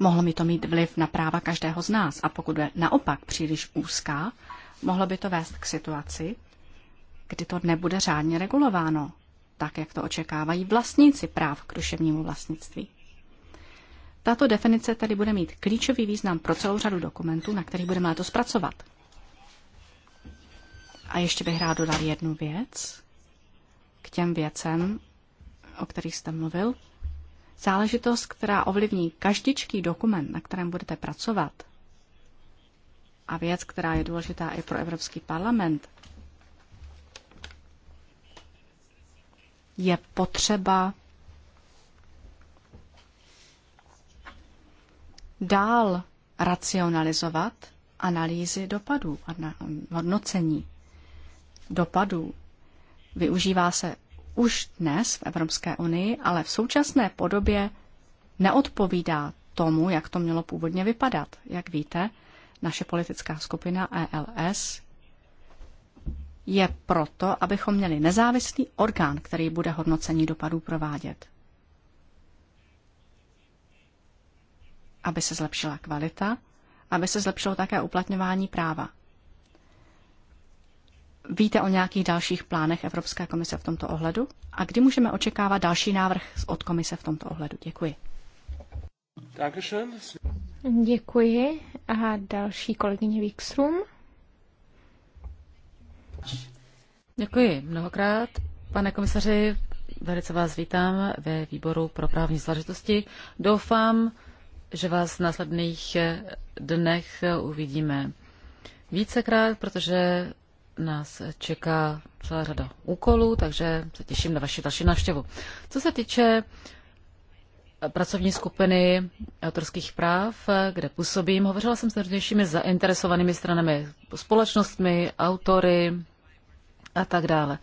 mohlo mi to mít vliv na práva každého z nás. A pokud je naopak příliš úzká, mohlo by to vést k situaci, kdy to nebude řádně regulováno, tak jak to očekávají vlastníci práv k duševnímu vlastnictví. Tato definice tady bude mít klíčový význam pro celou řadu dokumentů, na kterých budeme letos pracovat. A ještě bych rád dodal jednu věc k těm věcem, o kterých jste mluvil záležitost, která ovlivní každičký dokument, na kterém budete pracovat, a věc, která je důležitá i pro Evropský parlament, je potřeba dál racionalizovat analýzy dopadů a hodnocení dopadů. Využívá se už dnes v Evropské unii, ale v současné podobě neodpovídá tomu, jak to mělo původně vypadat. Jak víte, naše politická skupina ELS je proto, abychom měli nezávislý orgán, který bude hodnocení dopadů provádět. Aby se zlepšila kvalita, aby se zlepšilo také uplatňování práva. Víte o nějakých dalších plánech Evropské komise v tomto ohledu? A kdy můžeme očekávat další návrh od komise v tomto ohledu? Děkuji. Děkuji. A další kolegyně Wikström. Děkuji mnohokrát. Pane komisaři, velice vás vítám ve výboru pro právní záležitosti. Doufám, že vás v následných dnech uvidíme vícekrát, protože nás čeká celá řada úkolů, takže se těším na vaši další návštěvu. Co se týče eh, pracovní skupiny autorských práv, eh, kde působím, hovořila jsem s nejrůznějšími zainteresovanými stranami, společnostmi, autory a tak dále.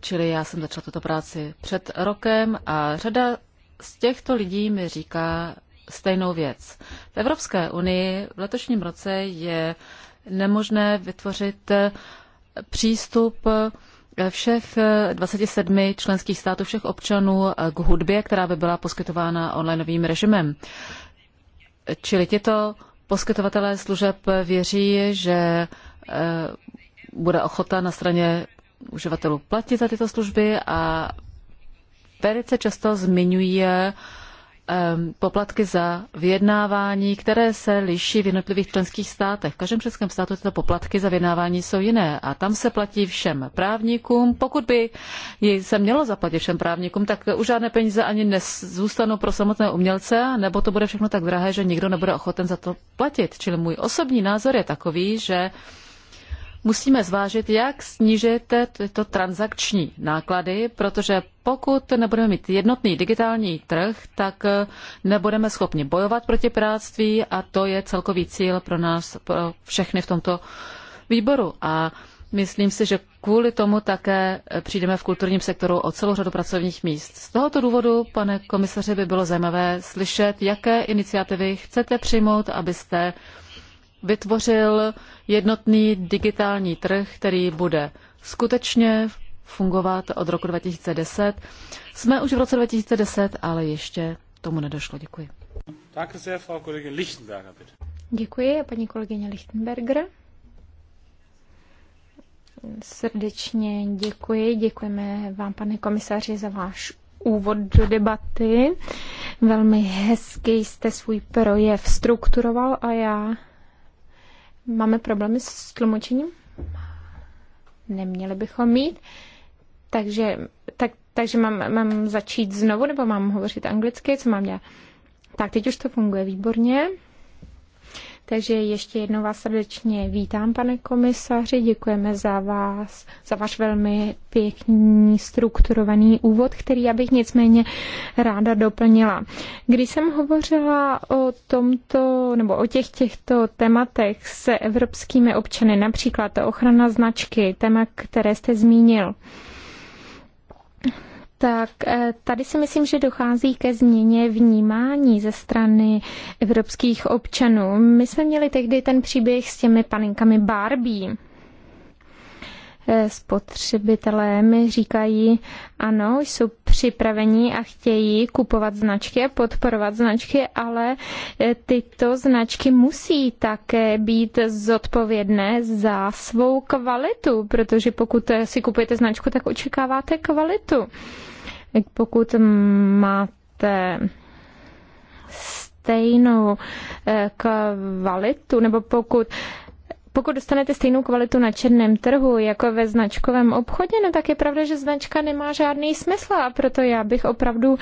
Čili já jsem začala tuto práci před rokem a řada z těchto lidí mi říká stejnou věc. V Evropské unii v letošním roce je nemožné vytvořit eh, přístup eh, všech 27 eh, členských států, všech občanů eh, k hudbě, která by byla poskytována onlineovým režimem. Čili tito poskytovatelé služeb věří, že bude ochota na straně uživatelů platit za tyto služby a velice často zmiňují uh, Um, poplatky za vyjednávání, které se liší v jednotlivých členských státech. V každém členském státu tyto poplatky za vyjednávání jsou jiné a tam se platí všem právníkům. Pokud by se mělo zaplatit všem právníkům, tak už žádné peníze ani nezůstanou pro samotné umělce, nebo to bude všechno tak drahé, že nikdo nebude ochoten za to platit. Čili můj osobní názor je takový, že musíme zvážit, jak snížit tyto transakční náklady, protože pokud nebudeme mít jednotný digitální trh, tak nebudeme schopni bojovat proti pirátství a to je celkový cíl pro nás, pro všechny v tomto výboru. A myslím si, že kvůli tomu také přijdeme v kulturním sektoru o celou řadu pracovních míst. Z tohoto důvodu, pane komisaři, by bylo zajímavé slyšet, jaké iniciativy chcete přijmout, abyste vytvořil jednotný digitální trh, který bude skutečně fungovat od roku 2010. Jsme už v roce 2010, ale ještě tomu nedošlo. Děkuji. Děkuji, paní kolegyně Lichtenberger. Srdečně děkuji. Děkujeme vám, pane komisaři, za váš úvod do debaty. Velmi hezky jste svůj projev strukturoval a já Máme problémy s tlumočením? Neměli bychom mít. Takže, tak, takže mám, mám začít znovu, nebo mám hovořit anglicky? Co mám dělat? Tak, teď už to funguje výborně. Takže ještě jednou vás srdečně vítám, pane komisaři. Děkujeme za vás, za váš velmi pěkný, strukturovaný úvod, který já bych nicméně ráda doplnila. Když jsem hovořila o tomto, nebo o těch těchto tématech se evropskými občany, například ochrana značky, téma, které jste zmínil, tak eh, tady si myslím, že dochází ke změně vnímání ze strany evropských občanů. My jsme měli tehdy ten příběh s těmi paninkami Barbie. Eh, spotřebitelé mi říkají, ano, jsou připravení a chtějí kupovat značky a podporovat značky, ale e, tyto značky musí také být zodpovědné za svou kvalitu, protože pokud e, si kupujete značku, tak očekáváte kvalitu. E, pokud máte stejnou kvalitu, nebo pokud pokud dostanete stejnou kvalitu na černém trhu jako ve značkovém obchodě, no tak je pravda, že značka nemá žádný smysl a proto já bych opravdu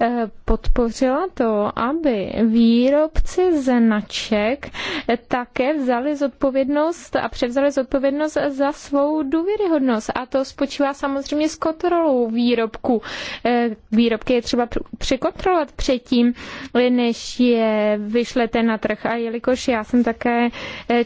eh, podpořila to, aby výrobci značek eh, také vzali zodpovědnost a převzali zodpovědnost za svou důvěryhodnost a to spočívá samozřejmě s kontrolou výrobku. Eh, výrobky je třeba překontrolovat předtím, než je vyšlete na trh a jelikož já jsem také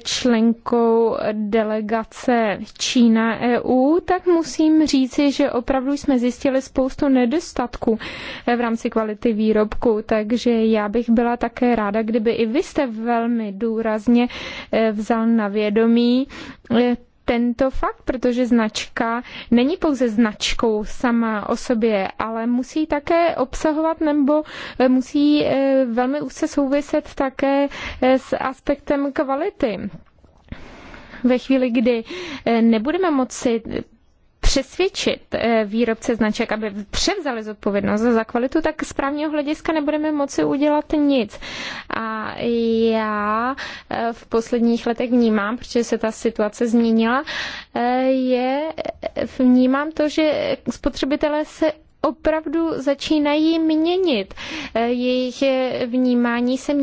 členkou rukou delegace Čína EU, tak musím říci, že opravdu jsme zjistili spoustu nedostatků eh, v rámci kvality výrobku, takže já bych byla také ráda, kdyby i vy jste velmi důrazně eh, vzal na vědomí eh, tento fakt, protože značka není pouze značkou sama o sobě, ale musí také obsahovat nebo musí velmi úzce souviset také s aspektem kvality ve chvíli, kdy eh, nebudeme moci eh, přesvědčit eh, výrobce značek, aby převzali zodpovědnost za kvalitu, tak z právního hlediska nebudeme moci udělat nic. A já v posledních letech vnímám, protože se ta situace změnila, je, vnímám to, že spotřebitelé se opravdu začínají měnit. Eh, jejich vnímání se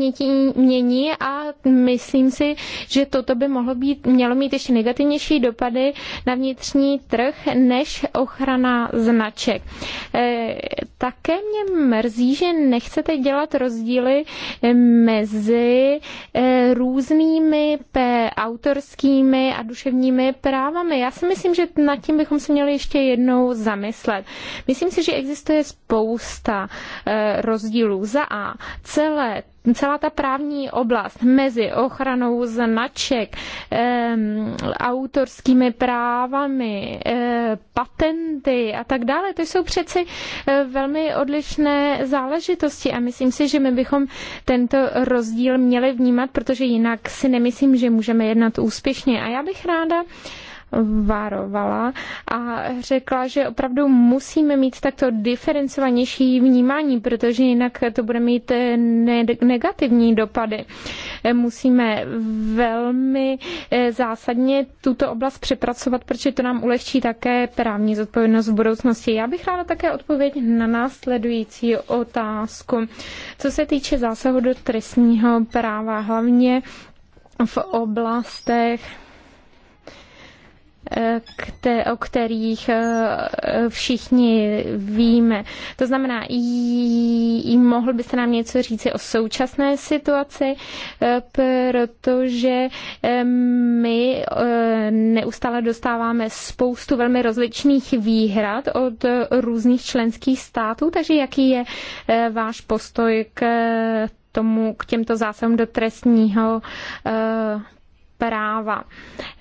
mění a myslím si, že toto by mohlo být, mělo mít ještě negativnější dopady na vnitřní trh než ochrana značek. Eh, také mě mrzí, že nechcete dělat rozdíly eh, mezi různými autorskými a duševními právami. Já si myslím, že nad tím bychom se měli ještě jednou zamyslet. Myslím si, protože existuje spousta eh, rozdílů. Za A celé celá ta právní oblast mezi ochranou značek, ehm, autorskými právami, eh, patenty a tak dále, to jsou přeci eh, velmi odlišné záležitosti a myslím si, že my bychom tento rozdíl měli vnímat, protože jinak si nemyslím, že můžeme jednat úspěšně. A já bych ráda varovala a řekla, že opravdu musíme mít takto diferencovanější vnímání, protože jinak to bude mít eh, negativní dopady. Eh, musíme velmi eh, zásadně tuto oblast přepracovat, protože to nám ulehčí také právní zodpovědnost v budoucnosti. Já bych ráda také odpověď na následující otázku. Co se týče zásahu do trestního práva, hlavně v oblastech o kterých eh, všichni víme. To znamená, i mohl byste nám něco říci o současné situaci, eh, protože eh, my neustále dostáváme spoustu velmi rozličných výhrad od různých členských států, takže jaký je váš postoj k tomu, k těmto zásahům do trestního práva.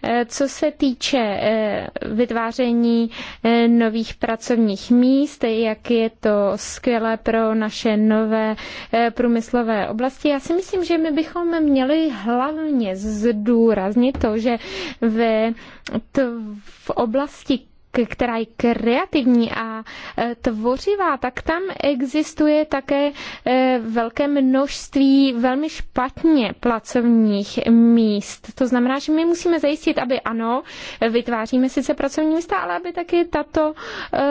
Eh, co se týče eh, vytváření eh, nových pracovních míst, jak je to skvělé pro naše nové průmyslové oblasti, já si myslím, že my bychom měli hlavně zdůraznit to, že ve v oblasti která je kreativní a e, tvořivá, tak tam existuje také e, velké množství velmi špatně pracovních míst. To znamená, že my musíme zajistit, aby ano, vytváříme sice pracovní místa, ale aby taky tato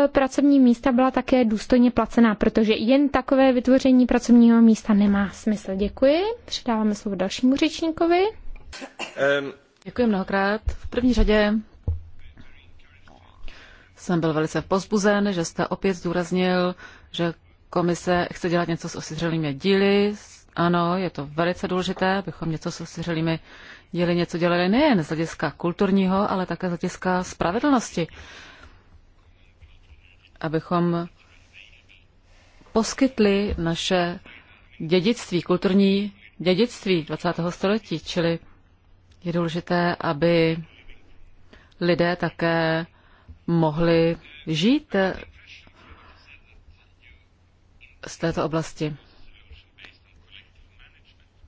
e, pracovní místa byla také důstojně placená, protože jen takové vytvoření pracovního místa nemá smysl. Děkuji. Předáváme slovo dalšímu řečníkovi. Děkuji mnohokrát. V první řadě jsem byl velice pozbuzen, že jste opět zdůraznil, že komise chce dělat něco s osiřelými díly. Ano, je to velice důležité, abychom něco s osiřelými díly něco dělali nejen z hlediska kulturního, ale také z hlediska spravedlnosti. Abychom poskytli naše dědictví, kulturní dědictví 20. století, čili je důležité, aby lidé také mohli žít z této oblasti.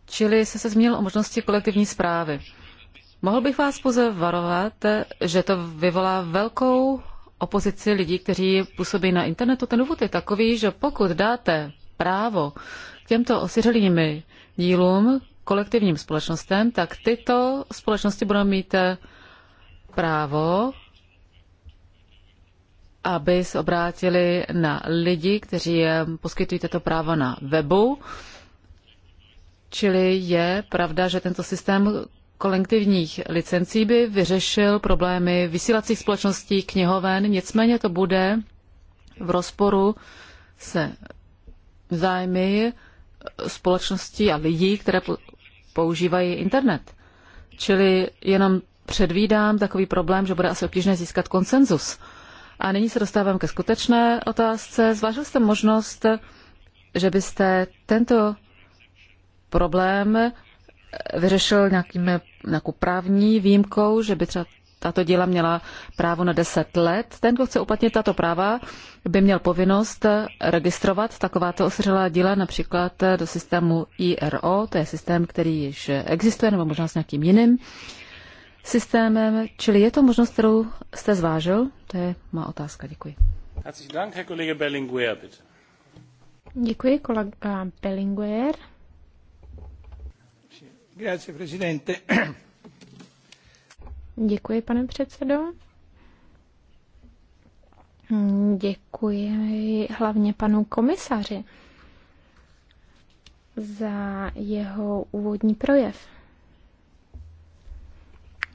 Čili se se zmínil o možnosti kolektivní zprávy. Mohl bych vás pouze varovat, že to vyvolá velkou opozici lidí, kteří působí na internetu. Ten důvod je takový, že pokud dáte právo k těmto osiřelým dílům, kolektivním společnostem, tak tyto společnosti budou mít právo aby se obrátili na lidi, kteří eh, poskytují tato práva na webu. Čili je pravda, že tento systém kolektivních licencí by vyřešil problémy vysílacích společností knihoven, nicméně to bude v rozporu se zájmy společností a lidí, které používají internet. Čili jenom předvídám takový problém, že bude asi obtížné získat konsenzus a nyní se dostávám ke skutečné otázce. Zvážil jste možnost, že byste tento problém vyřešil nějakým, nějakou právní výjimkou, že by třeba tato díla měla právo na 10 let. Ten, kdo chce uplatnit tato práva, by měl povinnost registrovat takováto osřelá díla například do systému IRO, to je systém, který již existuje, nebo možná s nějakým jiným systémem, čili je to možnost, kterou jste zvážil? To je má otázka. Děkuji. Děkuji, kolega Bellinguer. Děkuji, pane předsedo. Děkuji hlavně panu komisaři za jeho úvodní projev.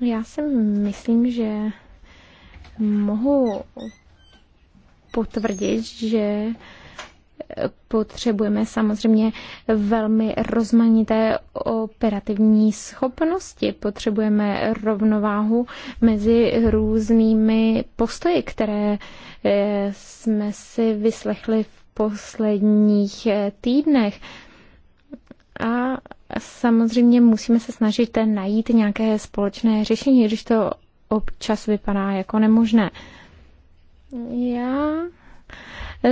Já si myslím, že mohu potvrdit, že potřebujeme samozřejmě velmi rozmanité operativní schopnosti. Potřebujeme rovnováhu mezi různými postoji, které eh, jsme si vyslechli v posledních eh, týdnech. A Samozřejmě musíme se snažit najít nějaké společné řešení, když to občas vypadá jako nemožné. Já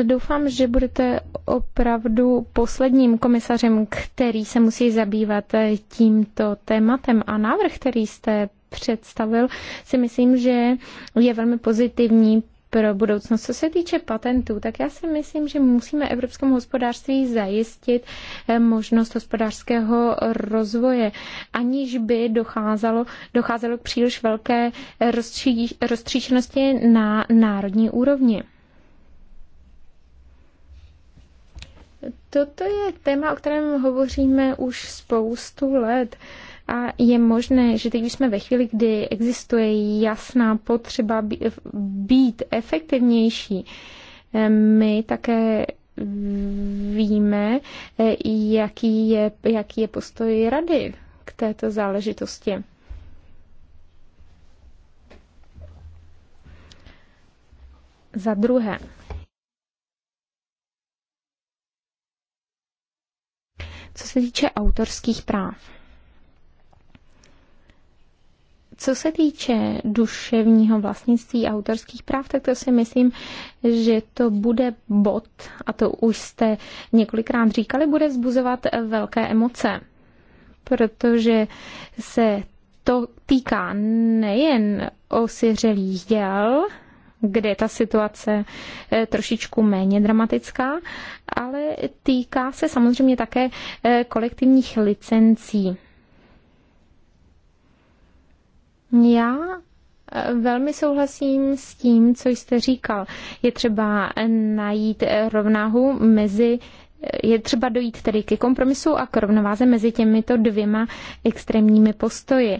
Doufám, že budete opravdu posledním komisařem, který se musí zabývat tímto tématem. A návrh, který jste představil, si myslím, že je velmi pozitivní pro budoucnost. Co se týče patentů, tak já si myslím, že musíme evropskému hospodářství zajistit eh, možnost hospodářského rozvoje, aniž by docházelo, docházelo k příliš velké roztří, na národní úrovni. Toto je téma, o kterém hovoříme už spoustu let. A je možné, že teď jsme ve chvíli, kdy existuje jasná potřeba být efektivnější, my také víme, e, jaký je, jaký je postoj rady k této záležitosti. Za druhé, co se týče autorských práv. Co se týče duševního vlastnictví a autorských práv, tak to si myslím, že to bude bod, a to už jste několikrát říkali, bude vzbuzovat velké emoce, protože se to týká nejen osiřelých děl, kde je ta situace eh, trošičku méně dramatická, ale týká se samozřejmě také eh, kolektivních licencí. Já eh, Velmi souhlasím s tím, co jste říkal. Je třeba eh, najít eh, rovnahu mezi je třeba dojít tedy ke kompromisu a k rovnováze mezi těmito dvěma extrémními postoji.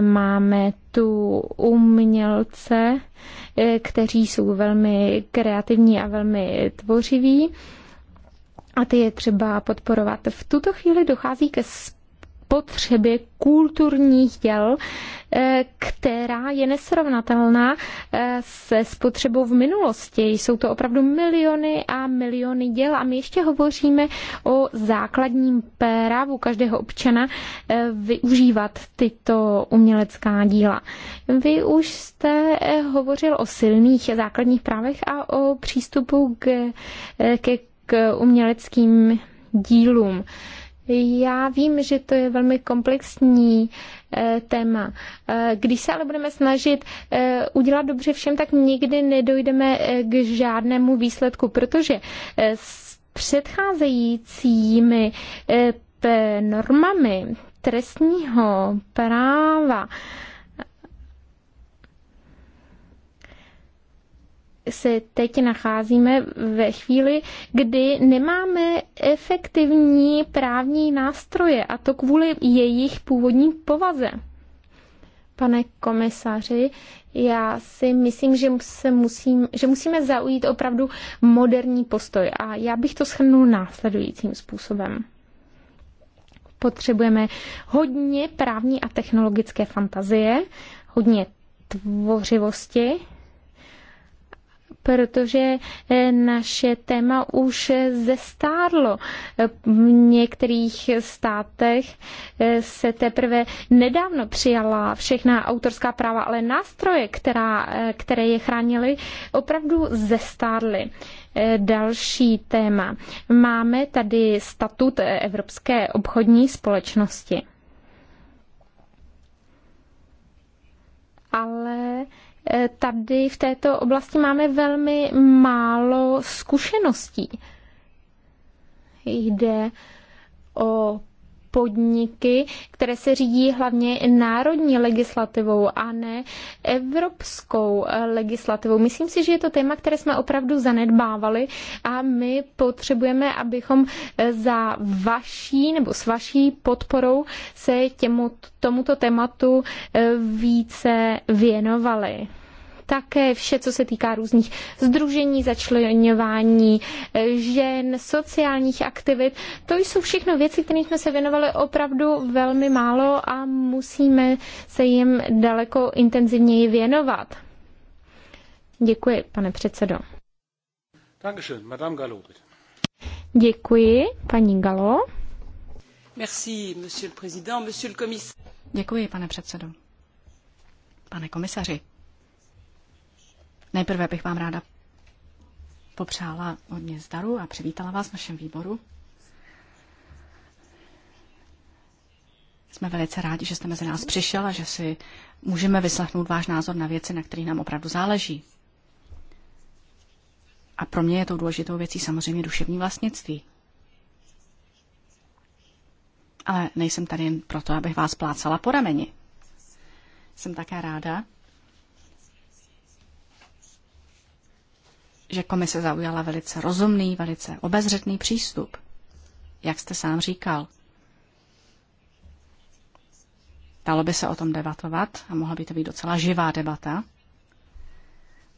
Máme tu umělce, kteří jsou velmi kreativní a velmi tvořiví a ty je třeba podporovat. V tuto chvíli dochází ke potřeby kulturních děl, eh, která je nesrovnatelná eh, se spotřebou v minulosti. Jsou to opravdu miliony a miliony děl a my ještě hovoříme o základním právu každého občana eh, využívat tyto umělecká díla. Vy už jste hovořil o silných základních právech a o přístupu k, k, k uměleckým dílům. Já vím, že to je velmi komplexní eh, téma. Eh, když se ale budeme snažit eh, udělat dobře všem, tak nikdy nedojdeme k žádnému výsledku, protože s předcházejícími normami trestního práva se teď nacházíme ve chvíli, kdy nemáme efektivní právní nástroje a to kvůli jejich původní povaze. Pane komisaři, já si myslím, že, se musím, že musíme zaujít opravdu moderní postoj a já bych to shrnul následujícím způsobem. Potřebujeme hodně právní a technologické fantazie, hodně tvořivosti, protože eh, naše téma už zestárlo. Eh, v některých státech eh, se teprve nedávno přijala všechna autorská práva, ale nástroje, která, které je chránily, opravdu zestárly další téma. Máme tady statut Evropské obchodní společnosti. Ale E, tady v této oblasti máme velmi málo zkušeností. Jde o podniky, které se řídí hlavně národní legislativou a ne evropskou eh, legislativou. Myslím si, že je to téma, které jsme opravdu zanedbávali a my potřebujeme, abychom eh, za vaší nebo s vaší podporou se těmu, tomuto tématu eh, více věnovali také vše, co se týká různých združení, začlenování eh, žen, sociálních aktivit. To jsou všechno věci, kterým jsme se věnovali opravdu velmi málo a musíme se jim daleko intenzivněji věnovat. Děkuji, pane předsedo. Dankeschön, Madame Gallo, bitte. Děkuji, paní Galo. Merci, monsieur le président, monsieur le commissaire. Děkuji, pane předsedo. Pane komisaři, Nejprve bych vám ráda popřála hodně zdaru a přivítala vás v našem výboru. Jsme velice rádi, že jste mezi nás přišel a že si můžeme vyslechnout váš názor na věci, na které nám opravdu záleží. A pro mě je tou důležitou věcí samozřejmě duševní vlastnictví. Ale nejsem tady jen proto, abych vás plácala po rameni. Jsem také ráda, že komise zaujala velice rozumný, velice obezřetný přístup, jak jste sám říkal. Dalo by se o tom debatovat a mohla by to být docela živá debata,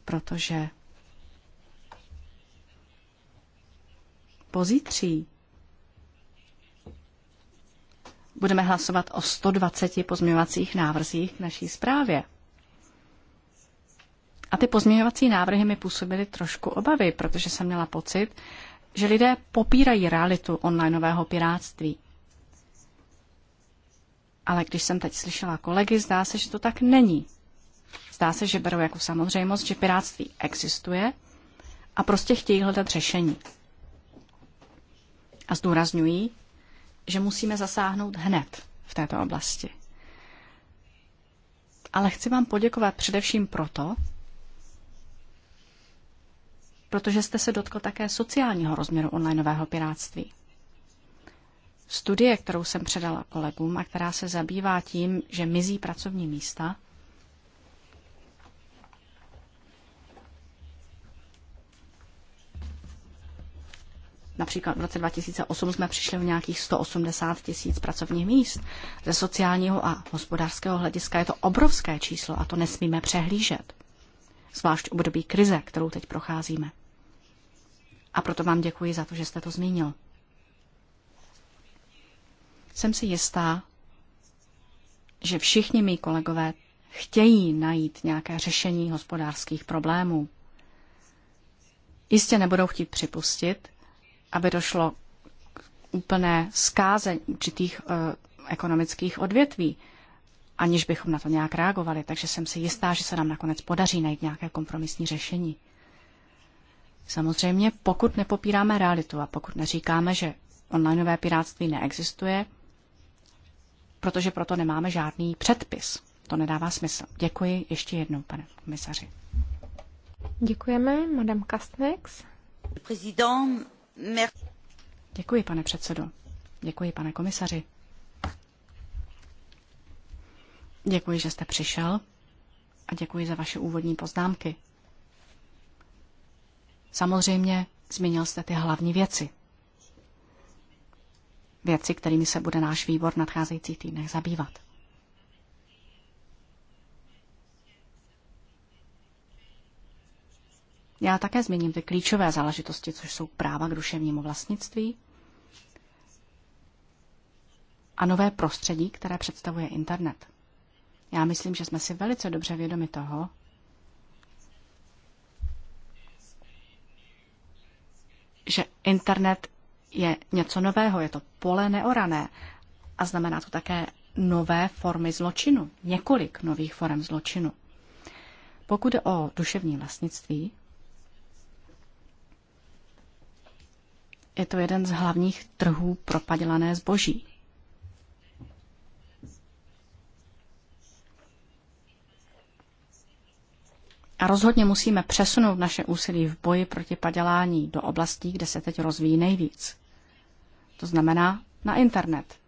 protože pozítří budeme hlasovat o 120 pozměňovacích návrzích k naší zprávě. A ty pozměňovací návrhy mi působily trošku obavy, protože jsem měla pocit, že lidé popírají realitu onlineového piráctví. Ale když jsem teď slyšela kolegy, zdá se, že to tak není. Zdá se, že berou jako samozřejmost, že piráctví existuje a prostě chtějí hledat řešení. A zdůrazňují, že musíme zasáhnout hned v této oblasti. Ale chci vám poděkovat především proto, protože jste se dotkl také sociálního rozměru onlineového pirátství. Studie, kterou jsem předala kolegům a která se zabývá tím, že mizí pracovní místa, Například v roce 2008 jsme přišli o nějakých 180 tisíc pracovních míst. Ze sociálního a hospodářského hlediska je to obrovské číslo a to nesmíme přehlížet. Zvlášť v období krize, kterou teď procházíme. A proto vám děkuji za to, že jste to zmínil. Jsem si jistá, že všichni mý kolegové chtějí najít nějaké řešení hospodářských problémů. Jistě nebudou chtít připustit, aby došlo k úplné zkáze určitých e, ekonomických odvětví, aniž bychom na to nějak reagovali. Takže jsem si jistá, že se nám nakonec podaří najít nějaké kompromisní řešení. Samozřejmě, pokud nepopíráme realitu a pokud neříkáme, že onlineové pirátství neexistuje, protože proto nemáme žádný předpis. To nedává smysl. Děkuji ještě jednou, pane komisaři. Děkujeme, madam Kastnex. Děkuji, pane předsedo. Děkuji, pane komisaři. Děkuji, že jste přišel a děkuji za vaše úvodní poznámky. Samozřejmě zmínil jste ty hlavní věci. Věci, kterými se bude náš výbor v nadcházejících týdnech zabývat. Já také zmíním ty klíčové záležitosti, což jsou práva k duševnímu vlastnictví a nové prostředí, které představuje internet. Já myslím, že jsme si velice dobře vědomi toho, že internet je něco nového, je to pole neorané a znamená to také nové formy zločinu, několik nových forem zločinu. Pokud jde o duševní vlastnictví, je to jeden z hlavních trhů pro zboží. A rozhodně musíme přesunout naše úsilí v boji proti padělání do oblastí, kde se teď rozvíjí nejvíc. To znamená na internet.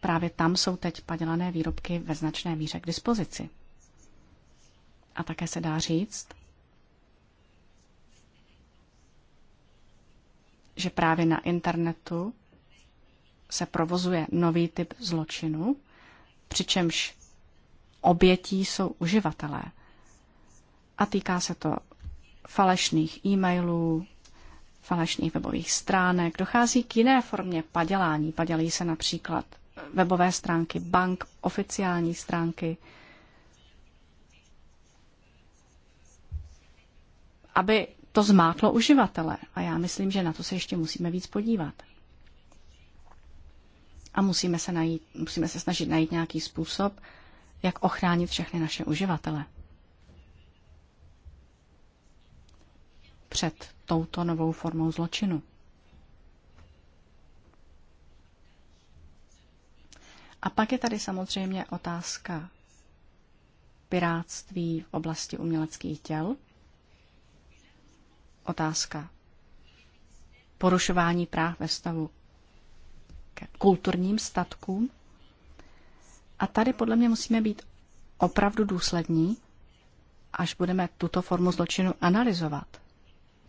Právě tam jsou teď padělané výrobky ve značné míře k dispozici. A také se dá říct, že právě na internetu se provozuje nový typ zločinu, přičemž obětí jsou uživatelé a týká se to falešných e-mailů, falešných webových stránek. Dochází k jiné formě padělání. Padělí se například webové stránky bank, oficiální stránky, aby to zmátlo uživatele. A já myslím, že na to se ještě musíme víc podívat. A musíme se, najít, musíme se snažit najít nějaký způsob, jak ochránit všechny naše uživatele. před touto novou formou zločinu. A pak je tady samozřejmě otázka piráctví v oblasti uměleckých těl. Otázka porušování práv ve stavu ke kulturním statkům. A tady podle mě musíme být opravdu důslední, až budeme tuto formu zločinu analyzovat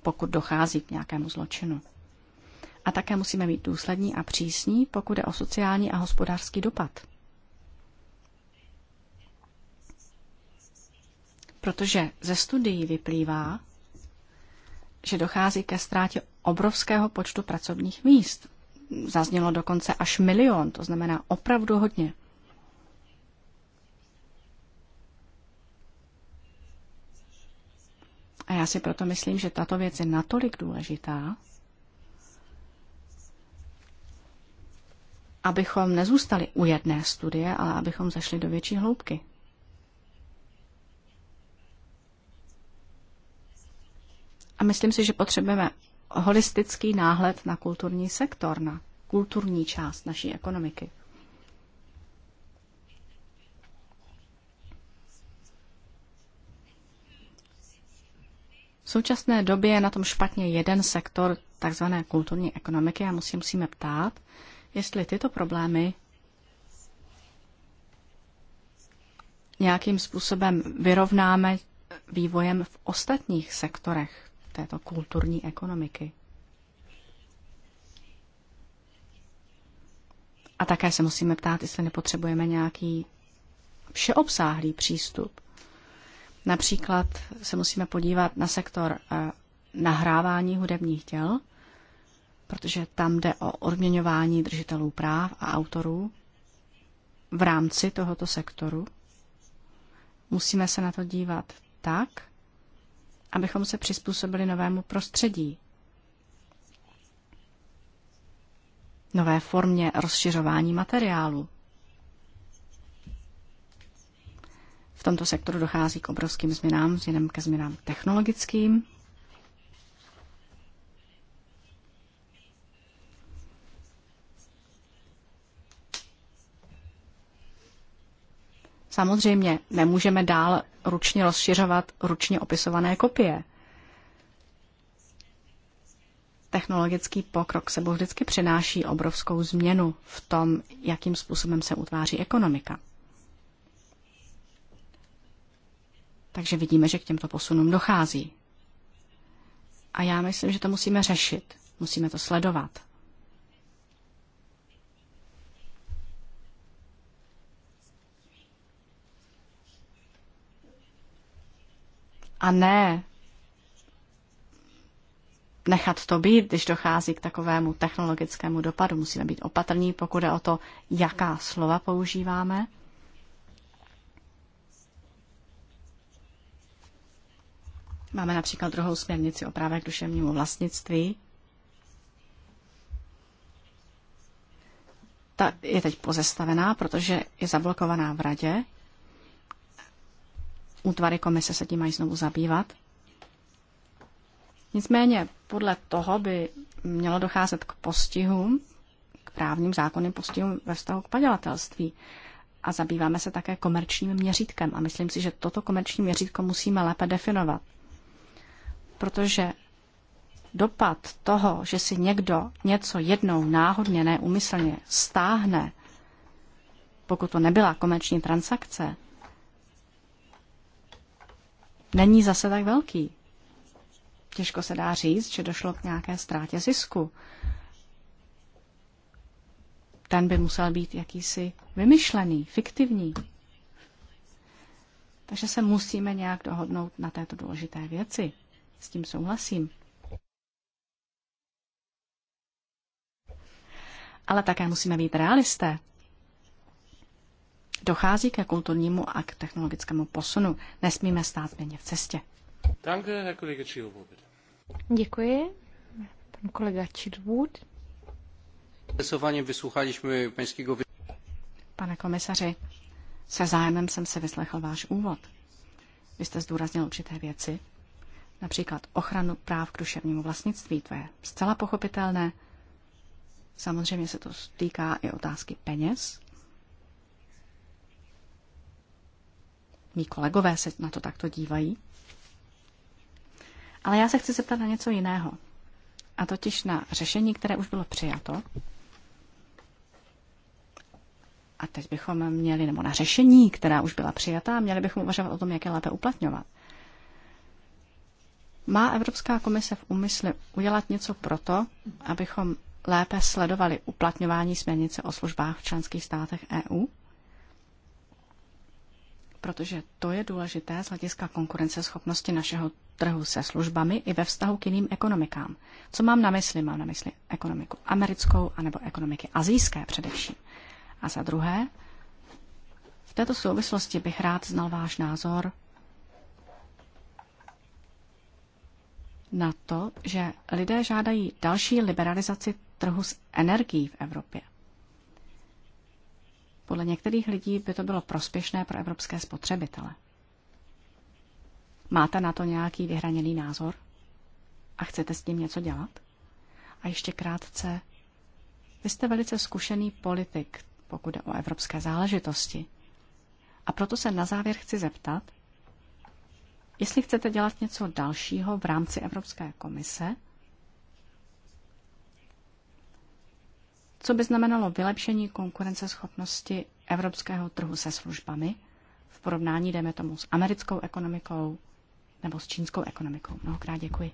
pokud dochází k nějakému zločinu. A také musíme být důslední a přísní, pokud je o sociální a hospodářský dopad. Protože ze studií vyplývá, že dochází ke ztrátě obrovského počtu pracovních míst. Zaznělo dokonce až milion, to znamená opravdu hodně. A já si proto myslím, že tato věc je natolik důležitá, abychom nezůstali u jedné studie, ale abychom zašli do větší hloubky. A myslím si, že potřebujeme holistický náhled na kulturní sektor, na kulturní část naší ekonomiky. V současné době je na tom špatně jeden sektor takzvané kulturní ekonomiky a musím, musíme ptát, jestli tyto problémy nějakým způsobem vyrovnáme vývojem v ostatních sektorech této kulturní ekonomiky. A také se musíme ptát, jestli nepotřebujeme nějaký všeobsáhlý přístup. Například se musíme podívat na sektor eh, nahrávání hudebních děl, protože tam jde o odměňování držitelů práv a autorů v rámci tohoto sektoru. Musíme se na to dívat tak, abychom se přizpůsobili novému prostředí, nové formě rozšiřování materiálu, V tomto sektoru dochází k obrovským změnám, změnám ke změnám technologickým. Samozřejmě nemůžeme dál ručně rozšiřovat ručně opisované kopie. Technologický pokrok sebou vždycky přináší obrovskou změnu v tom, jakým způsobem se utváří ekonomika. Takže vidíme, že k těmto posunům dochází. A já myslím, že to musíme řešit. Musíme to sledovat. A ne nechat to být, když dochází k takovému technologickému dopadu. Musíme být opatrní, pokud je o to, jaká slova používáme. Máme například druhou směrnici o právech duševnímu vlastnictví. Ta je teď pozestavená, protože je zablokovaná v radě. Útvary komise se tím mají znovu zabývat. Nicméně podle toho by mělo docházet k postihům, k právním zákonným postihům ve vztahu k padělatelství. A zabýváme se také komerčním měřítkem a myslím si, že toto komerční měřítko musíme lépe definovat protože dopad toho, že si někdo něco jednou náhodně, neumyslně stáhne, pokud to nebyla komerční transakce, není zase tak velký. Těžko se dá říct, že došlo k nějaké ztrátě zisku. Ten by musel být jakýsi vymyšlený, fiktivní. Takže se musíme nějak dohodnout na této důležité věci. S tím souhlasím. Ale také musíme být realisté. Dochází ke kulturnímu a k technologickému posunu. Nesmíme stát méně v cestě. Děkuji. Pan kolega Chilwood. Pane komisaři, se zájmem jsem se vyslechl váš úvod. Vy jste zdůraznil určité věci, například ochranu práv k duševnímu vlastnictví, to je zcela pochopitelné. Samozřejmě se to týká i otázky peněz. Mí kolegové se na to takto dívají. Ale já se chci zeptat na něco jiného. A totiž na řešení, které už bylo přijato. A teď bychom měli, nebo na řešení, která už byla přijatá, měli bychom uvažovat o tom, jak je lépe uplatňovat. Má Evropská komise v úmysli udělat něco proto, abychom lépe sledovali uplatňování směrnice o službách v členských státech EU? Protože to je důležité z hlediska konkurenceschopnosti našeho trhu se službami i ve vztahu k jiným ekonomikám. Co mám na mysli? Mám na mysli ekonomiku americkou anebo ekonomiky azijské především. A za druhé, v této souvislosti bych rád znal váš názor na to, že lidé žádají další liberalizaci trhu s energií v Evropě. Podle některých lidí by to bylo prospěšné pro evropské spotřebitele. Máte na to nějaký vyhraněný názor? A chcete s tím něco dělat? A ještě krátce, vy jste velice zkušený politik, pokud jde o evropské záležitosti. A proto se na závěr chci zeptat, Jestli chcete dělat něco dalšího v rámci Evropské komise, co by znamenalo vylepšení konkurenceschopnosti evropského trhu se službami v porovnání, dejme tomu, s americkou ekonomikou nebo s čínskou ekonomikou. Mnohokrát děkuji.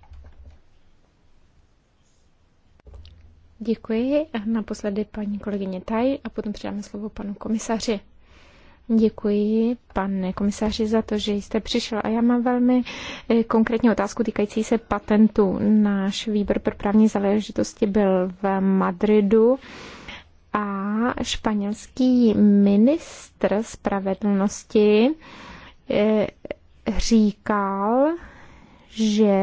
Děkuji. naposledy paní kolegyně Taj a potom předáme slovo panu komisaři. Děkuji, pane komisáři, za to, že jste přišel. A já mám velmi eh, konkrétní otázku týkající se patentu. Náš výbor pro právní záležitosti byl v Madridu a španělský ministr spravedlnosti eh, říkal, že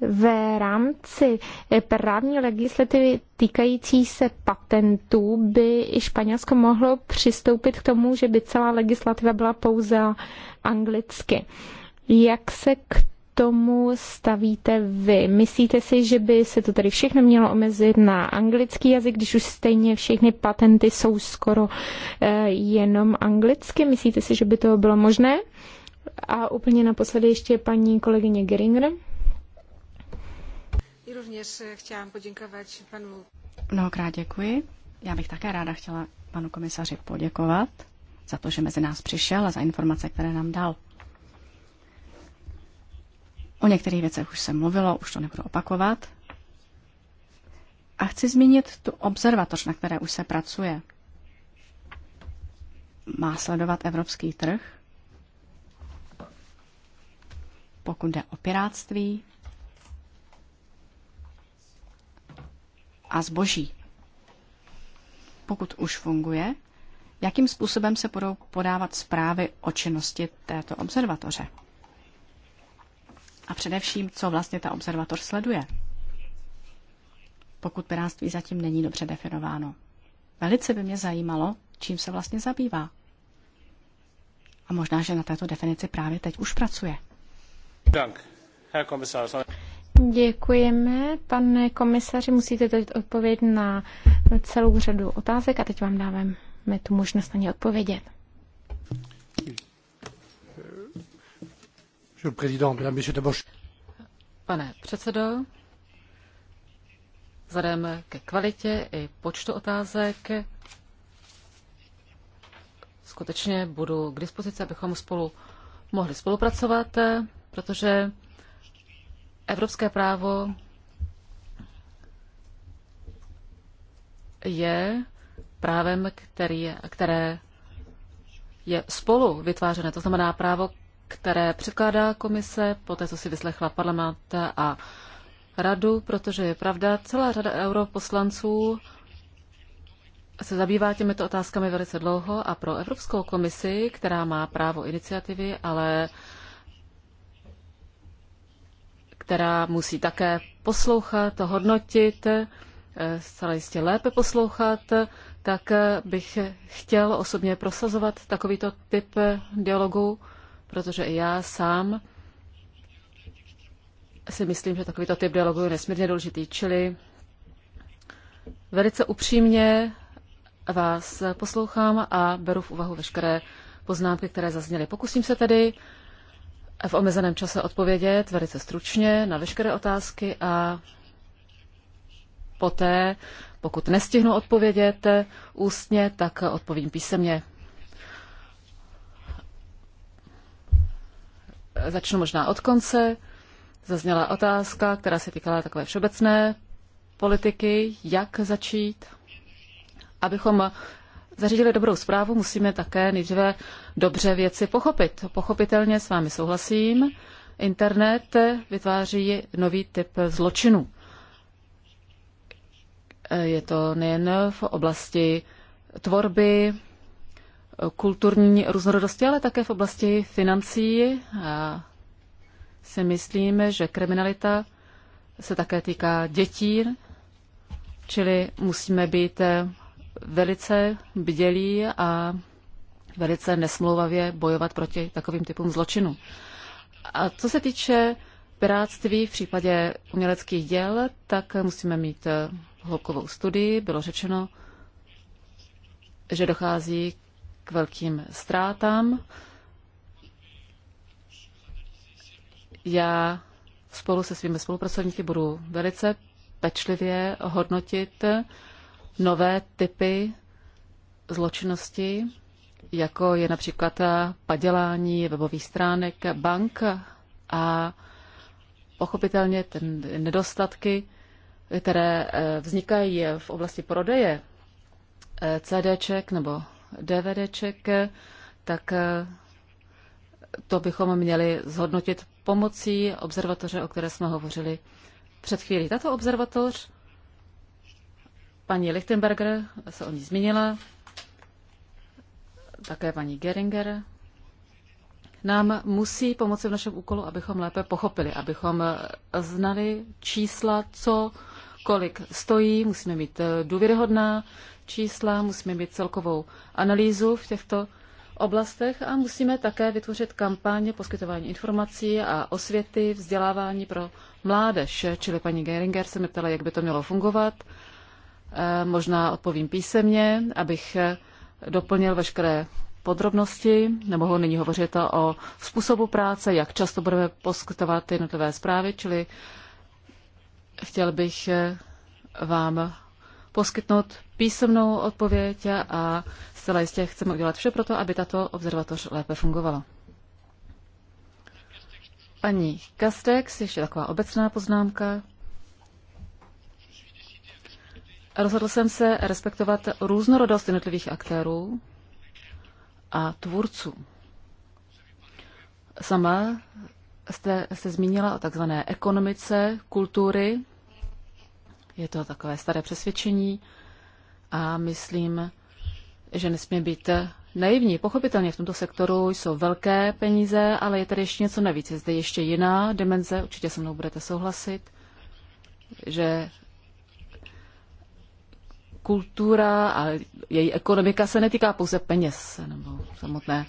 v rámci eh, právní legislativy týkající se patentů by i Španělsko mohlo přistoupit k tomu, že by celá legislativa byla pouze anglicky. Jak se k tomu stavíte vy? Myslíte si, že by se to tady všechno mělo omezit na anglický jazyk, když už stejně všechny patenty jsou skoro eh, jenom anglicky? Myslíte si, že by to bylo možné? A úplně naposledy ještě paní kolegyně Geringer również eh, chciałam panu. Mnohokrát děkuji. Já bych také ráda chtěla panu komisaři poděkovat za to, že mezi nás přišel a za informace, které nám dal. O některých věcech už se mluvilo, už to nebudu opakovat. A chci zmínit tu observatoř, na které už se pracuje. Má sledovat evropský trh, pokud jde o piráctví, a zboží. Pokud už funguje, jakým způsobem se budou podávat zprávy o činnosti této observatoře? A především, co vlastně ta observatoř sleduje? Pokud piráctví zatím není dobře definováno. Velice by mě zajímalo, čím se vlastně zabývá. A možná, že na této definici právě teď už pracuje. Dank, Herr Kommissar. Děkujeme. Pane komisaři, musíte teď odpovědět na celou řadu otázek a teď vám dáváme tu možnost na ně odpovědět. Pane předsedo, vzhledem ke kvalitě i počtu otázek skutečně budu k dispozici, abychom spolu mohli spolupracovat, protože Evropské právo je právem, který, které je spolu vytvářené. To znamená právo, které předkládá komise, poté co si vyslechla parlament a radu, protože je pravda, celá řada europoslanců se zabývá těmito otázkami velice dlouho a pro Evropskou komisi, která má právo iniciativy, ale která musí také poslouchat, hodnotit, eh, zcela jistě lépe poslouchat, tak eh, bych chtěl osobně prosazovat takovýto typ eh, dialogu, protože i já sám si myslím, že takovýto typ dialogu je nesmírně důležitý, čili velice upřímně vás poslouchám a beru v úvahu veškeré poznámky, které zazněly. Pokusím se tedy v omezeném čase odpovědět velice stručně na veškeré otázky a poté, pokud nestihnu odpovědět ústně, tak odpovím písemně. Začnu možná od konce. Zazněla otázka, která se týkala takové všeobecné politiky, jak začít, abychom zařídili dobrou zprávu, musíme také nejdříve dobře věci pochopit. Pochopitelně s vámi souhlasím. Internet vytváří nový typ zločinu. Je to nejen v oblasti tvorby, kulturní různorodosti, ale také v oblasti financí. A si myslím, že kriminalita se také týká dětí, čili musíme být velice bdělí a velice nesmlouvavě bojovat proti takovým typům zločinu. A co se týče piráctví v případě uměleckých děl, tak musíme mít hloubkovou studii. Bylo řečeno, že dochází k velkým ztrátám. Já spolu se svými spolupracovníky budu velice pečlivě hodnotit nové typy zločinnosti, jako je například padělání webových stránek bank a pochopitelně ten nedostatky, které eh, vznikají v oblasti prodeje eh, CDček nebo DVDček, tak eh, to bychom měli zhodnotit pomocí observatoře, o které jsme hovořili před chvílí. Tato observatoř Paní Lichtenberger se o ní zmínila, také paní Geringer. Nám musí pomoci v našem úkolu, abychom lépe pochopili, abychom znali čísla, co kolik stojí, musíme mít eh, důvěryhodná čísla, musíme mít celkovou analýzu v těchto oblastech a musíme také vytvořit kampaně poskytování informací a osvěty, vzdělávání pro mládež. Čili paní Geringer se mi ptala, jak by to mělo fungovat. Eh, možná odpovím písemně, abych eh, doplnil veškeré podrobnosti. Nemohu nyní hovořit o způsobu práce, jak často budeme poskytovat jednotlivé zprávy, čili chtěl bych eh, vám poskytnout písemnou odpověď a zcela jistě chceme udělat vše pro to, aby tato observatoř lépe fungovala. Paní Kastex, ještě taková obecná poznámka. Rozhodl jsem se respektovat různorodost jednotlivých aktérů a tvůrců. Sama jste se zmínila o takzvané ekonomice, kultury. Je to takové staré přesvědčení a myslím, že nesmí být naivní. Pochopitelně v tomto sektoru jsou velké peníze, ale je tady ještě něco navíc. Je zde ještě jiná dimenze, určitě se mnou budete souhlasit, že kultura a její ekonomika se netýká pouze peněz nebo samotné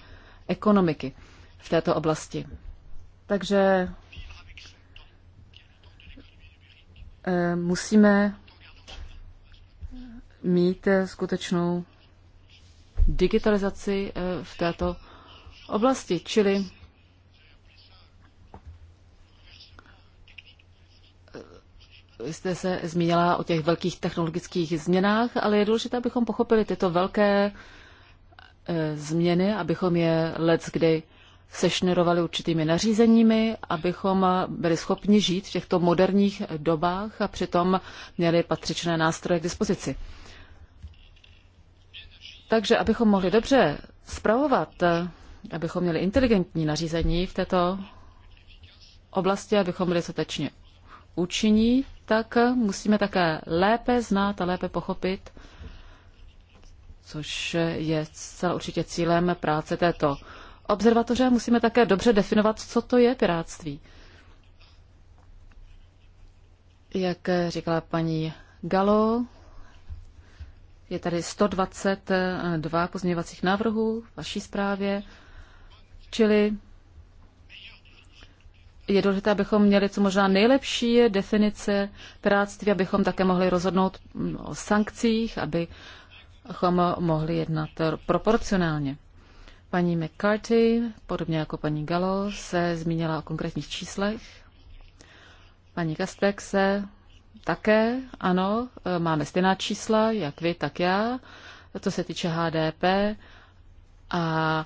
ekonomiky v této oblasti. Takže eh, musíme mít eh, skutečnou digitalizaci eh, v této oblasti, čili jste se zmínila o těch velkých technologických změnách, ale je důležité, abychom pochopili tyto velké eh, změny, abychom je let kdy sešnerovali určitými nařízeními, abychom byli schopni žít v těchto moderních dobách a přitom měli patřičné nástroje k dispozici. Takže abychom mohli dobře spravovat, eh, abychom měli inteligentní nařízení v této oblasti, abychom byli dostatečně účinní, tak musíme také lépe znát a lépe pochopit, což je zcela určitě cílem práce této observatoře. Musíme také dobře definovat, co to je piráctví. Jak říkala paní Galo, je tady 122 pozměňovacích návrhů v vaší zprávě, čili je důležité, abychom měli co možná nejlepší definice práctví, abychom také mohli rozhodnout o sankcích, abychom mohli jednat proporcionálně. Paní McCarthy, podobně jako paní Gallo, se zmínila o konkrétních číslech. Paní Kastek se také, ano, máme stejná čísla, jak vy, tak já, co se týče HDP a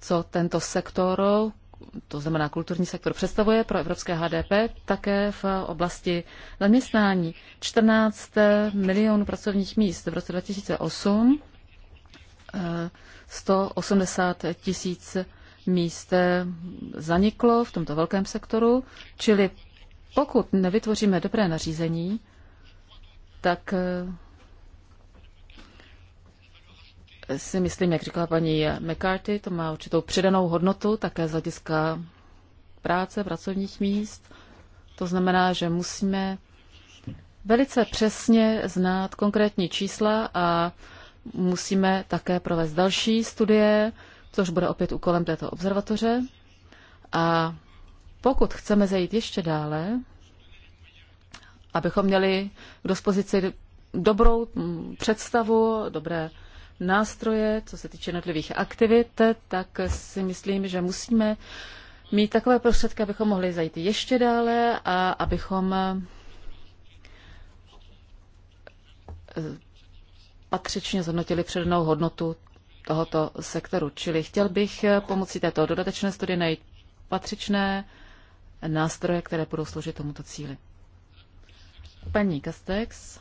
co tento sektor to znamená kulturní sektor, představuje pro evropské HDP také v oblasti zaměstnání 14 eh, milionů pracovních míst. V roce 2008 180 eh, tisíc míst eh, zaniklo v tomto velkém sektoru, čili pokud nevytvoříme dobré nařízení, tak si myslím, jak říkala paní McCarthy, to má určitou přidanou hodnotu také z hlediska práce, pracovních míst. To znamená, že musíme velice přesně znát konkrétní čísla a musíme také provést další studie, což bude opět úkolem této observatoře. A pokud chceme zajít ještě dále, abychom měli k dispozici dobrou představu, dobré nástroje, co se týče jednotlivých aktivit, tak si myslím, že musíme mít takové prostředky, abychom mohli zajít ještě dále a abychom eh, patřičně zhodnotili přednou hodnotu tohoto sektoru. Čili chtěl bych eh, pomocí této dodatečné studie najít patřičné nástroje, které budou sloužit tomuto cíli. Paní Kastex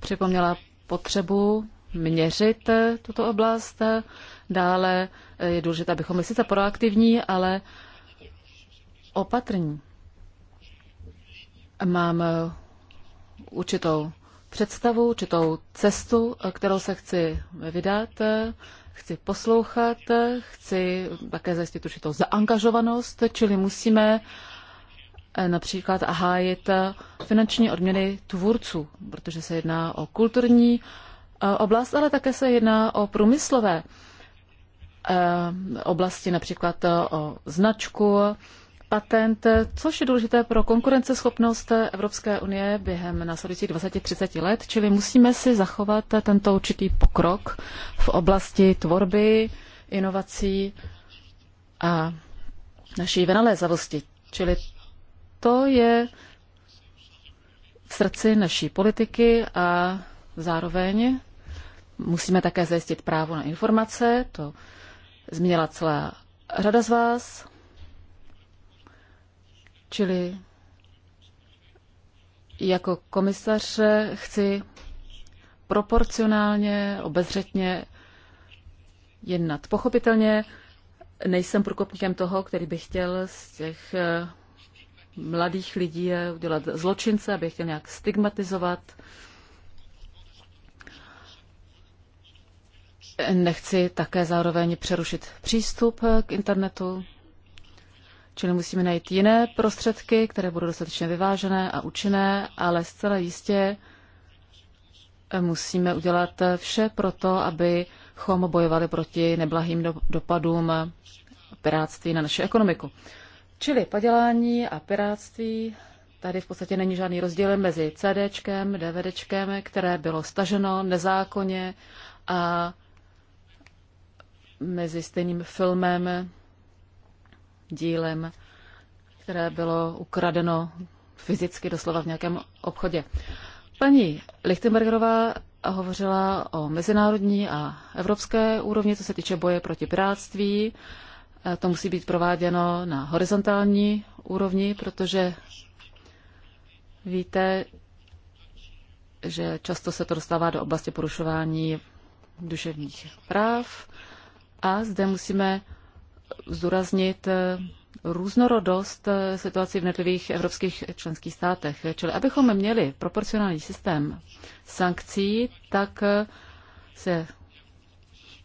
připomněla potřebu měřit eh, tuto oblast. Dále eh, je důležité, abychom byli sice proaktivní, ale opatrní. Mám eh, určitou představu, určitou cestu, kterou se chci vydat, chci poslouchat, chci také zajistit určitou zaangažovanost, čili musíme například hájit finanční odměny tvůrců, protože se jedná o kulturní Eh, oblast, ale také se jedná o průmyslové eh, oblasti, například eh, o značku, patent, což je důležité pro konkurenceschopnost Evropské unie během následujících 20-30 let, čili musíme si zachovat tento určitý pokrok v oblasti tvorby, inovací a naší vynalézavosti. Čili to je v srdci naší politiky a Zároveň musíme také zajistit právo na informace, to zmínila celá řada z vás, čili jako komisař chci proporcionálně, obezřetně jednat. Pochopitelně nejsem průkopníkem toho, který by chtěl z těch eh, mladých lidí eh, udělat zločince, aby chtěl nějak stigmatizovat. Nechci také zároveň přerušit přístup k internetu, čili musíme najít jiné prostředky, které budou dostatečně vyvážené a účinné, ale zcela jistě musíme udělat vše pro to, abychom bojovali proti neblahým dopadům piráctví na naši ekonomiku. Čili padělání a piráctví, tady v podstatě není žádný rozdíl mezi CDčkem, DVDčkem, které bylo staženo nezákonně a mezi stejným filmem, dílem, které bylo ukradeno fyzicky doslova v nějakém obchodě. Paní Lichtenbergerová hovořila o mezinárodní a evropské úrovni, co se týče boje proti pirátství. E, to musí být prováděno na horizontální úrovni, protože víte, že často se to dostává do oblasti porušování duševních práv. A zde musíme zdůraznit eh, různorodost eh, situací v jednotlivých evropských členských státech. Čili abychom měli proporcionální systém sankcí, tak eh, se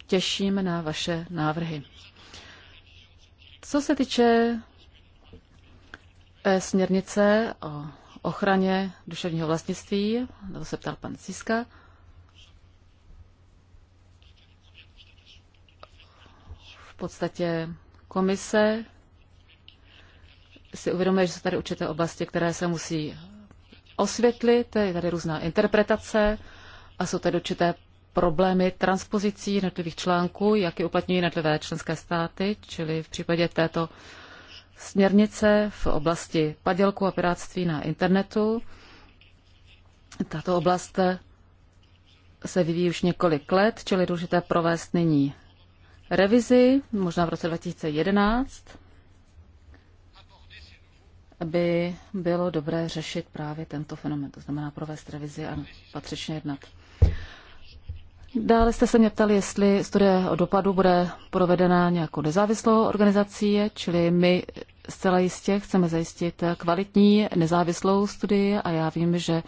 těším na vaše návrhy. Co se týče směrnice o ochraně duševního vlastnictví, na to se ptal pan Ciska, podstatě komise si uvědomuje, že jsou tady určité oblasti, které se musí osvětlit, je tady různá interpretace a jsou tady určité problémy transpozicí jednotlivých článků, jak je uplatňují jednotlivé členské státy, čili v případě této směrnice v oblasti padělku a pirátství na internetu. Tato oblast se vyvíjí už několik let, čili je důležité provést nyní revizi, možná v roce 2011, aby bylo dobré řešit právě tento fenomen, to znamená provést revizi a patřičně jednat. Dále jste se mě ptali, jestli studie o dopadu bude provedena nějakou nezávislou organizací, čili my zcela jistě chceme zajistit kvalitní nezávislou studii a já vím, že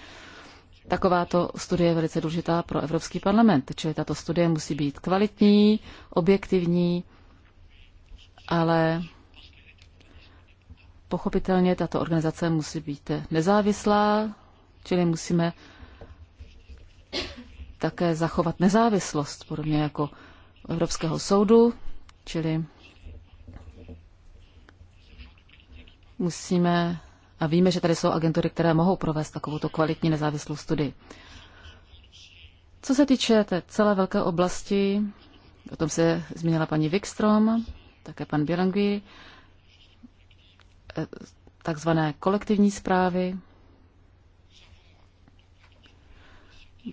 Takováto studie je velice důležitá pro Evropský parlament, čili tato studie musí být kvalitní, objektivní, ale pochopitelně tato organizace musí být nezávislá, čili musíme také zachovat nezávislost, podobně jako Evropského soudu, čili musíme a víme, že tady jsou agentury, které mohou provést takovouto kvalitní nezávislou studii. Co se týče té celé velké oblasti, o tom se zmínila paní Wikstrom, také pan Bělangui, eh, takzvané kolektivní zprávy.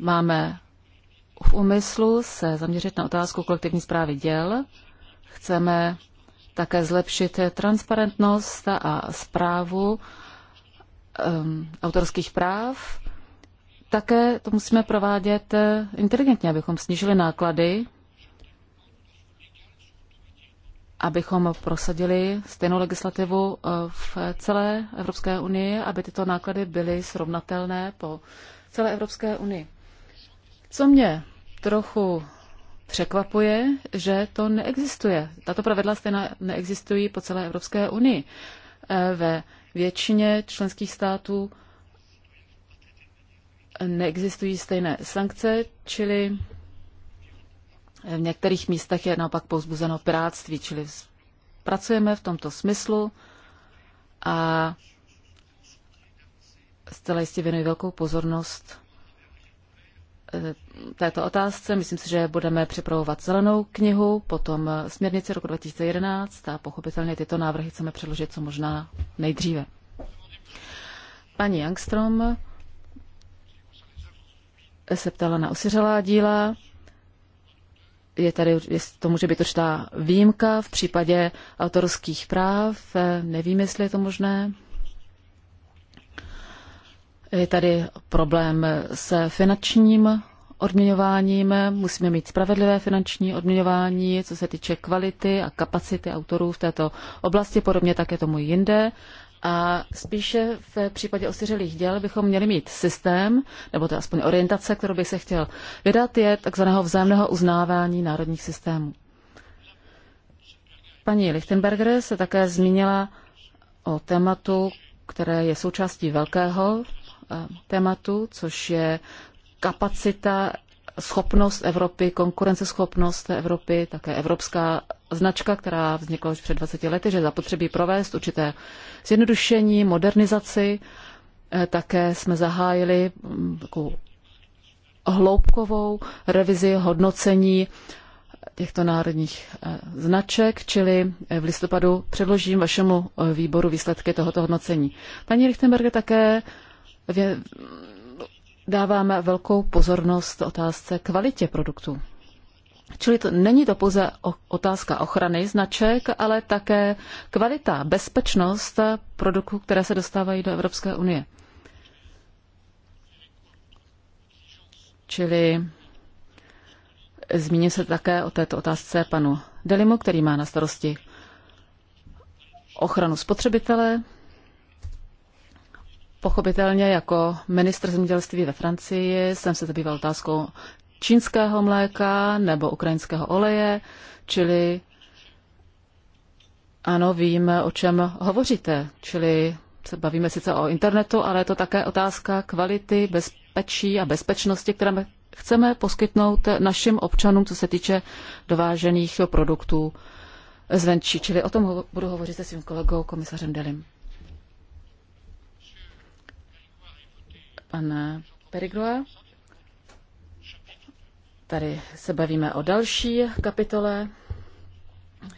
Máme v úmyslu se zaměřit na otázku kolektivní zprávy děl. Chceme také zlepšit transparentnost a zprávu um, autorských práv, také to musíme provádět eh, inteligentně, abychom snížili náklady, abychom prosadili stejnou legislativu eh, v celé Evropské unii, aby tyto náklady byly srovnatelné po celé Evropské unii. Co mě trochu překvapuje, že to neexistuje. Tato pravidla stejná neexistují po celé Evropské unii. Eh, ve většině členských států neexistují stejné sankce, čili v některých místech je naopak pouzbuzeno práctví, čili pracujeme v tomto smyslu a zcela jistě věnuji velkou pozornost Eh, této otázce. Myslím si, že budeme připravovat zelenou knihu, potom směrnici roku 2011 a pochopitelně tyto návrhy chceme předložit co možná nejdříve. Pani Angstrom se ptala na osiřelá díla. Je tady, to může být určitá výjimka v případě autorských práv. Nevím, jestli je to možné. Je tady problém s finančním odměňováním. Musíme mít spravedlivé finanční odměňování, co se týče kvality a kapacity autorů v této oblasti, podobně také tomu jinde. A spíše v případě osiřelých děl bychom měli mít systém, nebo to aspoň orientace, kterou bych se chtěl vydat, je takzvaného vzájemného uznávání národních systémů. Paní Lichtenberger se také zmínila o tématu, které je součástí velkého Eh, tématu, což je kapacita, schopnost Evropy, konkurenceschopnost Evropy, také evropská značka, která vznikla už před 20 lety, že zapotřebí provést určité zjednodušení, modernizaci. Eh, také jsme zahájili mm, takovou hloubkovou revizi hodnocení těchto národních eh, značek, čili v listopadu předložím vašemu výboru výsledky tohoto hodnocení. Paní Richtenberger také dáváme velkou pozornost otázce kvalitě produktů. Čili to, není to pouze otázka ochrany značek, ale také kvalita, bezpečnost produktů, které se dostávají do Evropské unie. Čili zmíním se také o této otázce panu Delimu, který má na starosti ochranu spotřebitele, Pochopitelně jako ministr zemědělství ve Francii jsem se zabýval otázkou čínského mléka nebo ukrajinského oleje, čili ano, vím, o čem hovoříte, čili se bavíme sice o internetu, ale je to také otázka kvality, bezpečí a bezpečnosti, které chceme poskytnout našim občanům, co se týče dovážených produktů zvenčí. Čili o tom budu hovořit se svým kolegou komisařem Delim. Pan Perigloa. Tady se bavíme o další kapitole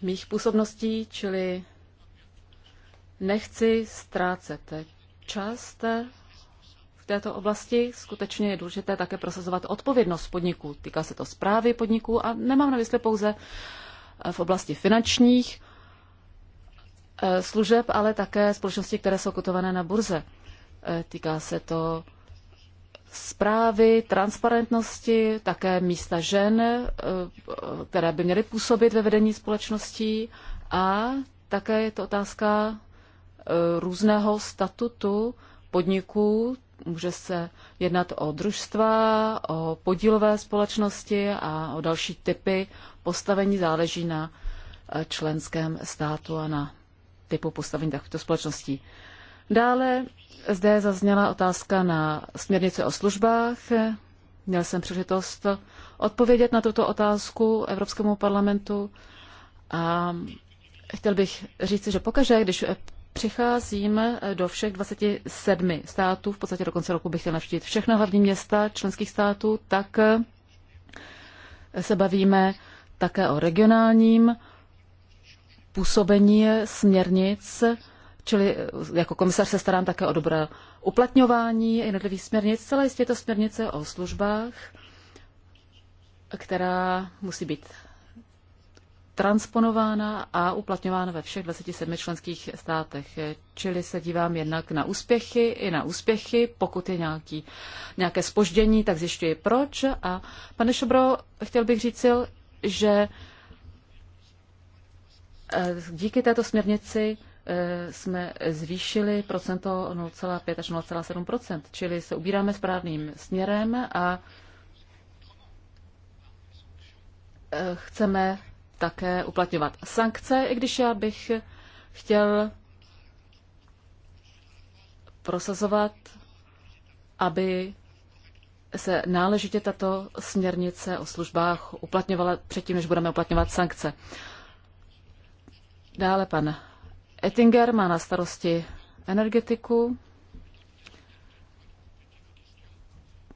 mých působností, čili nechci ztrácet část v této oblasti. Skutečně je důležité také prosazovat odpovědnost podniků. Týká se to zprávy podniků a nemám na mysli pouze v oblasti finančních eh, služeb, ale také společnosti, které jsou kotované na burze. Eh, týká se to zprávy, transparentnosti, také místa žen, eh, které by měly působit ve vedení společností a také je to otázka eh, různého statutu podniků. Může se jednat o družstva, o podílové společnosti a o další typy postavení. Záleží na eh, členském státu a na typu postavení takovýchto společností. Dále zde zazněla otázka na směrnici o službách. Měl jsem příležitost odpovědět na tuto otázku Evropskému parlamentu a chtěl bych říci, že pokaždé, když přicházím do všech 27 států, v podstatě do konce roku bych chtěl navštívit všechna hlavní města členských států, tak se bavíme také o regionálním působení směrnic Čili eh, jako komisař se starám také o dobré uplatňování jednotlivých směrnic. Celé jistě to směrnice o službách, která musí být transponována a uplatňována ve všech 27 členských státech. Čili se dívám jednak na úspěchy i na úspěchy. Pokud je nějaký, nějaké spoždění, tak zjišťuji proč. A pane Šobro, chtěl bych říct, že eh, díky této směrnici Eh, jsme zvýšili procento 0,5 až 0,7 čili se ubíráme správným směrem a eh, chceme také uplatňovat sankce, i když já bych chtěl prosazovat, aby se náležitě tato směrnice o službách uplatňovala předtím, než budeme uplatňovat sankce. Dále pan Ettinger má na starosti energetiku,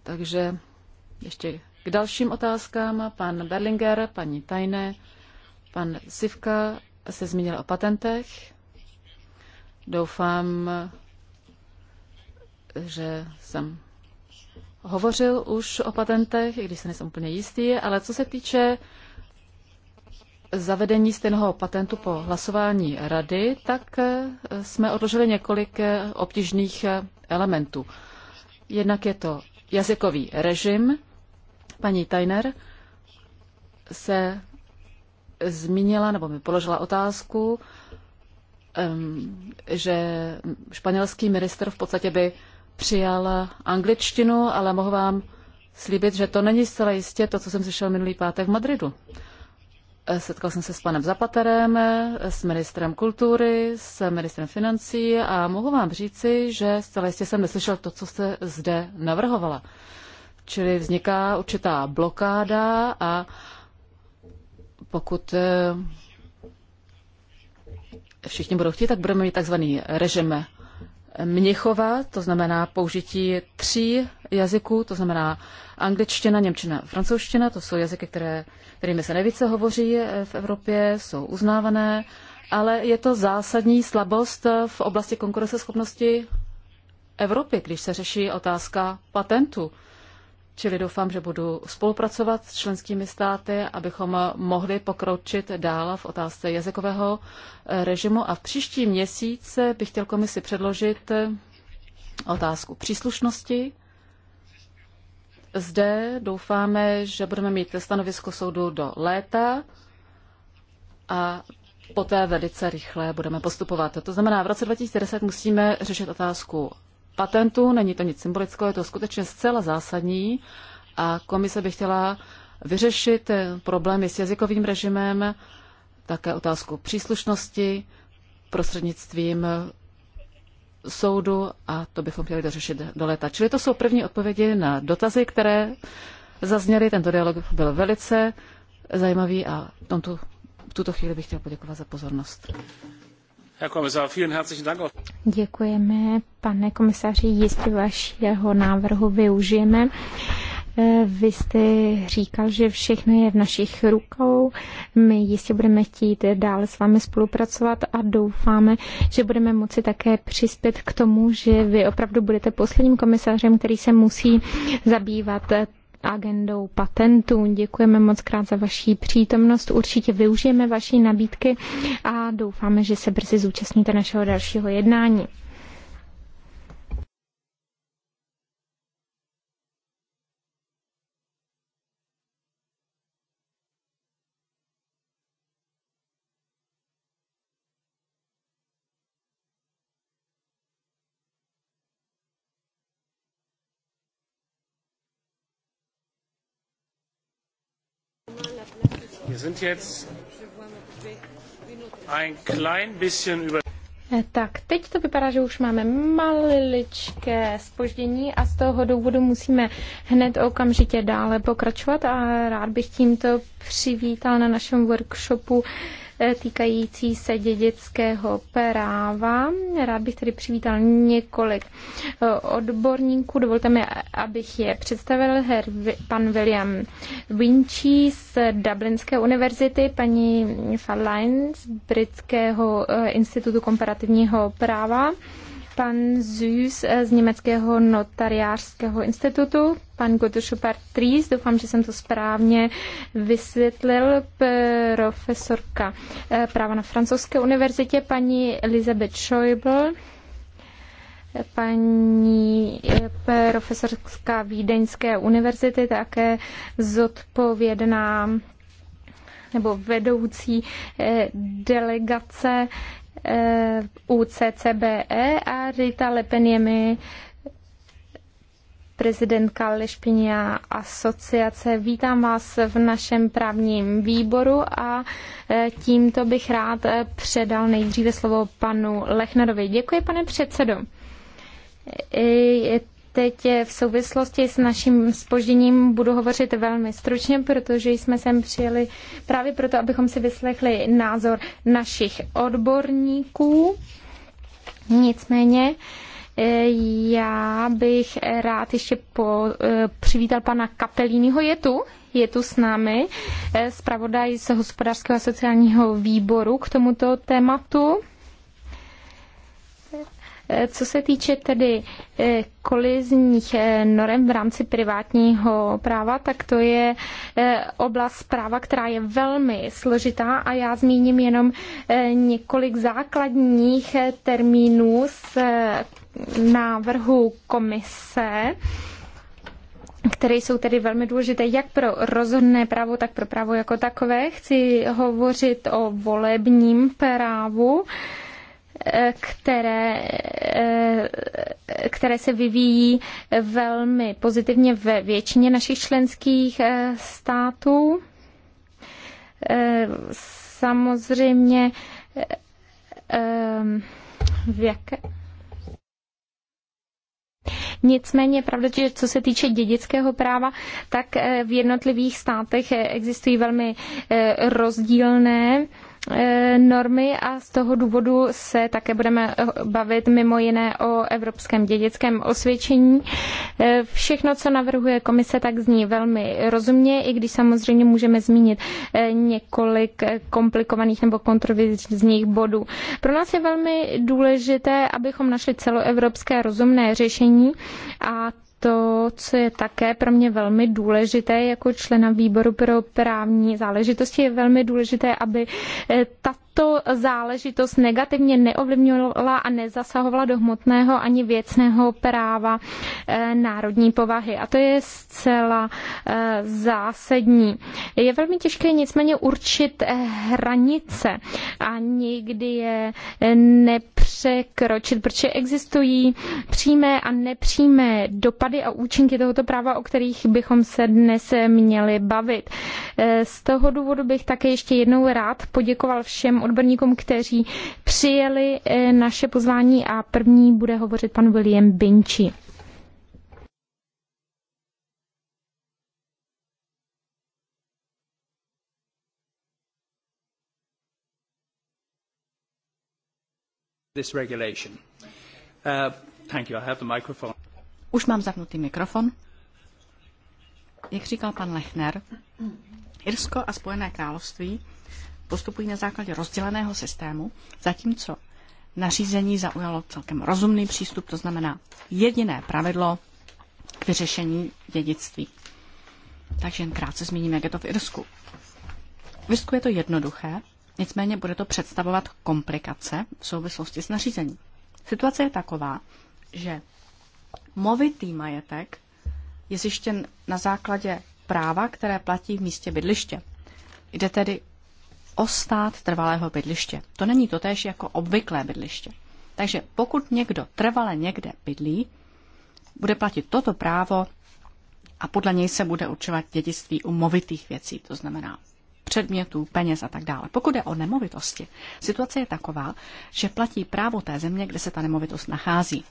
takže ještě k dalším otázkám. Pan Berlinger, paní Tajné, pan Sivka se zmínil o patentech. Doufám, že jsem hovořil už o patentech, i když se nejsem úplně jistý, ale co se týče zavedení stejného patentu po hlasování rady, tak eh, jsme odložili několik eh, obtížných eh, elementů. Jednak je to jazykový režim. Paní Tajner se zmínila nebo mi položila otázku, že španělský minister v podstatě by přijal angličtinu, ale mohu vám slíbit, že to není zcela jistě to, co jsem slyšel minulý pátek v Madridu. Setkal jsem se s panem Zapaterem, s ministrem kultury, s ministrem financí a mohu vám říci, že zcela jistě jsem neslyšel to, co jste zde navrhovala. Čili vzniká určitá blokáda a pokud eh, všichni budou chtít, tak budeme mít takzvaný režim Mnichova, to znamená použití tří jazyků, to znamená angličtina, němčina, francouzština, to jsou jazyky, které, kterými se nejvíce hovoří eh, v Evropě, jsou uznávané, ale je to zásadní slabost eh, v oblasti konkurenceschopnosti Evropy, když se řeší otázka patentu. Čili doufám, že budu spolupracovat s členskými státy, abychom mohli pokročit dál v otázce jazykového eh, režimu. A v příští měsíce bych chtěl komisi předložit otázku příslušnosti zde doufáme, že budeme mít stanovisko soudu do léta a poté velice rychle budeme postupovat. To znamená, v roce 2010 musíme řešit otázku patentu. Není to nic symbolického, je to skutečně zcela zásadní a komise by chtěla vyřešit problémy s jazykovým režimem, také otázku příslušnosti prostřednictvím soudu a to bychom chtěli dořešit do leta. Čili to jsou první odpovědi na dotazy, které zazněly. Tento dialog byl velice zajímavý a v, tomto, v tuto chvíli bych chtěl poděkovat za pozornost. Děkujeme, pane komisaři, jistě vašeho návrhu využijeme. E, vy jste říkal, že všechno je v našich rukou. My jistě budeme chtít dále s vámi spolupracovat a doufáme, že budeme moci také přispět k tomu, že vy opravdu budete posledním komisařem, který se musí zabývat agendou patentů. Děkujeme moc krát za vaši přítomnost. Určitě využijeme vaší nabídky a doufáme, že se brzy zúčastníte našeho dalšího jednání. sind jetzt ein klein bisschen über eh, tak, teď to vypadá, že už máme maliličké spoždění a z toho důvodu musíme hned okamžitě dále pokračovat a rád bych tímto přivítal na našem workshopu Eh, týkající se dědického práva. Rád bych tedy přivítal několik eh, odborníků. Dovolte mi, abych je představil. Her, pan William Vinci z Dublinské univerzity, paní Farline z Britského eh, institutu komparativního práva, pan Züs eh, z Německého notariářského institutu, pan Godušupar Tries, doufám, že jsem to správně vysvětlil, profesorka eh, práva na francouzské univerzitě, paní Elizabeth Schäuble, paní eh, profesorská Vídeňské univerzity, také zodpovědná nebo vedoucí delegace Eh, UCCBE a Rita mi prezidentka Lešpinia asociace. Vítám vás v našem právním výboru a eh, tímto bych rád eh, předal nejdříve slovo panu Lechnerovi. Děkuji, pane předsedo. Teď v souvislosti s naším spožděním budu hovořit velmi stručně, protože jsme sem přijeli právě proto, abychom si vyslechli názor našich odborníků. Nicméně eh, já bych rád ještě po, eh, přivítal pana Kapelínyho. Je tu? Je tu s námi eh, zpravodaj z hospodářského a sociálního výboru k tomuto tématu. Co se týče tedy eh, kolizních eh, norem v rámci privátního práva, tak to je eh, oblast práva, která je velmi složitá a já zmíním jenom několik základních termínů z návrhu komise které jsou tedy velmi důležité jak pro rozhodné právo, tak pro právo jako takové. Chci hovořit o volebním právu které, které se vyvíjí velmi pozitivně ve většině našich členských eh, států. Eh, samozřejmě eh, v jaké? Nicméně pravda, že co se týče dědického práva, tak v jednotlivých státech existují velmi rozdílné Eh, normy a z toho důvodu se také budeme eh, bavit mimo jiné o evropském dědickém osvědčení. Eh, všechno, co navrhuje komise, tak zní velmi rozumně, i když samozřejmě můžeme zmínit několik komplikovaných nebo kontroverzních bodů. Pro nás je velmi důležité, abychom našli celoevropské rozumné řešení a to, co je také pro mě velmi důležité jako člena výboru pro právní záležitosti, je velmi důležité, aby eh, tato záležitost negativně neovlivňovala a nezasahovala do hmotného ani věcného práva eh, národní povahy. A to je zcela eh, zásadní. Je velmi těžké nicméně určit hranice a nikdy je nepřekročit, protože existují přímé a nepřímé dopady dopady a účinky tohoto práva, o kterých bychom se dnes měli bavit. Eh, z toho důvodu bych také ještě jednou rád poděkoval všem odborníkům, kteří přijeli eh, naše pozvání a první bude hovořit pan William Binči. this regulation. Uh, thank you. I have the microphone. Už mám zapnutý mikrofon. Jak říkal pan Lechner, Irsko a Spojené království postupují na základě rozděleného systému, zatímco nařízení zaujalo celkem rozumný přístup, to znamená jediné pravidlo k vyřešení dědictví. Takže jen krátce zmíním, jak je to v Irsku. V Irsku je to jednoduché, nicméně bude to představovat komplikace v souvislosti s nařízením. Situace je taková, že movitý majetek je zjištěn na základě práva, které platí v místě bydliště. Jde tedy o stát trvalého bydliště. To není totéž jako obvyklé bydliště. Takže pokud někdo trvale někde bydlí, bude platit toto právo a podle něj se bude určovat dědictví u movitých věcí, to znamená předmětů, peněz a tak dále. Pokud je o nemovitosti, situace je taková, že platí právo té země, kde se ta nemovitost nachází.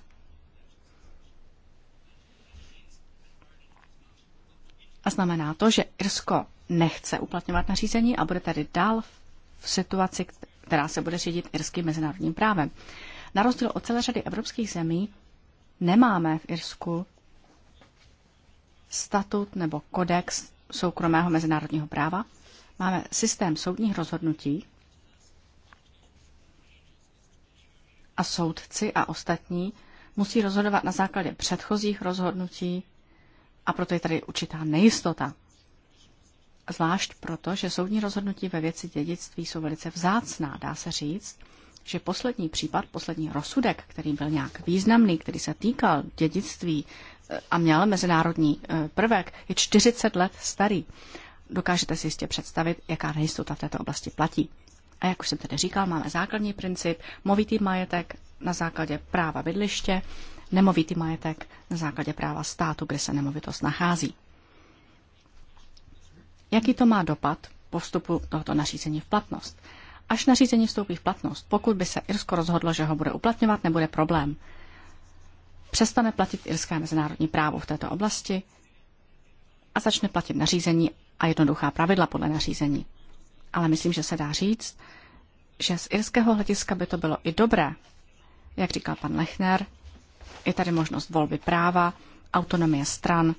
A znamená to, že Irsko nechce uplatňovat nařízení a bude tady dál v situaci, která se bude řídit irským mezinárodním právem. Na rozdíl od celé řady evropských zemí nemáme v Irsku statut nebo kodex soukromého mezinárodního práva. Máme systém soudních rozhodnutí a soudci a ostatní musí rozhodovat na základě předchozích rozhodnutí a proto je tady určitá nejistota. Zvlášť proto, že soudní rozhodnutí ve věci dědictví jsou velice vzácná. Dá se říct, že poslední případ, poslední rozsudek, který byl nějak významný, který se týkal dědictví eh, a měl mezinárodní eh, prvek, je 40 let starý. Dokážete si jistě představit, jaká nejistota v této oblasti platí. A jak už jsem tedy říkal, máme základní princip, movitý majetek na základě práva bydliště, nemovitý majetek na základě práva státu, kde se nemovitost nachází. Jaký to má dopad po vstupu tohoto nařízení v platnost? Až nařízení vstoupí v platnost, pokud by se Irsko rozhodlo, že ho bude uplatňovat, nebude problém. Přestane platit irské mezinárodní právo v této oblasti a začne platit nařízení a jednoduchá pravidla podle nařízení. Ale myslím, že se dá říct, že z irského hlediska by to bylo i dobré, jak říkal pan Lechner, je tady možnost volby práva, autonomie stran,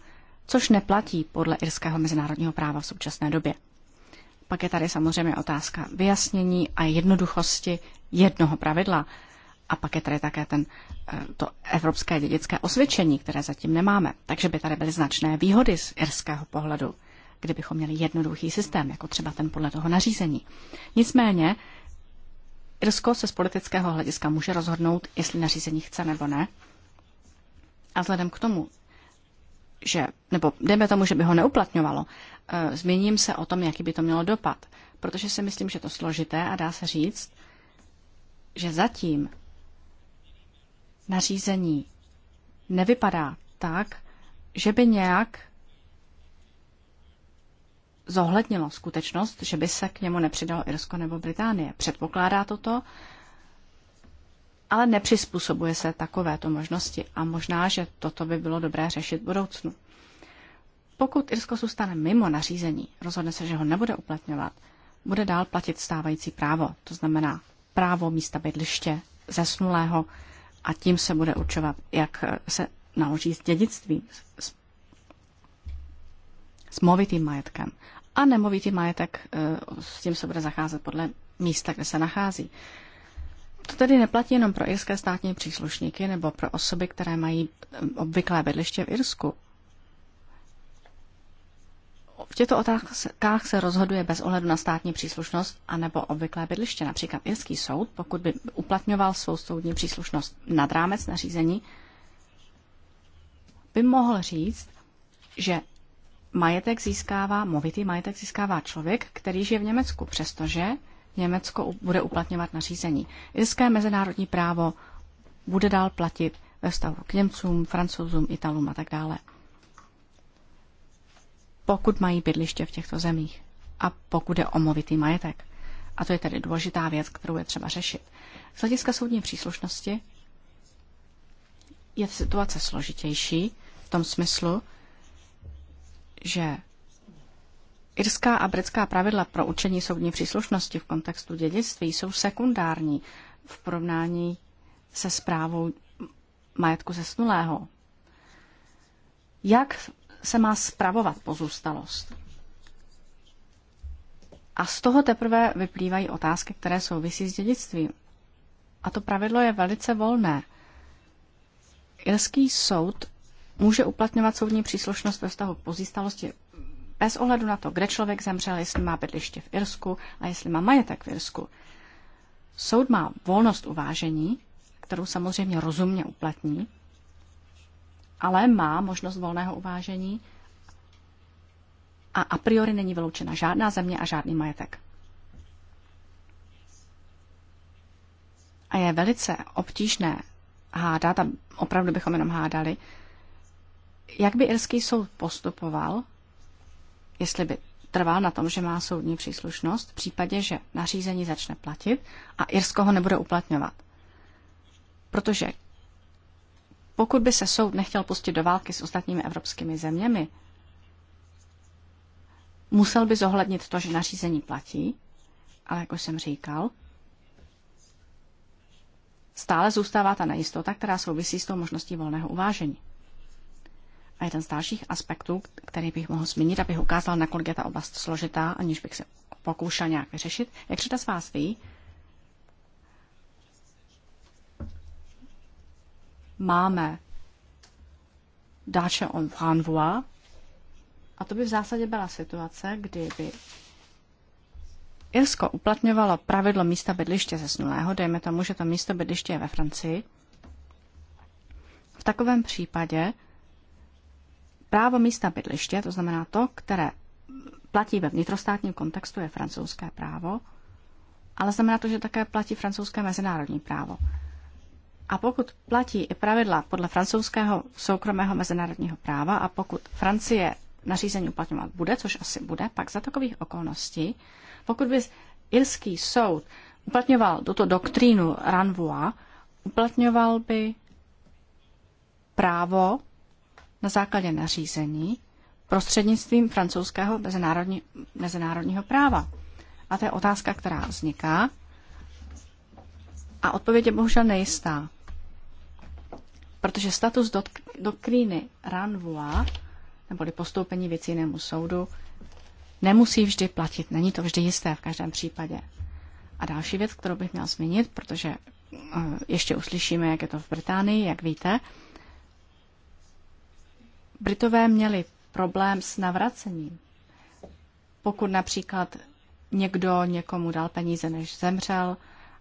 což neplatí podle irského mezinárodního práva v současné době. Pak je tady samozřejmě otázka vyjasnění a jednoduchosti jednoho pravidla. A pak je tady také ten, eh, to evropské dědické osvědčení, které zatím nemáme. Takže by tady byly značné výhody z irského pohledu, kdybychom měli jednoduchý systém, jako třeba ten podle toho nařízení. Nicméně Irsko se z politického hlediska může rozhodnout, jestli nařízení chce nebo ne. A vzhledem k tomu, že, nebo dejme tomu, že by ho neuplatňovalo, eh, zmíním se o tom, jaký by to mělo dopad, protože si myslím, že to složité a dá se říct, že zatím nařízení nevypadá tak, že by nějak zohlednilo skutečnost, že by se k němu nepřidalo Irsko nebo Británie. Předpokládá toto, ale nepřizpůsobuje se takovéto možnosti a možná, že toto by bylo dobré řešit v budoucnu. Pokud Irsko zůstane mimo nařízení, rozhodne se, že ho nebude uplatňovat, bude dál platit stávající právo, to znamená právo místa bydliště zesnulého a tím se bude určovat, jak se naloží s dědictvím, s, s movitým majetkem a nemovitý majetek, eh, s tím se bude zacházet podle místa, kde se nachází. To tedy neplatí jenom pro irské státní příslušníky nebo pro osoby, které mají eh, obvyklé bydliště v Irsku. V těchto otázkách se rozhoduje bez ohledu na státní příslušnost a nebo obvyklé bydliště. Například irský soud, pokud by uplatňoval svou soudní příslušnost nad rámec nařízení, by mohl říct, že majetek získává, movitý majetek získává člověk, který žije v Německu, přestože Německo bude uplatňovat nařízení. Irské mezinárodní právo bude dál platit ve vztahu k Němcům, Francouzům, Italům a tak dále. Pokud mají bydliště v těchto zemích a pokud je o movitý majetek. A to je tedy důležitá věc, kterou je třeba řešit. Z hlediska soudní příslušnosti je situace složitější v tom smyslu, že irská a britská pravidla pro učení soudní příslušnosti v kontextu dědictví jsou sekundární v porovnání se zprávou majetku zesnulého. Jak se má spravovat pozůstalost? A z toho teprve vyplývají otázky, které souvisí s dědictvím. A to pravidlo je velice volné. Irský soud může uplatňovat soudní příslušnost ve vztahu k pozůstalosti bez ohledu na to, kde člověk zemřel, jestli má bydliště v Irsku a jestli má majetek v Irsku. Soud má volnost uvážení, kterou samozřejmě rozumně uplatní, ale má možnost volného uvážení a a priori není vyloučena žádná země a žádný majetek. A je velice obtížné hádat, a opravdu bychom jenom hádali, jak by irský soud postupoval, jestli by trval na tom, že má soudní příslušnost, v případě, že nařízení začne platit a Irsko ho nebude uplatňovat? Protože pokud by se soud nechtěl pustit do války s ostatními evropskými zeměmi, musel by zohlednit to, že nařízení platí, ale jako jsem říkal, stále zůstává ta nejistota, která souvisí s tou možností volného uvážení. A jeden z dalších aspektů, který bych mohl zmínit, abych ukázal, nakolik je ta oblast složitá, aniž bych se pokoušel nějak vyřešit. Jak řada z vás ví, máme dáče on renvoi, a to by v zásadě byla situace, kdyby Irsko uplatňovalo pravidlo místa bydliště ze snulého, dejme tomu, že to místo bydliště je ve Francii. V takovém případě Právo místa bydliště, to znamená to, které platí ve vnitrostátním kontextu, je francouzské právo, ale znamená to, že také platí francouzské mezinárodní právo. A pokud platí i pravidla podle francouzského soukromého mezinárodního práva a pokud Francie nařízení uplatňovat bude, což asi bude, pak za takových okolností, pokud by irský soud uplatňoval tuto doktrínu Ranvoa, uplatňoval by právo na základě nařízení prostřednictvím francouzského mezinárodní, mezinárodního práva. A to je otázka, která vzniká. A odpověď je bohužel nejistá. Protože status doktríny ranvua, neboli postoupení věcí jinému soudu, nemusí vždy platit. Není to vždy jisté v každém případě. A další věc, kterou bych měl zmínit, protože eh, ještě uslyšíme, jak je to v Británii, jak víte, Britové měli problém s navracením. Pokud například někdo někomu dal peníze, než zemřel,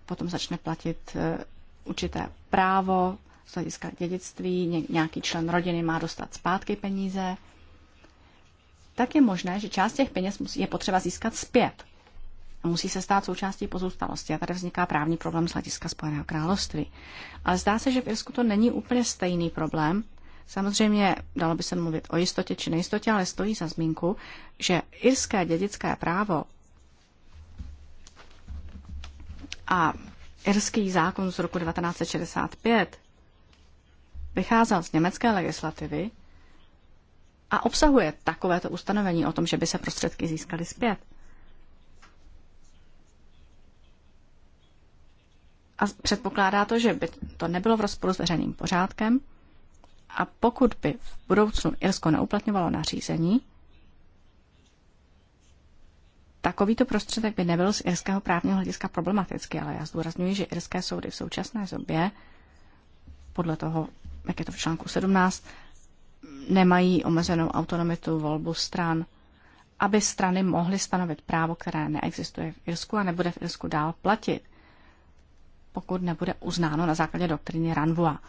potom začne platit e, určité právo z hlediska dědictví, nějaký člen rodiny má dostat zpátky peníze, tak je možné, že část těch peněz je potřeba získat zpět. A musí se stát součástí pozůstalosti. A tady vzniká právní problém z hlediska Spojeného království. Ale zdá se, že v Irsku to není úplně stejný problém, Samozřejmě dalo by se mluvit o jistotě či nejistotě, ale stojí za zmínku, že irské dědické právo a irský zákon z roku 1965 vycházel z německé legislativy a obsahuje takovéto ustanovení o tom, že by se prostředky získaly zpět. A předpokládá to, že by to nebylo v rozporu s veřejným pořádkem, a pokud by v budoucnu Irsko neuplatňovalo nařízení, Takovýto prostředek by nebyl z irského právního hlediska problematický, ale já zdůrazňuji, že irské soudy v současné době, podle toho, jak je to v článku 17, nemají omezenou autonomitu volbu stran, aby strany mohly stanovit právo, které neexistuje v Irsku a nebude v Irsku dál platit, pokud nebude uznáno na základě doktríny Ranvoa.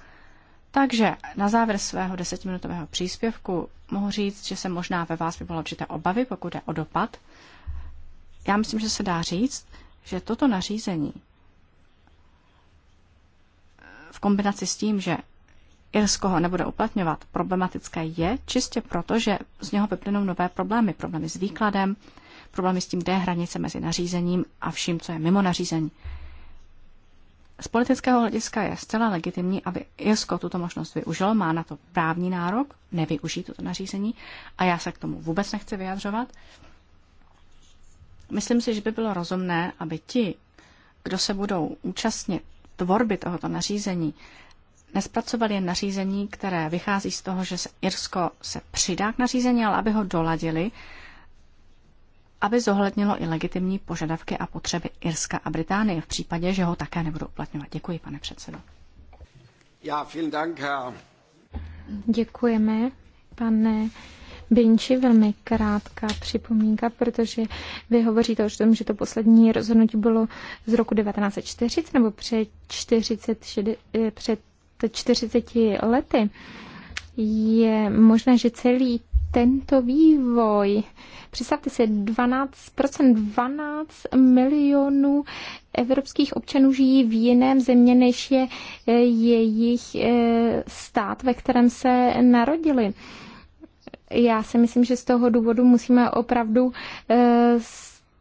Takže na závěr svého desetiminutového příspěvku mohu říct, že se možná ve vás vyvolalo určité obavy, pokud jde o dopad. Já myslím, že se dá říct, že toto nařízení v kombinaci s tím, že Irsko ho nebude uplatňovat, problematické je čistě proto, že z něho vyplynou nové problémy. Problémy s výkladem, problémy s tím, kde je hranice mezi nařízením a vším, co je mimo nařízení. Z politického hlediska je zcela legitimní, aby Irsko tuto možnost využilo, má na to právní nárok, nevyužít toto nařízení a já se k tomu vůbec nechci vyjadřovat. Myslím si, že by bylo rozumné, aby ti, kdo se budou účastnit tvorby tohoto nařízení, nespracovali jen nařízení, které vychází z toho, že se Irsko se přidá k nařízení, ale aby ho doladili, aby zohlednilo i legitimní požadavky a potřeby Irska a Británie v případě, že ho také nebudou uplatňovat. Děkuji, pane předsedo. Ja, vielen Dank, Děkujeme, pane Binči, velmi krátká připomínka, protože vy hovoříte o tom, že to poslední rozhodnutí bylo z roku 1940 nebo před 40, eh, před 40 lety. Je možné, že celý tento vývoj. Představte si, 12%, 12 milionů evropských občanů žijí v jiném země, než je eh, jejich eh, stát, ve kterém se narodili. Já si myslím, že z toho důvodu musíme opravdu eh,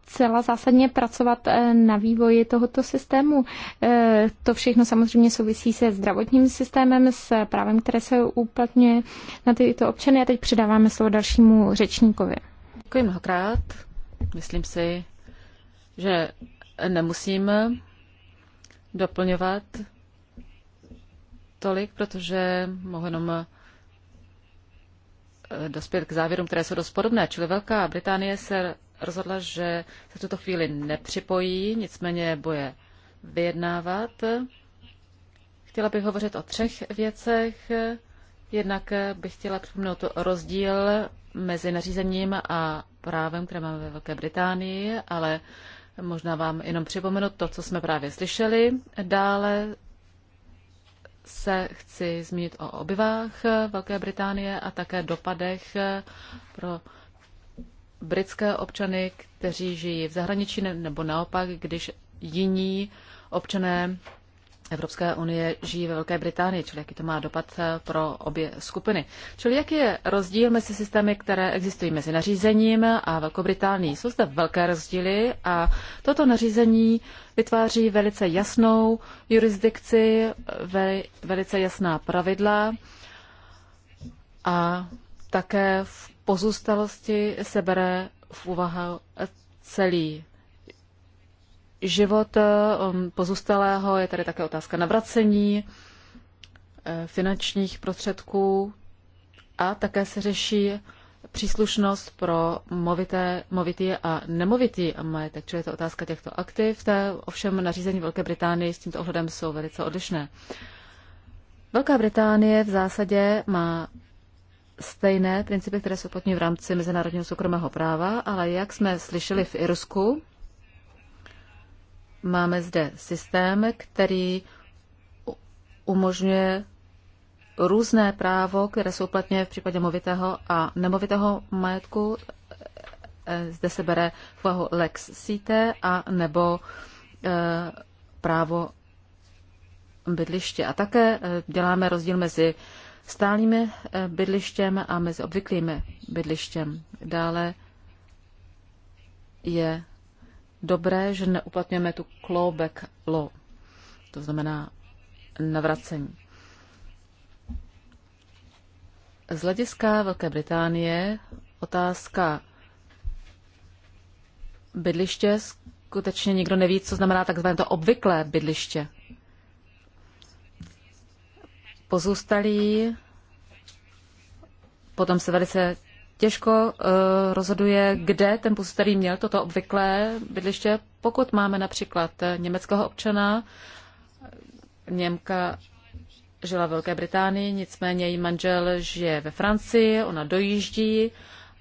zcela zásadně pracovat eh, na vývoji tohoto systému. Eh, to všechno samozřejmě souvisí se zdravotním systémem, s právem, které se uplatňuje na tyto občany. A teď předáváme slovo dalšímu řečníkovi. Děkuji mnohokrát. Myslím si, že nemusím doplňovat tolik, protože mohu jenom eh, dospět k závěrům, které jsou dost podobné. Čili Velká Británie se rozhodla, že se v tuto chvíli nepřipojí, nicméně bude vyjednávat. Chtěla bych hovořit o třech věcech. Jednak bych chtěla připomenout rozdíl mezi nařízením a právem, které máme ve Velké Británii, ale možná vám jenom připomenout to, co jsme právě slyšeli. Dále se chci zmínit o obyvách Velké Británie a také dopadech pro britské občany, kteří žijí v zahraničí, nebo naopak, když jiní občané Evropské unie žijí ve Velké Británii, čili jaký to má dopad eh, pro obě skupiny. Čili jaký je rozdíl mezi systémy, které existují mezi nařízením a Velkou Británií? Jsou zde velké rozdíly a toto nařízení vytváří velice jasnou jurisdikci, velice jasná pravidla a také v pozůstalosti se bere v úvahu celý život um, pozůstalého. Je tady také otázka navracení eh, finančních prostředků a také se řeší příslušnost pro movité, movitý a nemovitý majetek, čili je to otázka těchto aktiv. Té ovšem nařízení Velké Británie s tímto ohledem jsou velice odlišné. Velká Británie v zásadě má stejné principy, které se uplatňují v rámci mezinárodního soukromého práva, ale jak jsme slyšeli v Irsku, máme zde systém, který umožňuje různé právo, které se uplatňuje v případě movitého a nemovitého majetku. E, zde se bere v úvahu lex site a nebo e, právo bydliště. A také e, děláme rozdíl mezi stálým eh, bydlištěm a mezi obvyklými bydlištěm. Dále je dobré, že neuplatňujeme tu clawback law, to znamená navracení. Z hlediska Velké Británie otázka bydliště skutečně nikdo neví, co znamená takzvané to obvyklé bydliště pozůstalí, potom se velice těžko eh, rozhoduje, kde ten pozůstalý měl toto obvyklé bydliště. Pokud máme například eh, německého občana, Němka žila v Velké Británii, nicméně její manžel žije ve Francii, ona dojíždí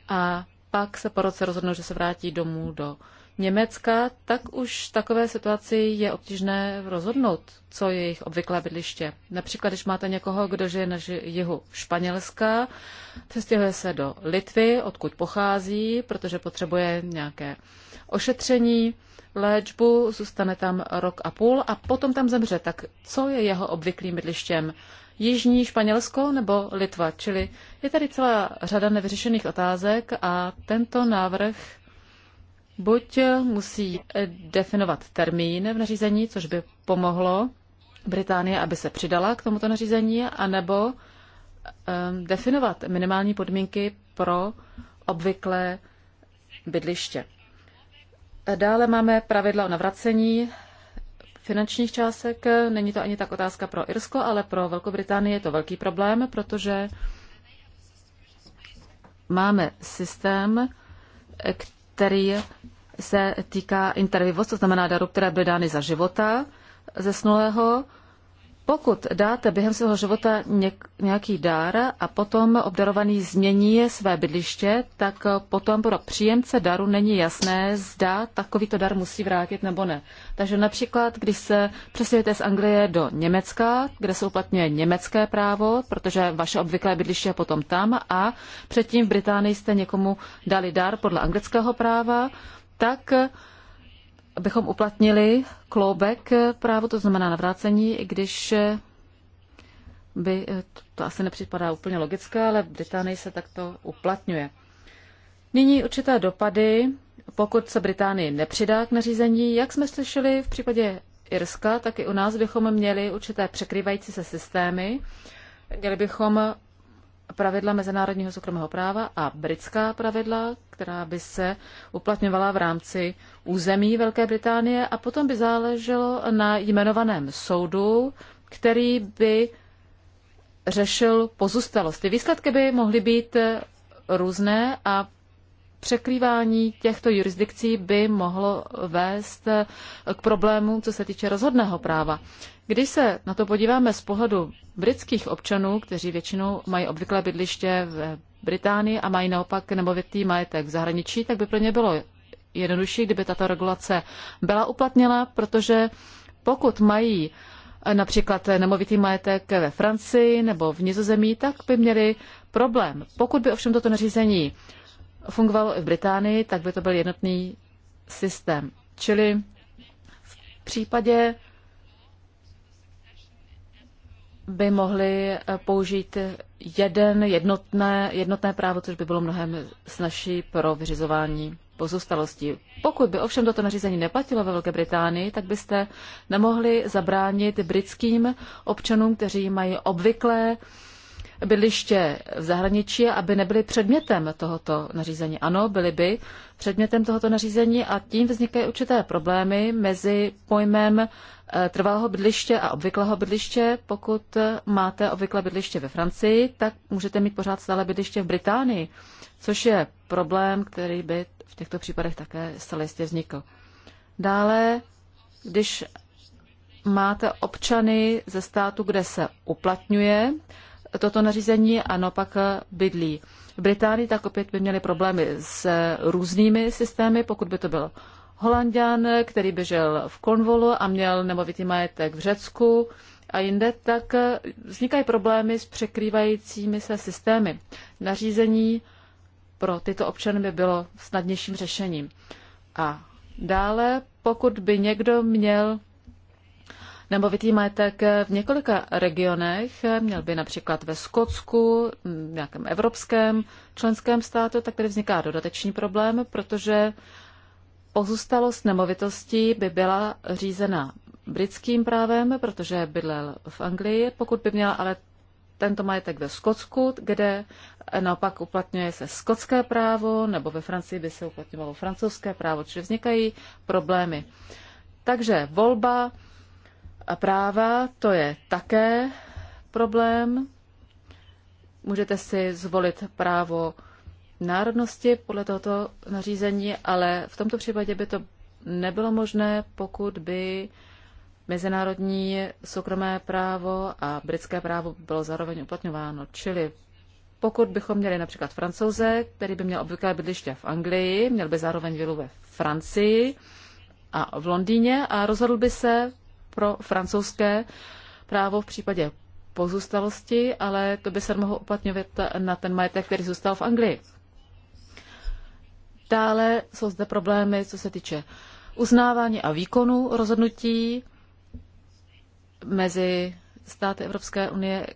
a pak se po roce rozhodnou, že se vrátí domů do Německa, tak už v takové situaci je obtížné rozhodnout, co je jejich obvyklé bydliště. Například, když máte někoho, kdo žije na jihu Španělska, přestěhuje se do Litvy, odkud pochází, protože potřebuje nějaké ošetření, léčbu, zůstane tam rok a půl a potom tam zemře. Tak co je jeho obvyklým bydlištěm? Jižní Španělsko nebo Litva? Čili je tady celá řada nevyřešených otázek a tento návrh buď musí definovat termín v nařízení, což by pomohlo Británie, aby se přidala k tomuto nařízení, anebo ehm, definovat minimální podmínky pro obvyklé bydliště. Dále máme pravidla o navracení finančních částek. Není to ani tak otázka pro Irsko, ale pro Velkou Británii je to velký problém, protože máme systém, který se týká intervivos, to znamená darů, které byly dány za života zesnulého pokud dáte během svého života nějaký dár a potom obdarovaný změní své bydliště, tak potom pro příjemce daru není jasné, zda takovýto dar musí vrátit nebo ne. Takže například, když se přesvědete z Anglie do Německa, kde se uplatňuje německé právo, protože vaše obvyklé bydliště je potom tam a předtím v Británii jste někomu dali dar podle anglického práva, tak abychom uplatnili kloubek právo, to znamená navrácení, i když eh, by, eh, to asi nepřipadá úplně logické, ale v Británii se takto uplatňuje. Nyní určité dopady, pokud se Británii nepřidá k nařízení, jak jsme slyšeli v případě Irska, tak i u nás bychom měli určité překrývající se systémy. Měli bychom pravidla mezinárodního soukromého práva a britská pravidla, která by se uplatňovala v rámci území Velké Británie a potom by záleželo na jmenovaném soudu, který by řešil pozůstalosti. Výsledky by mohly být různé a překrývání těchto jurisdikcí by mohlo vést eh, k problému, co se týče rozhodného práva. Když se na to podíváme z pohledu britských občanů, kteří většinou mají obvyklé bydliště v Británii a mají naopak nemovitý majetek v zahraničí, tak by pro ně bylo jednodušší, kdyby tato regulace byla uplatněna, protože pokud mají eh, například nemovitý majetek ve Francii nebo v Nizozemí, tak by měli problém. Pokud by ovšem toto nařízení fungovalo i v Británii, tak by to byl jednotný systém. Čili v případě by mohli eh, použít jeden jednotné, jednotné právo, což by bylo mnohem snažší pro vyřizování pozůstalostí. Pokud by ovšem toto nařízení neplatilo ve Velké Británii, tak byste nemohli zabránit britským občanům, kteří mají obvyklé bydliště v zahraničí, aby nebyly předmětem tohoto nařízení. Ano, byly by předmětem tohoto nařízení a tím vznikají určité problémy mezi pojmem eh, trvalého bydliště a obvyklého bydliště. Pokud eh, máte obvyklé bydliště ve Francii, tak můžete mít pořád stále bydliště v Británii, což je problém, který by v těchto případech také stále jistě vznikl. Dále, když máte občany ze státu, kde se uplatňuje toto nařízení a naopak bydlí v Británii, tak opět by měli problémy s různými systémy, pokud by to byl Holandian, který by žil v Konvolu a měl nemovitý majetek v Řecku a jinde, tak vznikají problémy s překrývajícími se systémy. Nařízení pro tyto občany by bylo snadnějším řešením. A dále, pokud by někdo měl nemovitý majetek v několika regionech, měl by například ve Skotsku, nějakém evropském členském státu, tak tady vzniká dodatečný problém, protože pozůstalost nemovitostí by byla řízena britským právem, protože bydlel v Anglii, pokud by měla ale tento majetek ve Skotsku, kde naopak uplatňuje se skotské právo, nebo ve Francii by se uplatňovalo francouzské právo, čili vznikají problémy. Takže volba a práva, to je také problém. Můžete si zvolit právo národnosti podle tohoto nařízení, ale v tomto případě by to nebylo možné, pokud by mezinárodní soukromé právo a britské právo bylo zároveň uplatňováno. Čili pokud bychom měli například francouze, který by měl obvyklé bydliště v Anglii, měl by zároveň vilu ve Francii a v Londýně a rozhodl by se pro francouzské právo v případě pozůstalosti, ale to by se mohlo uplatňovat na ten majetek, který zůstal v Anglii. Dále jsou zde problémy, co se týče uznávání a výkonu rozhodnutí mezi státy Evropské unie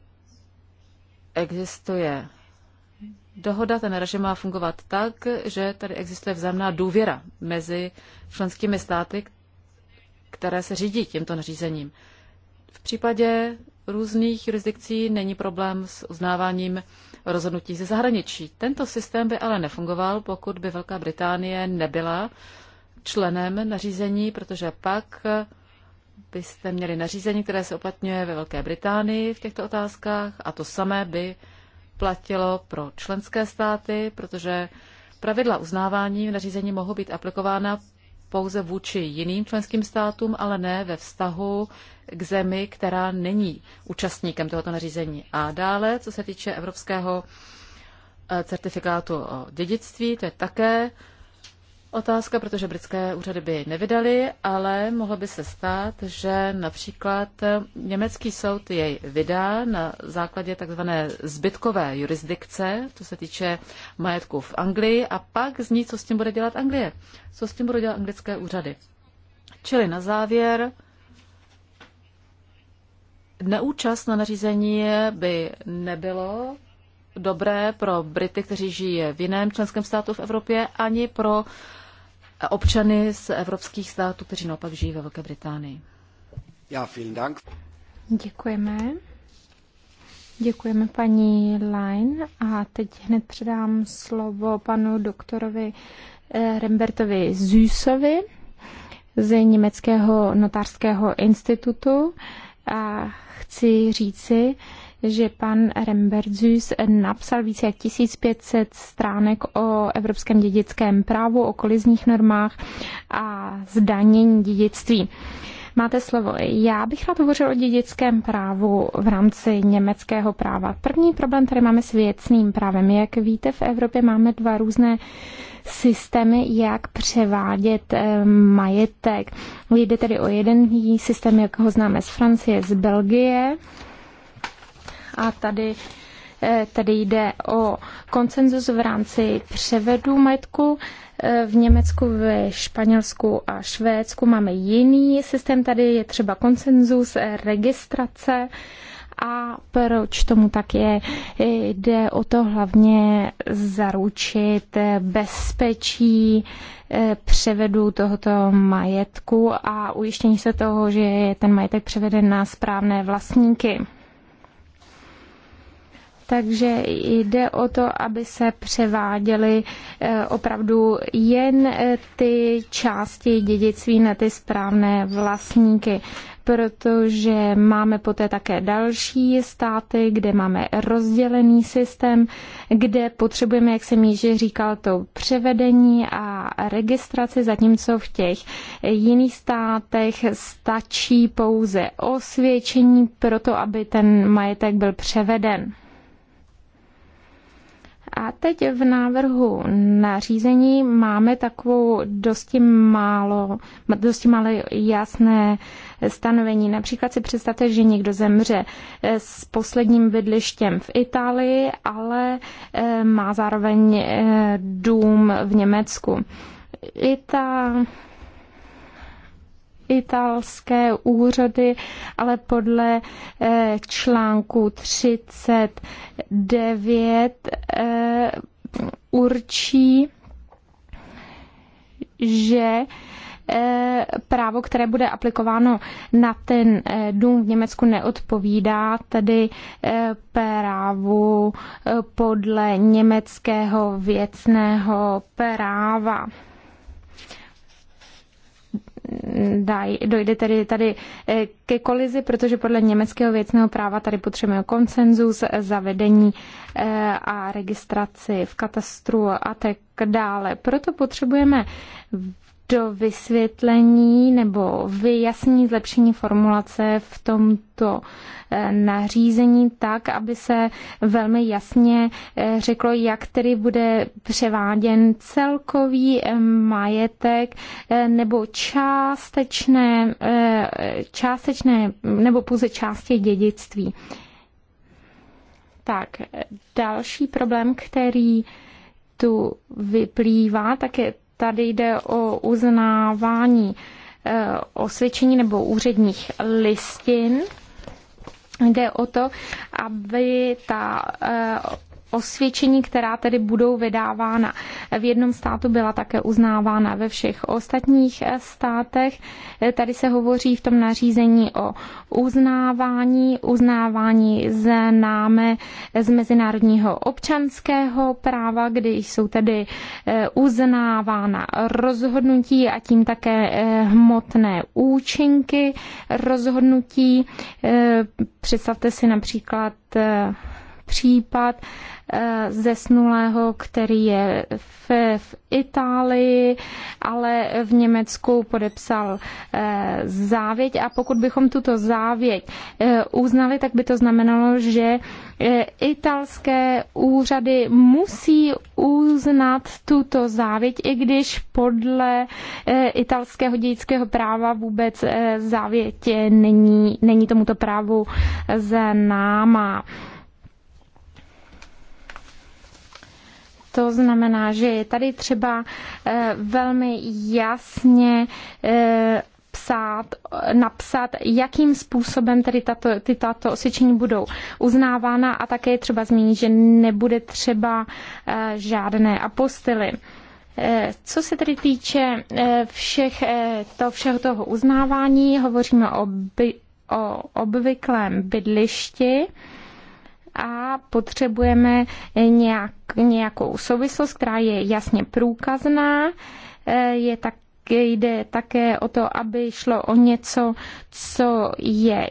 existuje dohoda, ten režim má fungovat tak, že tady existuje vzájemná důvěra mezi členskými státy, které se řídí tímto nařízením. V případě různých jurisdikcí není problém s uznáváním rozhodnutí ze zahraničí. Tento systém by ale nefungoval, pokud by Velká Británie nebyla členem nařízení, protože pak byste měli nařízení, které se uplatňuje ve Velké Británii v těchto otázkách a to samé by platilo pro členské státy, protože pravidla uznávání v nařízení mohou být aplikována pouze vůči jiným členským státům, ale ne ve vztahu k zemi, která není účastníkem tohoto nařízení. A dále, co se týče evropského eh, certifikátu o dědictví, to je také otázka, protože britské úřady by nevydali, ale mohlo by se stát, že například německý soud jej vydá na základě takzvané zbytkové jurisdikce, co se týče majetku v Anglii, a pak zní, co s tím bude dělat Anglie, co s tím budou dělat anglické úřady. Čili na závěr, neúčast na nařízení by nebylo dobré pro Brity, kteří žijí v jiném členském státu v Evropě, ani pro občany z evropských států, kteří naopak žijí ve Velké Británii. Já, vielen Dank. Děkujeme. Děkujeme paní Line a teď hned předám slovo panu doktorovi eh, Rembertovi Zusovi z Německého notářského institutu a chci říci, že pan Remberzus napsal více jak 1500 stránek o evropském dědickém právu, o kolizních normách a zdanění dědictví. Máte slovo. Já bych rád hovořil o dědickém právu v rámci německého práva. První problém, který máme s věcným právem. Jak víte, v Evropě máme dva různé systémy, jak převádět eh, majetek. Jde tedy o jeden systém, jak ho známe z Francie, z Belgie a tady eh, tedy jde o koncenzus v rámci převedu majetku. Eh, v Německu, ve Španělsku a Švédsku máme jiný systém. Tady je třeba koncenzus, eh, registrace a proč tomu tak je. Jde o to hlavně zaručit bezpečí převedu tohoto majetku a ujištění se toho, že je ten majetek převeden na správné vlastníky. Takže jde o to, aby se převáděly eh, opravdu jen eh, ty části dědictví na ty správné vlastníky protože máme poté také další státy, kde máme rozdělený systém, kde potřebujeme, jak jsem již říkal, to převedení a registraci, zatímco v těch jiných státech stačí pouze osvědčení pro to, aby ten majetek byl převeden. A teď v návrhu nařízení máme takovou dosti málo, dosti málo jasné stanovení. Například si představte, že někdo zemře eh, s posledním bydlištěm v Itálii, ale eh, má zároveň eh, dům v Německu. I ta italské úřady, ale podle eh, článku 39 eh, určí, že eh, právo, které bude aplikováno na ten dům v Německu, neodpovídá tedy právu podle německého věcného práva daj, dojde tedy tady eh, ke kolizi, protože podle německého věcného práva tady potřebujeme konsenzus, zavedení eh, a registraci v katastru a tak dále. Proto potřebujeme do vysvětlení nebo vyjasnění zlepšení formulace v tomto eh, nařízení tak, aby se velmi jasně eh, řeklo, jak tedy bude převáděn celkový eh, majetek nebo částečné, částečné nebo pouze části dědictví. Tak, další problém, který tu vyplývá, tak je Tady jde o uznávání eh, osvědčení nebo úředních listin. Jde o to, aby ta eh, osvědčení, která tedy budou vydávána v jednom státu, byla také uznávána ve všech ostatních eh, státech. Eh, tady se hovoří v tom nařízení o uznávání, uznávání známe eh, z mezinárodního občanského práva, kdy jsou tedy uznávána rozhodnutí a tím také hmotné účinky rozhodnutí. Představte si například případ eh, zesnulého, který je v, v Itálii, ale v Německu podepsal eh, závěť a pokud bychom tuto závěť eh, uznali, tak by to znamenalo, že italské úřady musí uznat tuto závěť, i když podle italského dějického práva vůbec závěť není, není tomuto právu známá. To znamená, že je tady třeba eh, velmi jasně eh, psát, napsat, jakým způsobem tedy tato, ty tato osvědčení budou uznávána a také je třeba zmínit, že nebude třeba eh, žádné apostily. Co se tedy týče všech, to, všeho toho uznávání, hovoříme o, by, o obvyklém bydlišti a potřebujeme nějak, nějakou souvislost, která je jasně průkazná, e, je tak jde také o to, aby šlo o něco, co je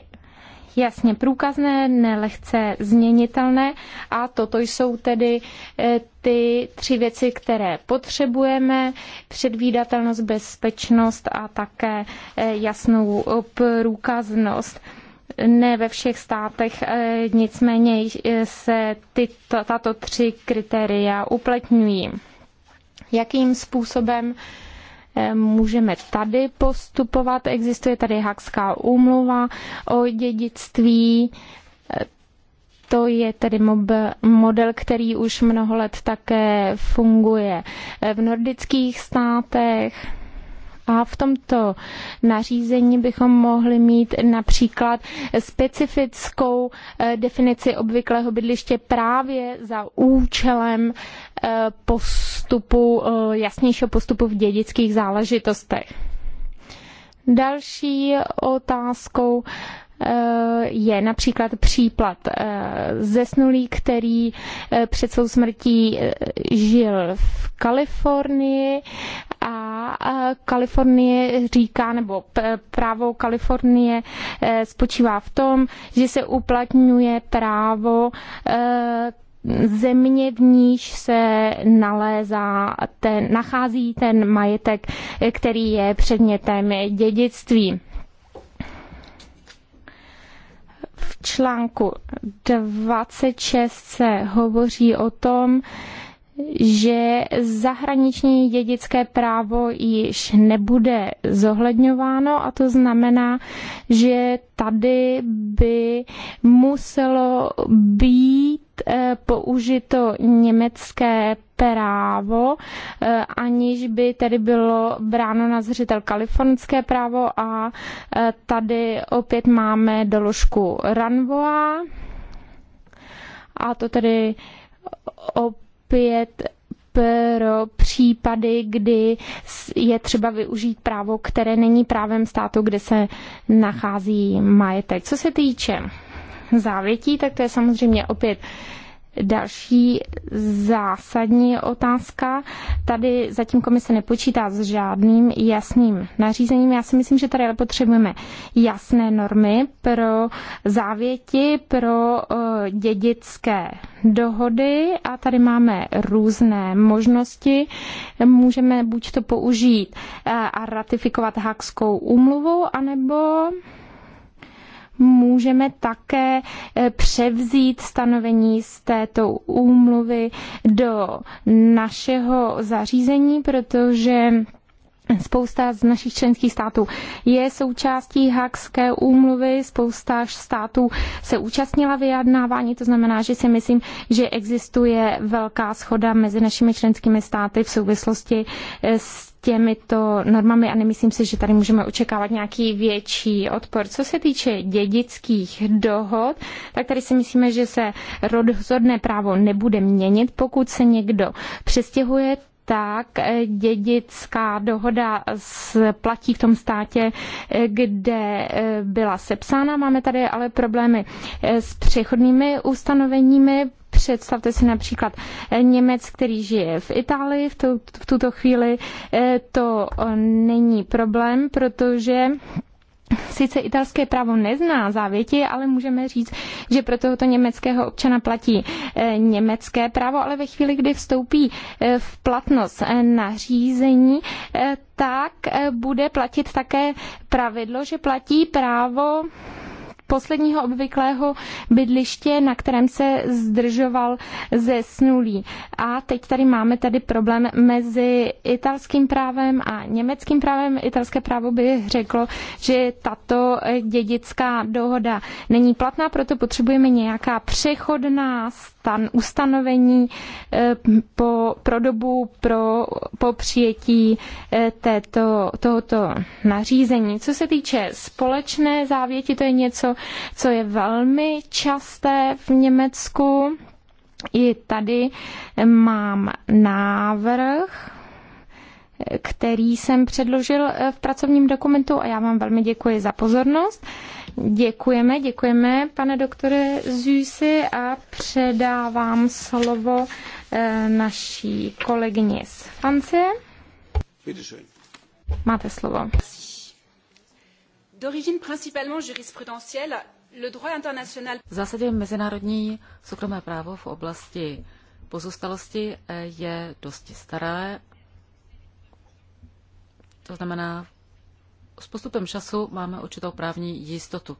jasně průkazné, nelehce změnitelné a toto jsou tedy e, ty tři věci, které potřebujeme, předvídatelnost, bezpečnost a také e, jasnou průkaznost ne ve všech státech, e, nicméně e, se ty, tato tři kritéria uplatňují. Jakým způsobem e, můžeme tady postupovat? Existuje tady Hakská úmluva o dědictví, to je tedy model, který už mnoho let také funguje v nordických státech. A v tomto nařízení bychom mohli mít například specifickou eh, definici obvyklého bydliště právě za účelem eh, postupu, eh, jasnějšího postupu v dědických záležitostech. Další otázkou Eh, je například případ eh, zesnulý, který eh, před svou smrtí žil v Kalifornii a Kalifornie říká, nebo právo Kalifornie spočívá v tom, že se uplatňuje právo země, v níž se nalézá ten, nachází ten majetek, který je předmětem dědictví. článku 26 se hovoří o tom, že zahraniční dědické právo již nebude zohledňováno a to znamená, že tady by muselo být eh, použito německé právo, eh, aniž by tedy bylo bráno na zřetel kalifornské právo a eh, tady opět máme doložku Ranvoa a to tedy opět opět pro případy, kdy je třeba využít právo, které není právem státu, kde se nachází majetek. Co se týče závětí, tak to je samozřejmě opět Další zásadní otázka. Tady zatím komise nepočítá s žádným jasným nařízením. Já si myslím, že tady potřebujeme jasné normy pro závěti, pro eh, dědické dohody a tady máme různé možnosti. Můžeme buď to použít eh, a ratifikovat Hakskou úmluvu, anebo můžeme také eh, převzít stanovení z této úmluvy do našeho zařízení, protože Spousta z našich členských států je součástí Hakské úmluvy, spousta států se účastnila vyjednávání, to znamená, že si myslím, že existuje velká schoda mezi našimi členskými státy v souvislosti eh, s těmito normami a nemyslím si, že tady můžeme očekávat nějaký větší odpor. Co se týče dědických dohod, tak tady si myslíme, že se rozhodné právo nebude měnit. Pokud se někdo přestěhuje, tak dědická dohoda platí v tom státě, kde e, byla sepsána. Máme tady ale problémy e, s přechodnými ustanoveními, Představte si například e, Němec, který žije v Itálii v, tu, v tuto chvíli. To není problém, protože sice italské právo nezná závěti, ale můžeme říct, že pro tohoto německého občana platí eh, německé právo, ale ve chvíli, kdy vstoupí eh, v platnost eh, nařízení, tak bude platit také pravidlo, že platí právo posledního obvyklého bydliště, na kterém se zdržoval ze snulí. A teď tady máme tady problém mezi italským právem a německým právem. Italské právo by řeklo, že tato dědická dohoda není platná, proto potřebujeme nějaká přechodná stan, ustanovení eh, po, pro dobu pro, po přijetí eh, této, tohoto nařízení. Co se týče společné závěti, to je něco, co je velmi časté v Německu. I tady eh, mám návrh který jsem předložil v pracovním dokumentu a já vám velmi děkuji za pozornost. Děkujeme, děkujeme, pane doktore Züsi a předávám slovo eh, naší kolegyni z Francie. Máte slovo. D'origine principalement jurisprudentielle, le droit international... V zásadě mezinárodní soukromé právo v oblasti pozůstalosti eh, je dosti staré. To znamená, s postupem času máme určitou právní jistotu.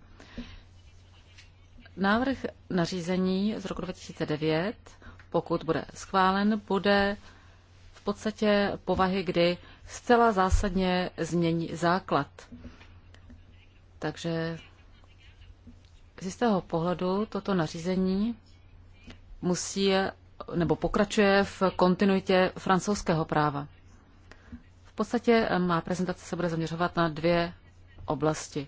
Návrh nařízení z roku 2009, pokud bude schválen, bude v podstatě povahy, kdy zcela zásadně změní základ. Takže z jistého pohledu toto nařízení musí nebo pokračuje v kontinuitě francouzského práva podstatě eh, má prezentace se bude zaměřovat na dvě oblasti.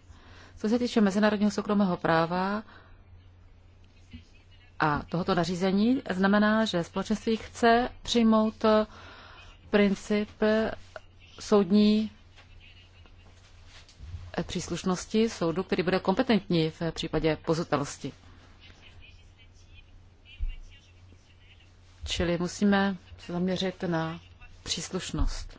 Co se týče mezinárodního soukromého práva a tohoto nařízení, znamená, že společenství chce přijmout eh, princip eh, soudní příslušnosti soudu, který bude kompetentní v případě pozutalosti. Čili musíme se zaměřit na příslušnost.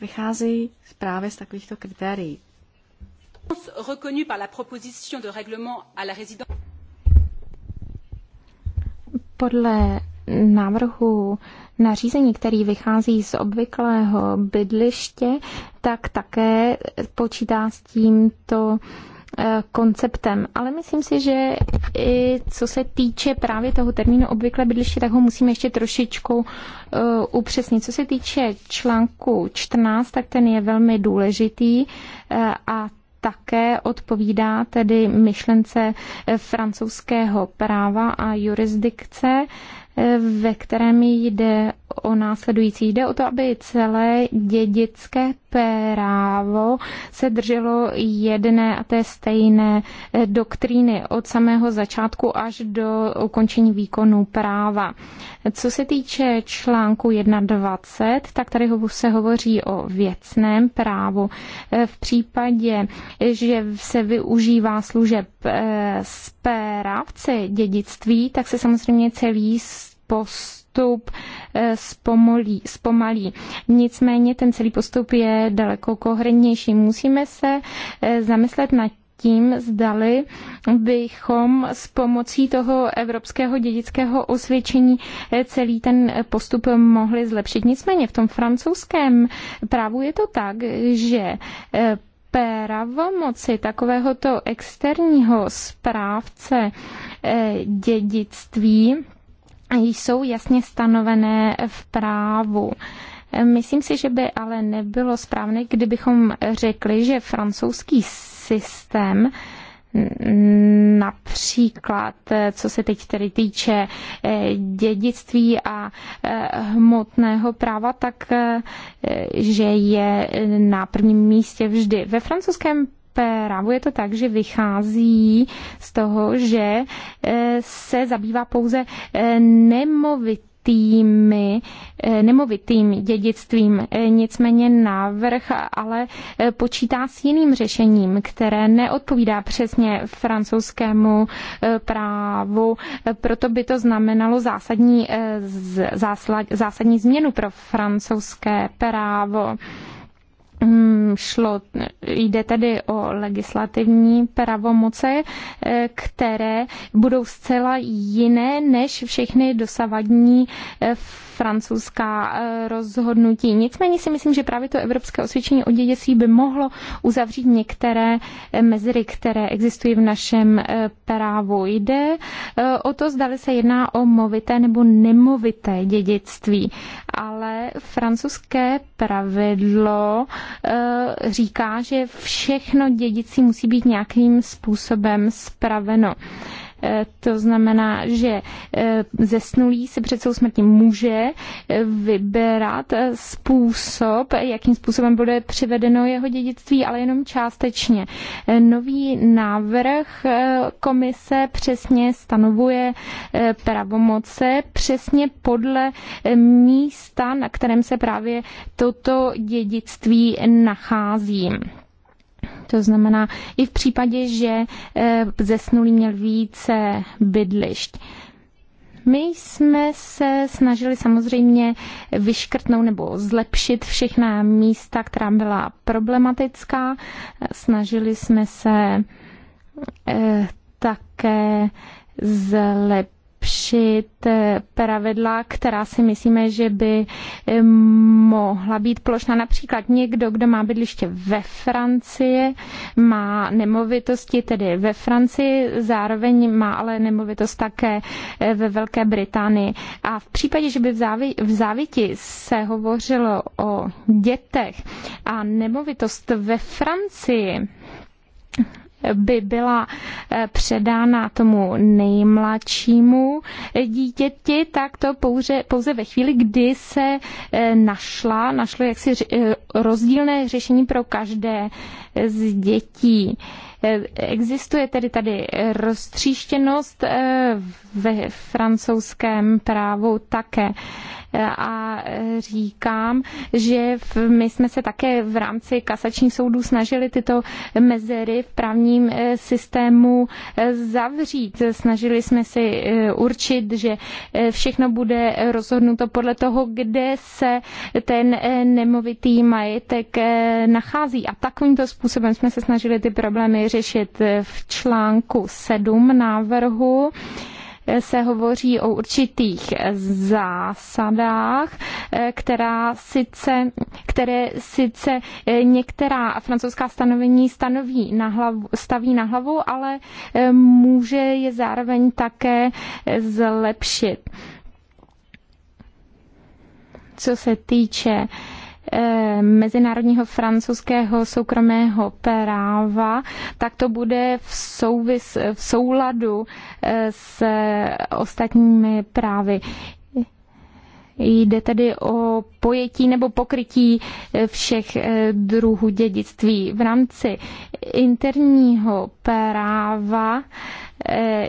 vycházejí právě z takovýchto kritérií. Podle návrhu nařízení, který vychází z obvyklého bydliště, tak také počítá s tímto Eh, konceptem, ale myslím si, že i co se týče právě toho termínu obvykle bydliště, tak ho musíme ještě trošičku eh, upřesnit. Co se týče článku 14, tak ten je velmi důležitý eh, a také odpovídá tedy myšlence francouzského práva a jurisdikce, ve kterém jde o následující. Jde o to, aby celé dědické právo se drželo jedné a té stejné eh, doktríny od samého začátku až do ukončení výkonu práva. Co se týče článku 120, tak tady se hovoří o věcném právu. Eh, v případě, že se využívá služeb správce eh, dědictví, tak se samozřejmě celý post postup eh, zpomalí. zpomalí. Nicméně ten celý postup je daleko koherentnější. Musíme se eh, zamyslet nad tím, zdali bychom s pomocí toho evropského dědického osvědčení eh, celý ten postup mohli zlepšit. Nicméně v tom francouzském právu je to tak, že pravomoci takovéhoto externího správce dědictví jsou jasně stanovené v právu. Myslím si, že by ale nebylo správné, kdybychom řekli, že francouzský systém například, co se teď tedy týče eh, dědictví a eh, hmotného práva, tak eh, že je na prvním místě vždy. Ve francouzském právu je to tak, že vychází z toho, že eh, se zabývá pouze nemovitým eh, nemovitými, eh, nemovitým dědictvím. Nicméně návrh ale počítá s jiným řešením, které neodpovídá přesně francouzskému právu. Proto by to znamenalo zásadní, zásla, zásadní změnu pro francouzské právo. Hmm, šlo, jde tedy o legislativní pravomoce, eh, které budou zcela jiné než všechny dosavadní v eh, francouzská eh, rozhodnutí. Nicméně si myslím, že právě to evropské osvědčení o dědictví by mohlo uzavřít některé eh, mezery, které existují v našem eh, právu. Jde o to, zdali se jedná o movité nebo nemovité dědictví, ale francouzské pravidlo říká, že všechno dědictví musí být nějakým způsobem spraveno. Eh, to znamená, že eh, zesnulý se před svou smrtí může eh, vybrat způsob, jakým způsobem bude přivedeno jeho dědictví, ale jenom částečně. Nový návrh komise přesně stanovuje pravomoce přesně podle místa, na kterém se právě toto dědictví nachází. To znamená i v případě, že eh, zesnulý měl více bydlišť. My jsme se snažili samozřejmě vyškrtnout nebo zlepšit všechna místa, která byla problematická. Snažili jsme se eh, také zlepšit zlepšit eh, pravidla, která si myslíme, že by eh, mohla být plošná. Například někdo, kdo má bydliště ve Francii, má nemovitosti tedy ve Francii, zároveň má ale nemovitost také eh, ve Velké Británii. A v případě, že by v, závi, v se hovořilo o dětech a nemovitost ve Francii, by byla eh, předána tomu nejmladšímu dítěti, tak to pouze, pouze ve chvíli, kdy se eh, našla, našlo jaksi eh, rozdílné řešení pro každé z dětí. Existuje tedy tady roztříštěnost ve francouzském právu také a říkám, že my jsme se také v rámci kasačních soudů snažili tyto mezery v právním eh, systému eh, zavřít. Snažili jsme si eh, určit, že všechno bude rozhodnuto podle toho, kde se ten nemovitý majetek nachází. A takovýmto způsobem jsme se snažili ty problémy řešit v článku 7 návrhu se hovoří o určitých zásadách, eh, která sice, které sice eh, některá francouzská stanovení stanoví na hlavu, staví na hlavu, ale eh, může je zároveň také zlepšit. Co se týče eh, Eh, mezinárodního francouzského soukromého práva, tak to bude v, souvis, v souladu eh, s ostatními právy. Jde tedy o pojetí nebo pokrytí eh, všech druhů dědictví. V rámci interního práva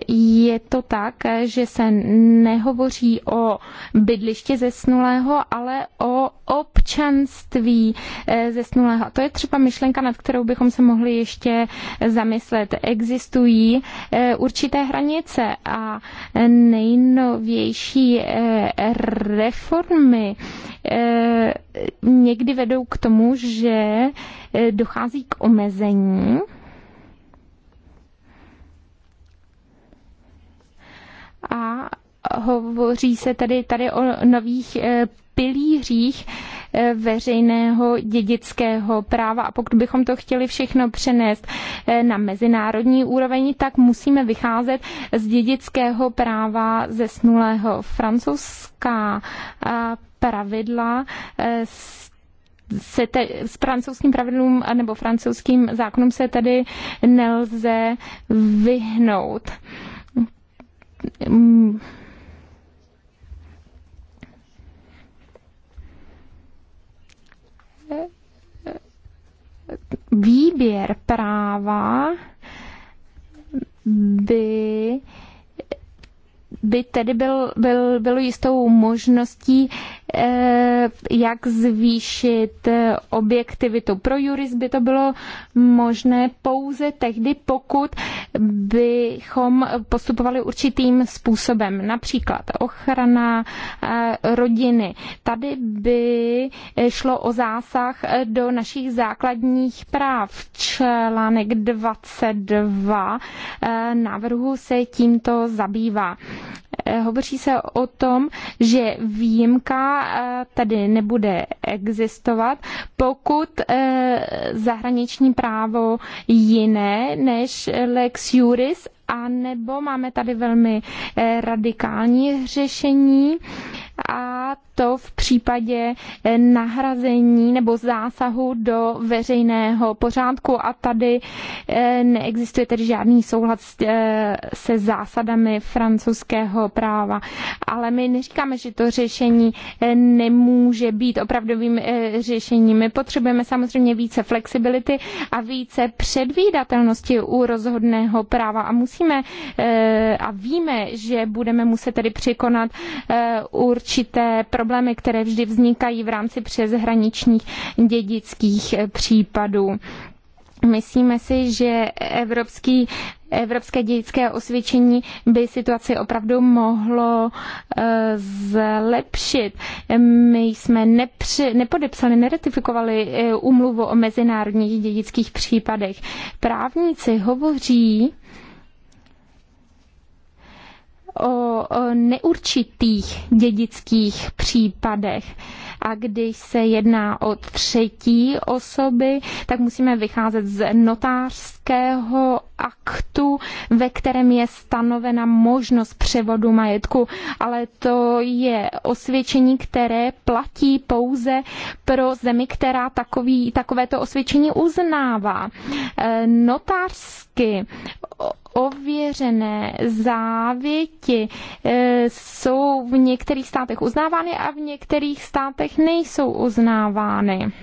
je to tak, že se nehovoří o bydliště zesnulého, ale o občanství eh, zesnulého. To je třeba myšlenka, nad kterou bychom se mohli ještě zamyslet. Existují eh, určité hranice a nejnovější eh, reformy někdy vedou k tomu, že dochází k omezení a hovoří se tady, tady o nových eh, pilířích eh, veřejného dědického práva. A pokud bychom to chtěli všechno přenést eh, na mezinárodní úroveň, tak musíme vycházet z dědického práva ze snulého francouzská pravidla se te, s francouzským pravidlům nebo francouzským zákonům se tedy nelze vyhnout. Uh, Mm. výběr práva by by tedy byl, byl, bylo jistou možností, eh, jak zvýšit eh, objektivitu. Pro juris by to bylo možné pouze tehdy, pokud bychom postupovali určitým způsobem. Například ochrana eh, rodiny. Tady by šlo o zásah do našich základních práv. Článek 22 eh, návrhu se tímto zabývá. Eh, hovoří se o tom, že výjimka eh, tady nebude existovat, pokud eh, zahraniční právo jiné než lex juris, a nebo máme tady velmi radikální řešení a to v případě eh, nahrazení nebo zásahu do veřejného pořádku a tady eh, neexistuje tedy žádný souhlas eh, se zásadami francouzského práva. Ale my neříkáme, že to řešení nemůže být opravdovým řešením. My potřebujeme samozřejmě více flexibility a více předvídatelnosti u rozhodného práva a musíme a víme, že budeme muset tedy překonat určité problémy problémy, které vždy vznikají v rámci přeshraničních dědických eh, případů. Myslíme si, že Evropský Evropské dědické osvědčení by situaci opravdu mohlo eh, zlepšit. My jsme nepři, nepodepsali, neratifikovali umluvu eh, o mezinárodních dědických případech. Právníci hovoří, o neurčitých dědických případech. A když se jedná o třetí osoby, tak musíme vycházet z notářského aktu, ve kterém je stanovena možnost převodu majetku, ale to je osvědčení, které platí pouze pro zemi, která takový, takovéto osvědčení uznává. E, notářsky ověřené závěti eh, jsou v některých státech uznávány a v některých státech nejsou uznávány.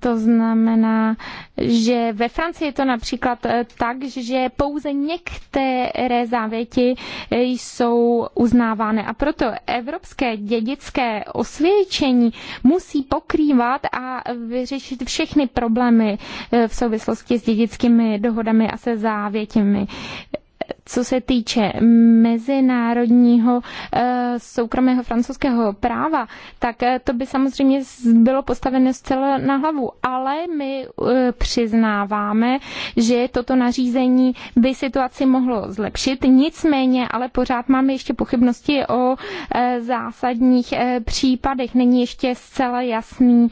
To znamená, že ve Francii je to například eh, tak, že pouze některé závěti eh, jsou uznávány a proto evropské dědické osvědčení musí pokrývat a vyřešit všechny problémy eh, v souvislosti s dědickými dohodami a se závětěmi co se týče mezinárodního eh, soukromého francouzského práva, tak eh, to by samozřejmě bylo postaveno zcela na hlavu. Ale my eh, přiznáváme, že toto nařízení by situaci mohlo zlepšit. Nicméně, ale pořád máme ještě pochybnosti o zásadních případech. Není ještě zcela jasný,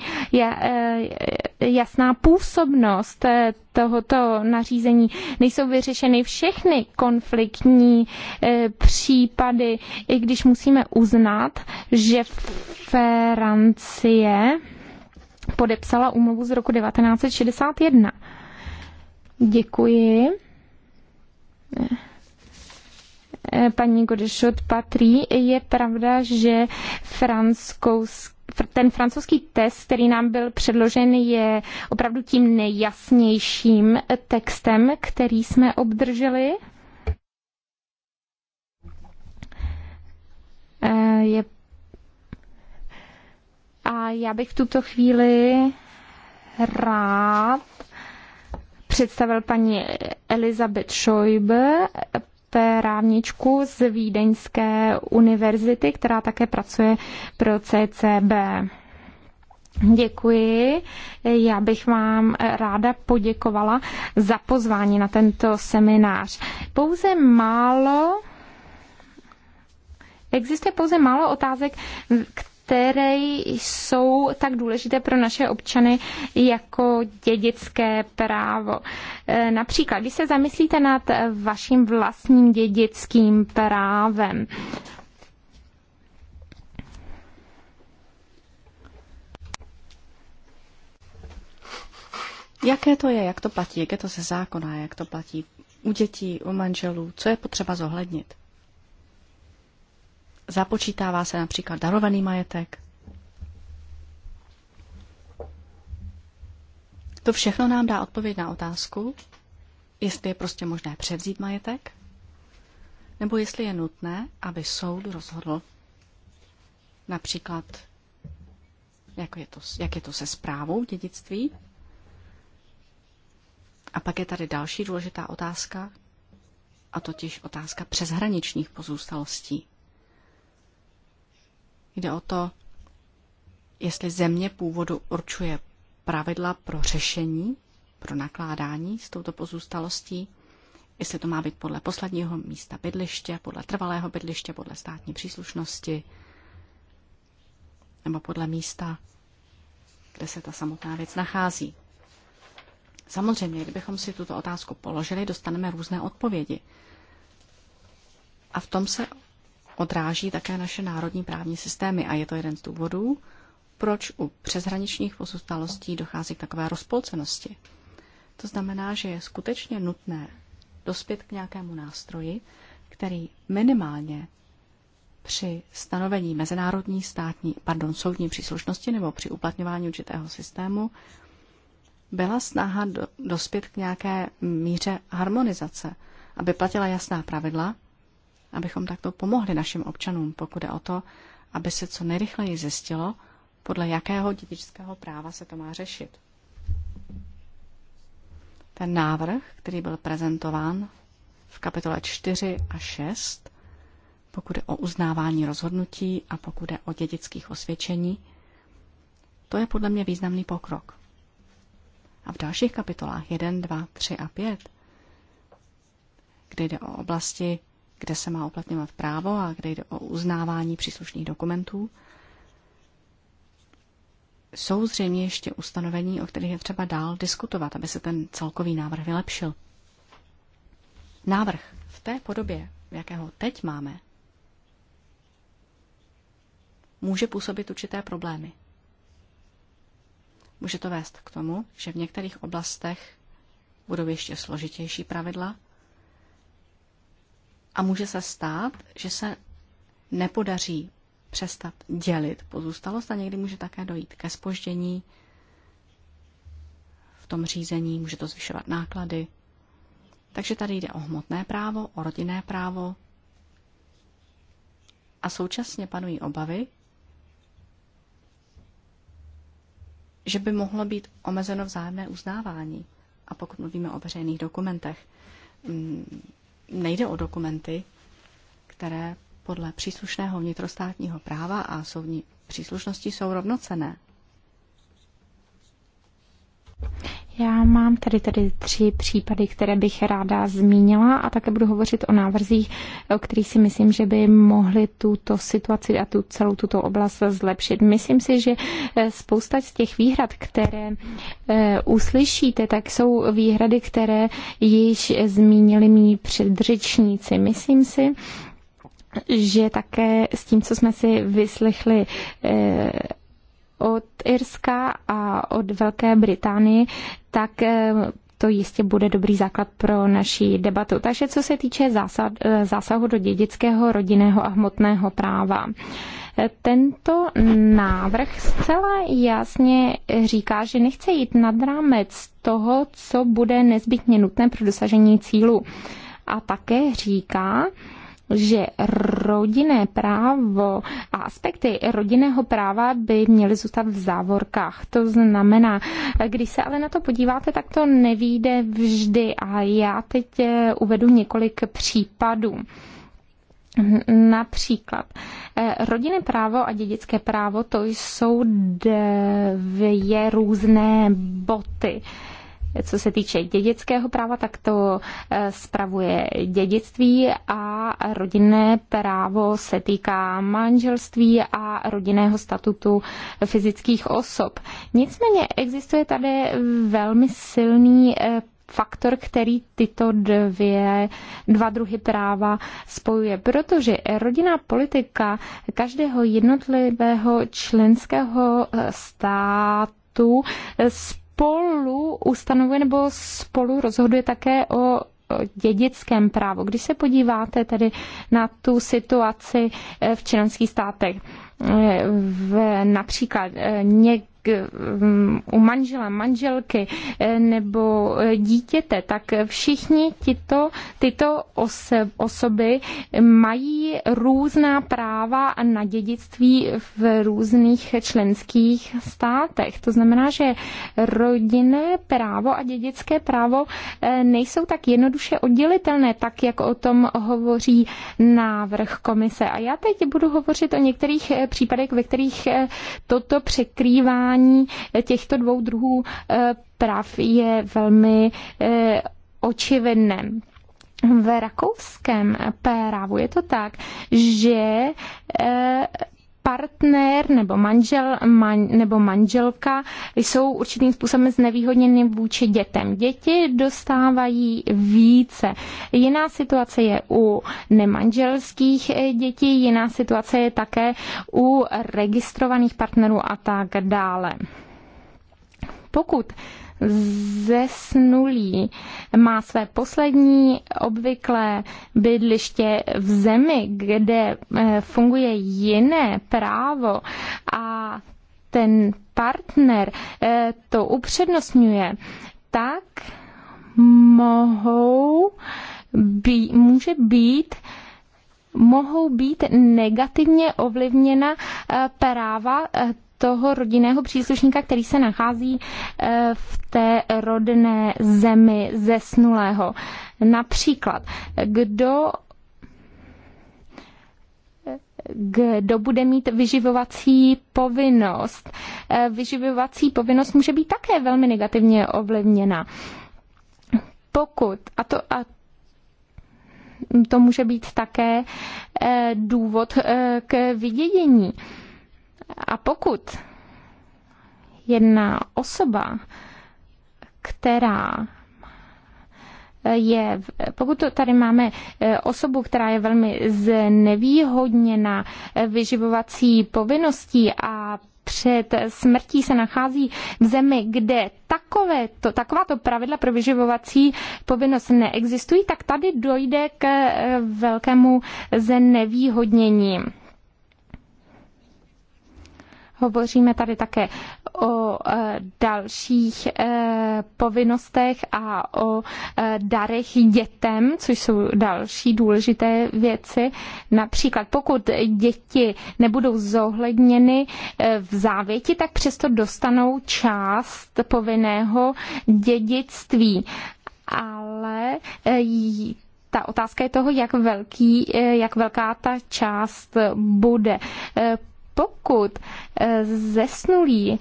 jasná působnost tohoto nařízení. Nejsou vyřešeny všechny kon konfliktní eh, případy, i když musíme uznat, že Francie podepsala úmluvu z roku 1961. Děkuji. Eh, eh, paní Godešot patří. Je pravda, že francouzský ten francouzský test, který nám byl předložen, je opravdu tím nejjasnějším textem, který jsme obdrželi. Eh, je a já bych v tuto chvíli rád představil paní Elizabeth Schäuble, právničku z Vídeňské univerzity, která také pracuje pro CCB. Děkuji. Já bych vám ráda poděkovala za pozvání na tento seminář. Pouze málo Existuje pouze málo otázek, které jsou tak důležité pro naše občany jako dědické právo. E, například, když se zamyslíte nad vaším vlastním dědickým právem, Jaké to je, jak to platí, jak je to ze zákona, jak to platí u dětí, u manželů, co je potřeba zohlednit? Započítává se například darovaný majetek. To všechno nám dá odpověď na otázku, jestli je prostě možné převzít majetek, nebo jestli je nutné, aby soud rozhodl například, jak je to, jak je to se zprávou dědictví. A pak je tady další důležitá otázka, a totiž otázka přeshraničních pozůstalostí. Jde o to, jestli země původu určuje pravidla pro řešení, pro nakládání s touto pozůstalostí, jestli to má být podle posledního místa bydliště, podle trvalého bydliště, podle státní příslušnosti nebo podle místa, kde se ta samotná věc nachází. Samozřejmě, kdybychom si tuto otázku položili, dostaneme různé odpovědi. A v tom se odráží také naše národní právní systémy a je to jeden z důvodů, proč u přeshraničních pozůstalostí dochází k takové rozpolcenosti. To znamená, že je skutečně nutné dospět k nějakému nástroji, který minimálně při stanovení mezinárodní státní, pardon, soudní příslušnosti nebo při uplatňování určitého systému byla snaha dospět k nějaké míře harmonizace, aby platila jasná pravidla abychom takto pomohli našim občanům, pokud je o to, aby se co nejrychleji zjistilo, podle jakého dědičského práva se to má řešit. Ten návrh, který byl prezentován v kapitole 4 a 6, pokud je o uznávání rozhodnutí a pokud je o dědických osvědčení, to je podle mě významný pokrok. A v dalších kapitolách 1, 2, 3 a 5, kde jde o oblasti, kde se má uplatňovat právo a kde jde o uznávání příslušných dokumentů, jsou zřejmě ještě ustanovení, o kterých je třeba dál diskutovat, aby se ten celkový návrh vylepšil. Návrh v té podobě, jakého teď máme, může působit určité problémy. Může to vést k tomu, že v některých oblastech budou ještě složitější pravidla a může se stát, že se nepodaří přestat dělit pozůstalost a někdy může také dojít ke spoždění v tom řízení, může to zvyšovat náklady. Takže tady jde o hmotné právo, o rodinné právo a současně panují obavy, že by mohlo být omezeno vzájemné uznávání. A pokud mluvíme o veřejných dokumentech, mm, nejde o dokumenty, které podle příslušného vnitrostátního práva a soudní příslušnosti jsou rovnocené. Já mám tady tady tři případy, které bych ráda zmínila a také budu hovořit o návrzích, o kterých si myslím, že by mohly tuto situaci a tu celou tuto oblast zlepšit. Myslím si, že eh, spousta z těch výhrad, které eh, uslyšíte, tak jsou výhrady, které již zmínili mý předřečníci. Myslím si, že také s tím, co jsme si vyslechli eh, od Irska a od Velké Británie, tak eh, to jistě bude dobrý základ pro naši debatu. Takže co se týče zásad, eh, zásahu do dědického, rodinného a hmotného práva. Eh, tento návrh zcela jasně říká, že nechce jít nad rámec toho, co bude nezbytně nutné pro dosažení cílu. A také říká, že rodinné právo a aspekty rodinného práva by měly zůstat v závorkách. To znamená, když se ale na to podíváte, tak to nevíde vždy. A já teď eh, uvedu několik případů. Například eh, rodinné právo a dědické právo, to jsou dvě různé boty co se týče dědického práva, tak to eh, spravuje dědictví a rodinné právo se týká manželství a rodinného statutu fyzických osob. Nicméně existuje tady velmi silný eh, faktor, který tyto dvě, dva druhy práva spojuje, protože rodinná politika každého jednotlivého členského eh, státu spolu ustanovuje nebo spolu rozhoduje také o dědickém právu. Když se podíváte tedy na tu situaci eh, v členských státech, eh, v, například eh, něk, Mm, u manžela, manželky eh, nebo eh, dítěte, tak všichni tito, tyto osoby mají různá práva na dědictví v různých členských státech. To znamená, že rodinné právo a dědické právo eh, nejsou tak jednoduše oddělitelné, tak jak o tom hovoří návrh komise. A já teď budu hovořit o některých případech, ve kterých toto překrývá srovnání těchto dvou druhů eh, práv je velmi eh, očividné. V rakouském eh, právu je to tak, že partner nebo manžel man, nebo manželka jsou určitým způsobem znevýhodněny vůči dětem. Děti dostávají více. Jiná situace je u nemanželských eh, dětí, jiná situace je také u registrovaných partnerů a tak dále. Pokud zesnulý má své poslední obvyklé bydliště v zemi, kde eh, funguje jiné právo a ten partner eh, to upřednostňuje, tak mohou být, může být mohou být negativně ovlivněna eh, práva toho rodinného příslušníka, který se nachází eh, v té rodné zemi zesnulého. Například, kdo eh, kdo bude mít vyživovací povinnost. Eh, vyživovací povinnost může být také velmi negativně ovlivněna. Pokud, a to, a to může být také důvod k vydědění. A pokud jedna osoba, která je, pokud tady máme eh, osobu, která je velmi znevýhodněna eh, vyživovací povinností a před smrtí se nachází v zemi, kde takové to, takováto pravidla pro vyživovací povinnost neexistují, tak tady dojde k eh, velkému znevýhodnění. Hovoříme tady také o e, dalších e, povinnostech a o e, darech dětem, což jsou další důležité věci. Například pokud děti nebudou zohledněny v závěti, tak přesto dostanou část povinného dědictví. Ale ta otázka je toho, jak, velký, jak velká ta část bude pokud eh, zesnulý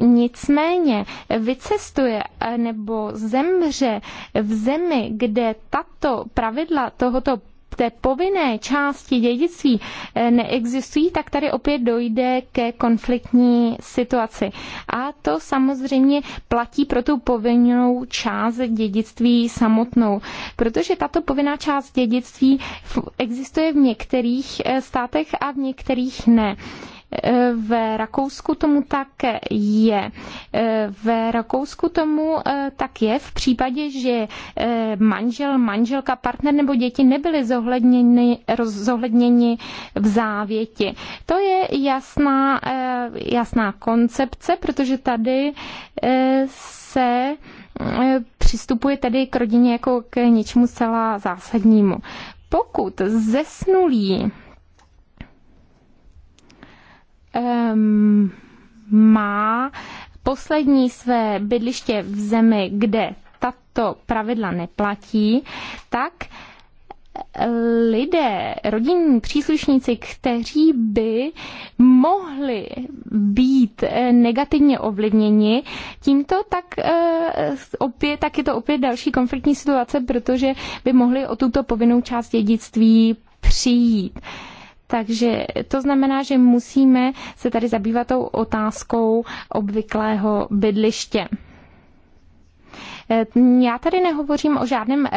Nicméně vycestuje eh, nebo zemře v zemi, kde tato pravidla tohoto té povinné části dědictví eh, neexistují, tak tady opět dojde ke konfliktní situaci. A to samozřejmě platí pro tu povinnou část dědictví samotnou, protože tato povinná část dědictví existuje v některých eh, státech a v některých ne. Eh, v Rakousku tomu tak je. Eh, v Rakousku tomu eh, tak je v případě, že manžel, manželka, partner nebo děti nebyly zohledněni, zohledněni v závěti. To je jasná, jasná koncepce, protože tady se přistupuje tedy k rodině jako k něčemu zcela zásadnímu. Pokud zesnulý um, má poslední své bydliště v zemi, kde tato pravidla neplatí, tak lidé, rodinní příslušníci, kteří by mohli být eh, negativně ovlivněni, tímto tak, eh, opět, tak je to opět další konfliktní situace, protože by mohli o tuto povinnou část dědictví přijít. Takže to znamená, že musíme se tady zabývat tou otázkou obvyklého bydliště. Eh, já tady nehovořím o žádném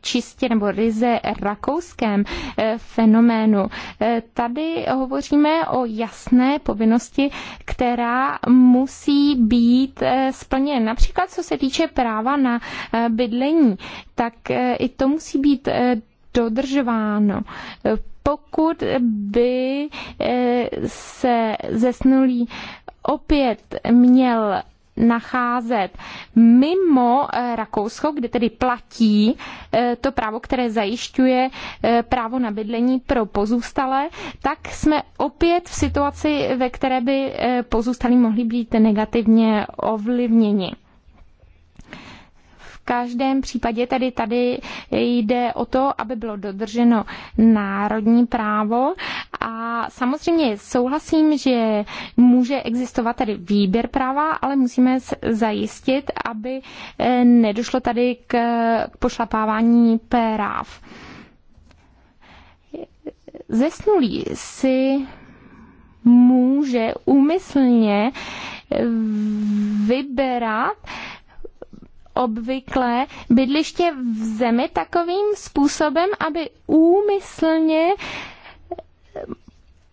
čistě nebo ryze rakouském eh, fenoménu. Eh, tady hovoříme o jasné povinnosti, která musí být splněna. Například co se týče práva na bydlení, tak i to musí být dodržováno pokud by eh, se zesnulý opět měl nacházet mimo eh, Rakousko, kde tedy platí eh, to právo, které zajišťuje právo na bydlení pro pozůstalé, tak jsme opět v situaci, ve které by pozůstalí mohli být negativně ovlivněni každém případě tedy tady jde o to, aby bylo dodrženo národní právo a samozřejmě souhlasím, že může existovat tady výběr práva, ale musíme zajistit, aby eh, nedošlo tady k pošlapávání práv. Zesnulý si může úmyslně vyberat obvyklé bydliště v zemi takovým způsobem, aby úmyslně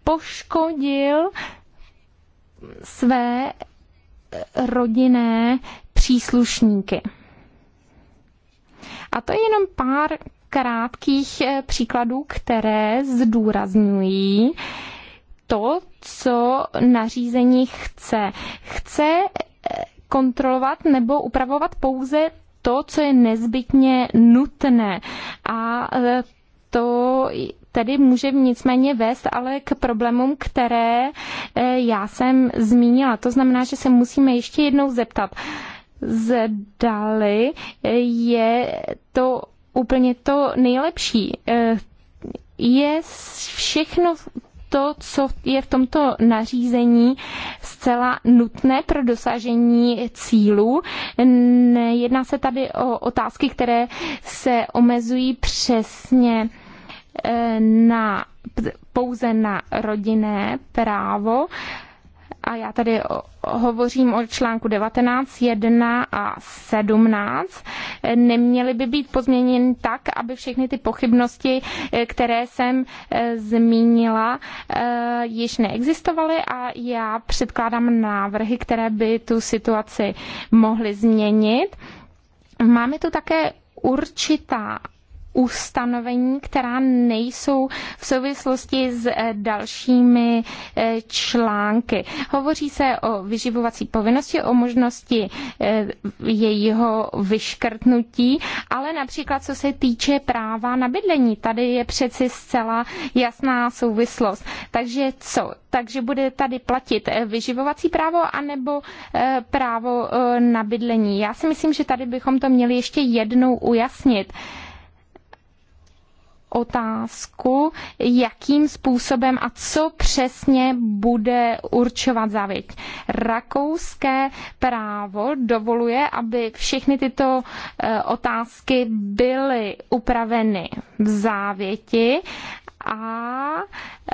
poškodil své rodinné příslušníky. A to je jenom pár krátkých eh, příkladů, které zdůrazňují to, co nařízení chce. Chce kontrolovat nebo upravovat pouze to, co je nezbytně nutné. A e, to tedy může nicméně vést ale k problémům, které e, já jsem zmínila. To znamená, že se musíme ještě jednou zeptat, zdali e, je to úplně to nejlepší. Je všechno to, co je v tomto nařízení zcela nutné pro dosažení cílů. Jedná se tady o otázky, které se omezují přesně eh, na, pouze na rodinné právo a já tady hovořím o článku 19, 1 a 17, neměly by být pozměněny tak, aby všechny ty pochybnosti, eh, které jsem eh, zmínila, eh, již neexistovaly a já předkládám návrhy, které by tu situaci mohly změnit. Máme tu také určitá ustanovení, která nejsou v souvislosti s eh, dalšími eh, články. Hovoří se o vyživovací povinnosti, o možnosti eh, jejího vyškrtnutí, ale například co se týče práva na bydlení, tady je přeci zcela jasná souvislost. Takže co? Takže bude tady platit vyživovací právo anebo právo na bydlení. Já si myslím, že tady bychom to měli ještě jednou ujasnit otázku, jakým způsobem a co přesně bude určovat závěť. Rakouské právo dovoluje, aby všechny tyto eh, otázky byly upraveny v závěti a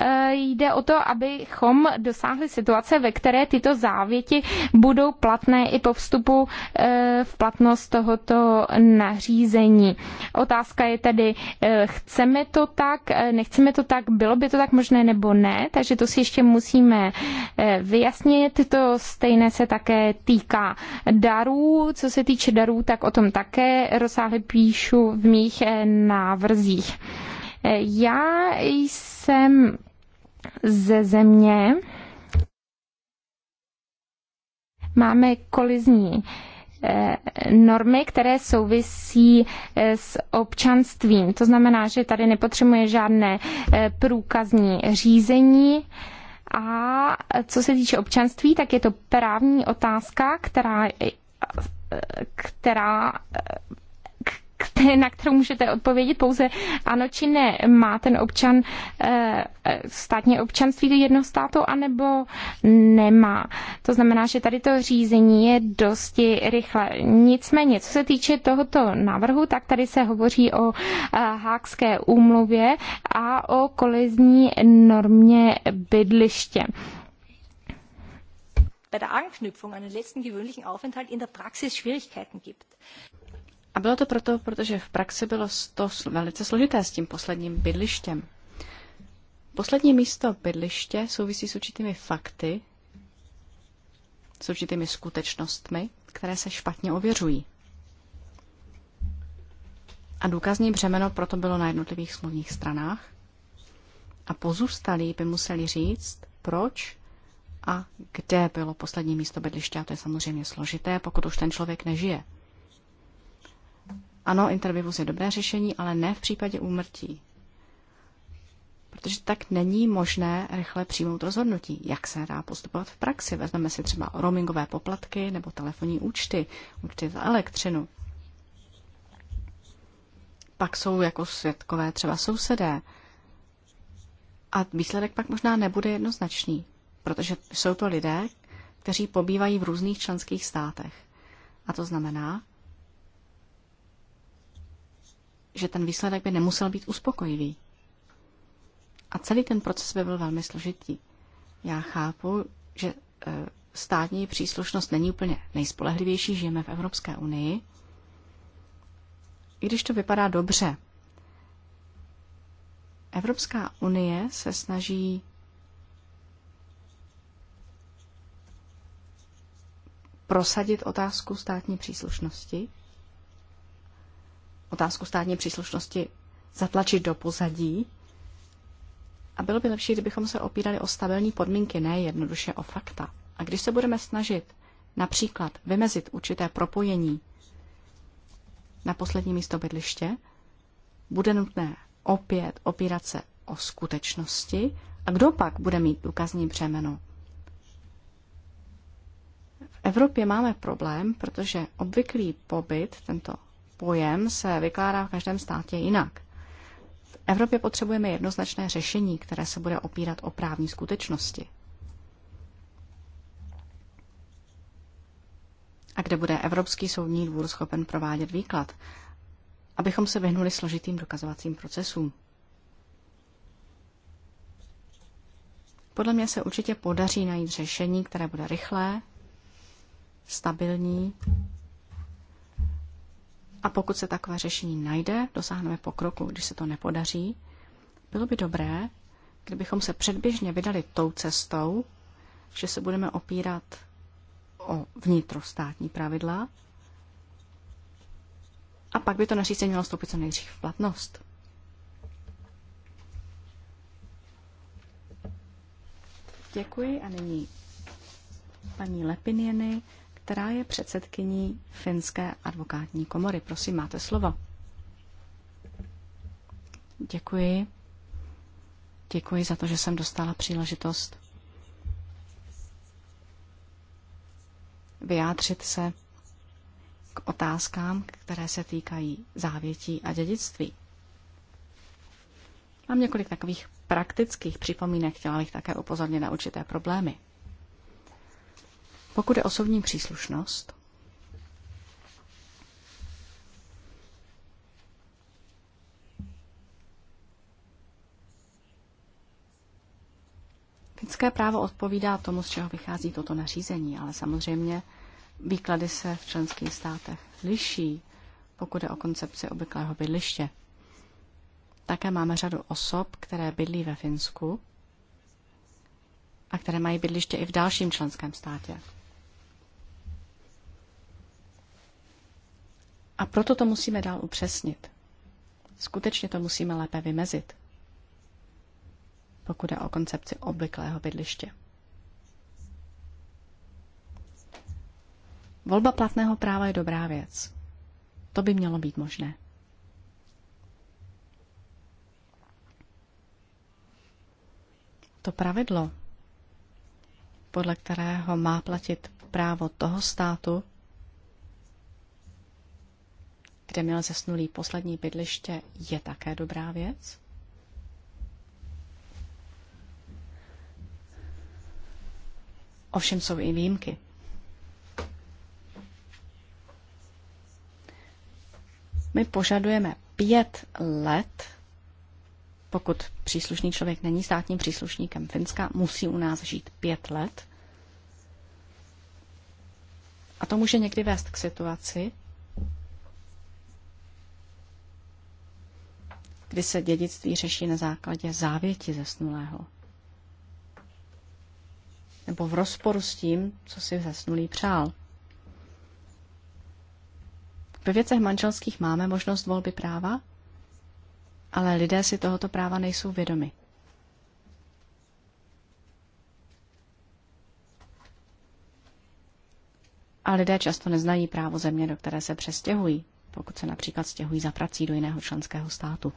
e, jde o to, abychom dosáhli situace, ve které tyto závěti budou platné i po vstupu e, v platnost tohoto nařízení. Otázka je tedy, e, chceme to tak, nechceme to tak, bylo by to tak možné nebo ne, takže to si ještě musíme vyjasnit. To stejné se také týká darů. Co se týče darů, tak o tom také rozsáhle píšu v mých návrzích. Já jsem ze země, máme kolizní eh, normy, které souvisí eh, s občanstvím. To znamená, že tady nepotřebuje žádné eh, průkazní řízení. A co se týče občanství, tak je to právní otázka, která, která na kterou můžete odpovědět pouze ano či ne. Má ten občan eh, státní občanství jednoho státu, anebo nemá. To znamená, že tady to řízení je dosti rychle. Nicméně, co se týče tohoto návrhu, tak tady se hovoří o eh, hákské úmluvě a o kolizní normě bydliště bei der Anknüpfung an den letzten gewöhnlichen Aufenthalt in der Praxis Schwierigkeiten gibt. A bylo to proto, protože v praxi bylo to velice složité s tím posledním bydlištěm. Poslední místo bydliště souvisí s určitými fakty, s určitými skutečnostmi, které se špatně ověřují. A důkazní břemeno proto bylo na jednotlivých smluvních stranách. A pozůstalí by museli říct, proč a kde bylo poslední místo bydliště. A to je samozřejmě složité, pokud už ten člověk nežije. Ano, intervivus je dobré řešení, ale ne v případě úmrtí. Protože tak není možné rychle přijmout rozhodnutí, jak se dá postupovat v praxi. Vezmeme si třeba roamingové poplatky nebo telefonní účty, účty za elektřinu. Pak jsou jako světkové třeba sousedé. A výsledek pak možná nebude jednoznačný, protože jsou to lidé, kteří pobývají v různých členských státech. A to znamená, že ten výsledek by nemusel být uspokojivý. A celý ten proces by byl velmi složitý. Já chápu, že e, státní příslušnost není úplně nejspolehlivější, žijeme v Evropské unii. I když to vypadá dobře, Evropská unie se snaží prosadit otázku státní příslušnosti otázku státní příslušnosti zatlačit do pozadí. A bylo by lepší, kdybychom se opírali o stabilní podmínky, ne jednoduše o fakta. A když se budeme snažit například vymezit určité propojení na poslední místo bydliště, bude nutné opět opírat se o skutečnosti a kdo pak bude mít důkazní břemeno. V Evropě máme problém, protože obvyklý pobyt, tento pojem se vykládá v každém státě jinak. V Evropě potřebujeme jednoznačné řešení, které se bude opírat o právní skutečnosti. A kde bude Evropský soudní dvůr schopen provádět výklad, abychom se vyhnuli složitým dokazovacím procesům. Podle mě se určitě podaří najít řešení, které bude rychlé, stabilní a pokud se takové řešení najde, dosáhneme pokroku. Když se to nepodaří, bylo by dobré, kdybychom se předběžně vydali tou cestou, že se budeme opírat o vnitrostátní pravidla a pak by to nařízení mělo stoupit co nejdřív v platnost. Děkuji a nyní paní Lepinieny která je předsedkyní Finské advokátní komory. Prosím, máte slovo. Děkuji. Děkuji za to, že jsem dostala příležitost vyjádřit se k otázkám, které se týkají závětí a dědictví. Mám několik takových praktických připomínek, chtěla bych také upozornit na určité problémy. Pokud je osobní příslušnost, Finské právo odpovídá tomu, z čeho vychází toto nařízení, ale samozřejmě výklady se v členských státech liší, pokud je o koncepci obvyklého bydliště. Také máme řadu osob, které bydlí ve Finsku a které mají bydliště i v dalším členském státě. A proto to musíme dál upřesnit. Skutečně to musíme lépe vymezit, pokud je o koncepci obvyklého bydliště. Volba platného práva je dobrá věc. To by mělo být možné. To pravidlo, podle kterého má platit právo toho státu, kde měl zesnulý poslední bydliště, je také dobrá věc? Ovšem jsou i výjimky. My požadujeme pět let, pokud příslušný člověk není státním příslušníkem Finska, musí u nás žít pět let. A to může někdy vést k situaci, kdy se dědictví řeší na základě závěti zesnulého. Nebo v rozporu s tím, co si zesnulý přál. Ve věcech manželských máme možnost volby práva, ale lidé si tohoto práva nejsou vědomi. A lidé často neznají právo země, do které se přestěhují, pokud se například stěhují za prací do jiného členského státu.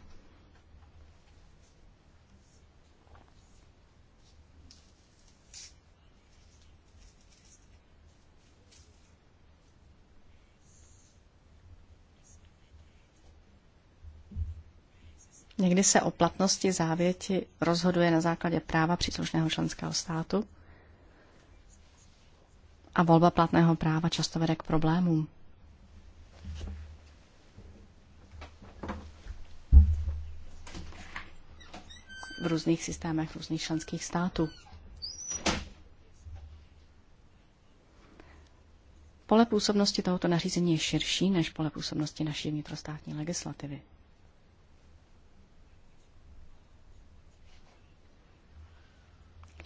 Někdy se o platnosti závěti rozhoduje na základě práva příslušného členského státu a volba platného práva často vede k problémům. v různých systémech různých členských států. Pole působnosti tohoto nařízení je širší než pole působnosti naší vnitrostátní legislativy.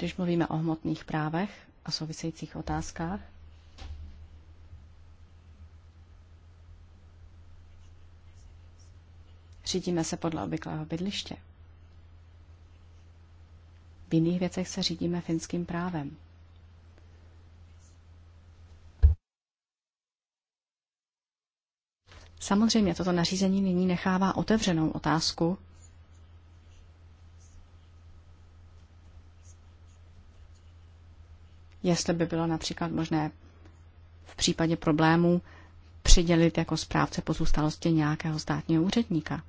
Když mluvíme o hmotných právech a souvisejících otázkách, řídíme se podle obvyklého bydliště. V jiných věcech se řídíme finským právem. Samozřejmě toto nařízení nyní nechává otevřenou otázku, jestli by bylo například možné v případě problémů přidělit jako správce pozůstalosti nějakého státního úředníka.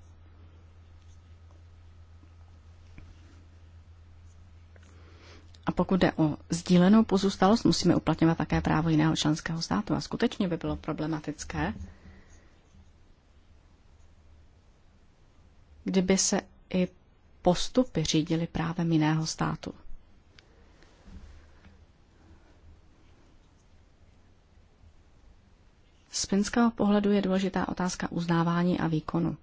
A pokud jde o sdílenou pozůstalost, musíme uplatňovat také právo jiného členského státu. A skutečně by bylo problematické, kdyby se i postupy řídily právem jiného státu. Z finského pohledu je důležitá otázka uznávání a výkonu.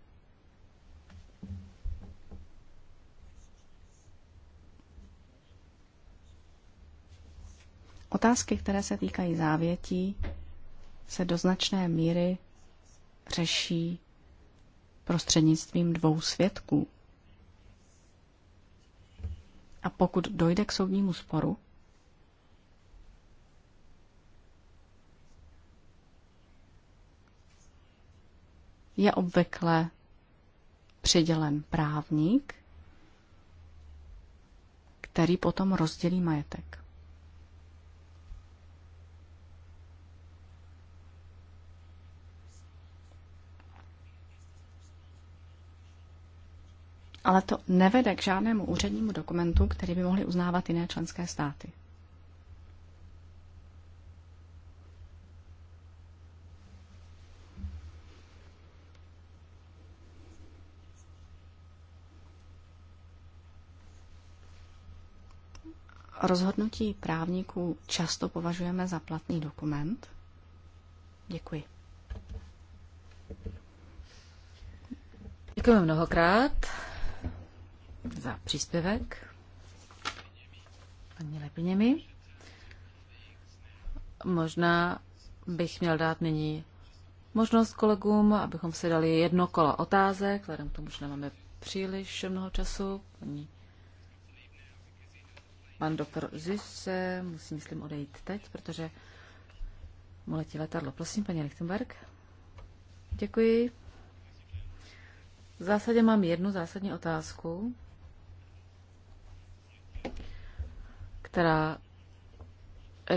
Otázky, které se týkají závětí, se do značné míry řeší prostřednictvím dvou svědků. A pokud dojde k soudnímu sporu, je obvykle přidělen právník, který potom rozdělí majetek. Ale to nevede k žádnému úřednímu dokumentu, který by mohli uznávat jiné členské státy. rozhodnutí právníků často považujeme za platný dokument? Děkuji. Děkuji mnohokrát za příspěvek paní Lepněmi. Možná bych měl dát nyní možnost kolegům, abychom si dali jedno kolo otázek, vzhledem k tomu, že nemáme příliš mnoho času. Paní Pan doktor Zise musí, myslím, odejít teď, protože mu letí letadlo. Prosím, paní Lichtenberg. Děkuji. V zásadě mám jednu zásadní otázku, která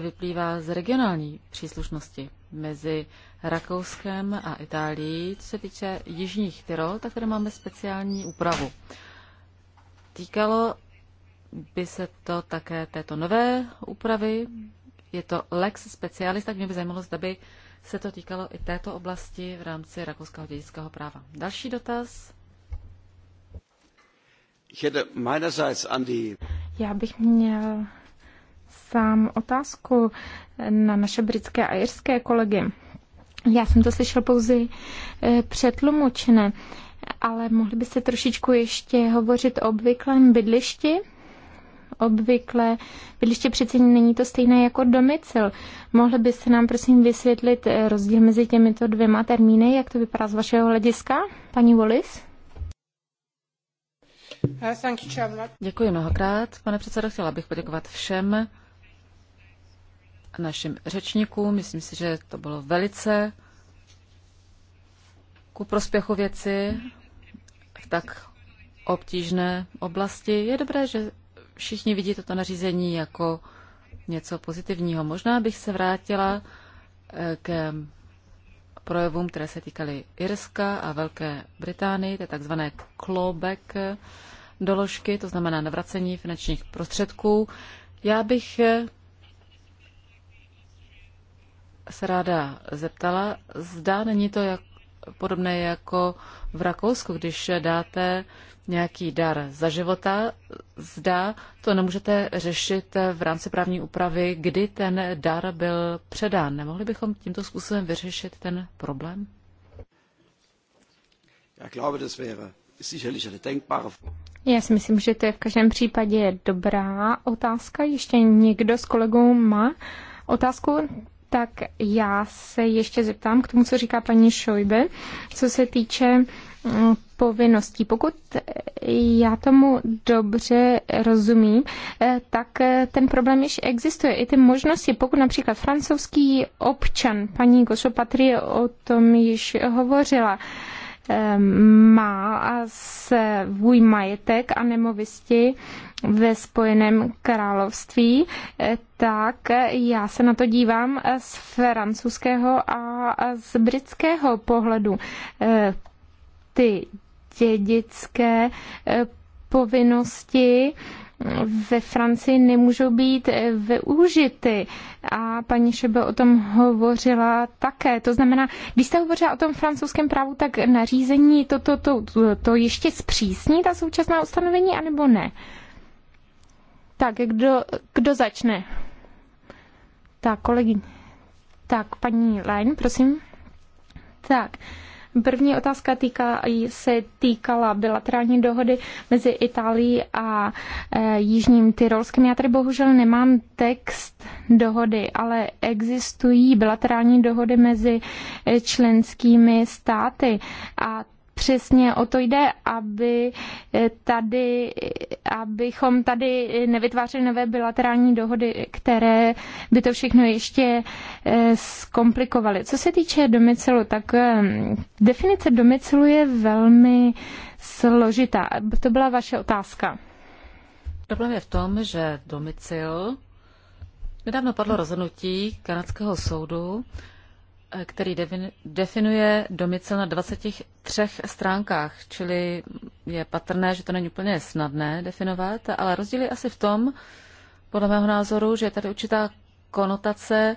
vyplývá z regionální příslušnosti mezi Rakouskem a Itálií. Co se týče Jižních Tyrol, tak tady máme speciální úpravu. Týkalo by se to také této nové úpravy, je to lex specialis, tak mě by zajímalo, zda by se to týkalo i této oblasti v rámci rakouského dědického práva. Další dotaz. Já bych měl sám otázku na naše britské a jirské kolegy. Já jsem to slyšel pouze eh, přetlumočené, ale mohli se trošičku ještě hovořit o obvyklém bydlišti? obvykle. bydliště přeci není to stejné jako domicil. Mohli byste nám prosím vysvětlit eh, rozdíl mezi těmito dvěma termíny, jak to vypadá z vašeho hlediska, paní Wallis? Děkuji mnohokrát. Pane předsedo, chtěla bych poděkovat všem našim řečníkům. Myslím si, že to bylo velice ku prospěchu věci v tak obtížné oblasti. Je dobré, že všichni vidí toto nařízení jako něco pozitivního. Možná bych se vrátila eh, k projevům, které se týkaly Irska a Velké Británie, to takzvané clawback doložky, to znamená navracení finančních prostředků. Já bych eh, se ráda zeptala, zdá není to jak podobné jako v Rakousku, když dáte nějaký dar za života, zdá, to nemůžete řešit v rámci právní úpravy, kdy ten dar byl předán. Nemohli bychom tímto způsobem vyřešit ten problém? Já glaube, das wäre sicherlich eine denkbare já si myslím, že to je v každém případě dobrá otázka. Ještě někdo s kolegou má otázku? tak já se ještě zeptám k tomu, co říká paní Šojbe, co se týče mm, povinností. Pokud eh, já tomu dobře rozumím, eh, tak eh, ten problém již existuje. I ty možnosti, pokud například francouzský občan, paní Gosopatrie o tom již hovořila, má svůj majetek a nemovisti ve Spojeném království, tak já se na to dívám z francouzského a z britského pohledu. Ty dědické povinnosti ve Francii nemůžou být využity. A paní Šebe o tom hovořila také. To znamená, když jste hovořila o tom francouzském právu, tak nařízení to, to, to, to, to ještě zpřísní ta současná ustanovení, anebo ne? Tak, kdo, kdo začne? Tak, kolegyně. Tak, paní Lein, prosím. Tak, uh, První otázka týka, se týkala bilaterální dohody mezi Itálií a e, Jižním Tyrolskem. Já tady bohužel nemám text dohody, ale existují bilaterální dohody mezi e, členskými státy a přesně o to jde, aby eh, tady, abychom tady nevytvářeli nové bilaterální dohody, které by to všechno ještě eh, zkomplikovaly. Co se týče domicilu, tak eh, definice domicilu je velmi složitá. To byla vaše otázka. Problém je v tom, že domicil Nedávno padlo rozhodnutí kanadského soudu, Eh, který definuje domicil na 23 stránkách, čili je patrné, že to není úplně snadné definovat, ale rozdíl je asi v tom, podle mého názoru, že je tady určitá konotace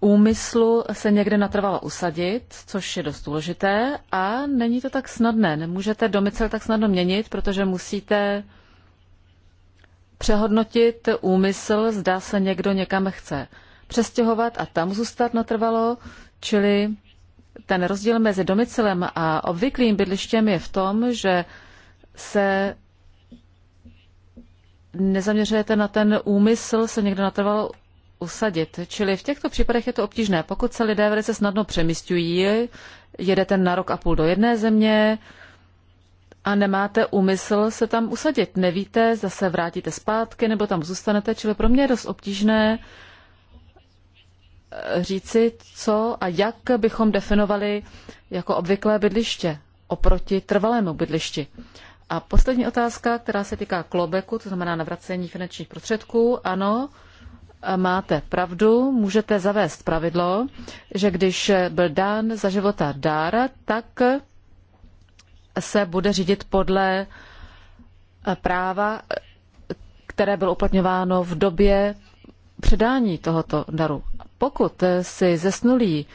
úmyslu se někde natrvalo usadit, což je dost důležité, a není to tak snadné. Nemůžete domicil tak snadno měnit, protože musíte přehodnotit úmysl, zda se někdo někam chce přestěhovat a tam zůstat natrvalo, čili ten rozdíl mezi domicilem a obvyklým bydlištěm je v tom, že se nezaměřujete na ten úmysl se někde natrvalo usadit. Čili v těchto případech je to obtížné. Pokud se lidé velice snadno přemysťují, jedete na rok a půl do jedné země a nemáte úmysl se tam usadit. Nevíte, zase vrátíte zpátky nebo tam zůstanete. Čili pro mě je dost obtížné uh, říci, co a jak bychom definovali jako obvyklé bydliště oproti trvalému bydlišti. A poslední otázka, která se týká klobeku, to znamená navracení finančních prostředků. Ano, máte pravdu, můžete zavést pravidlo, že když byl dán za života dár, tak se bude řídit podle práva, které bylo uplatňováno v době předání tohoto daru pokud si zesnulý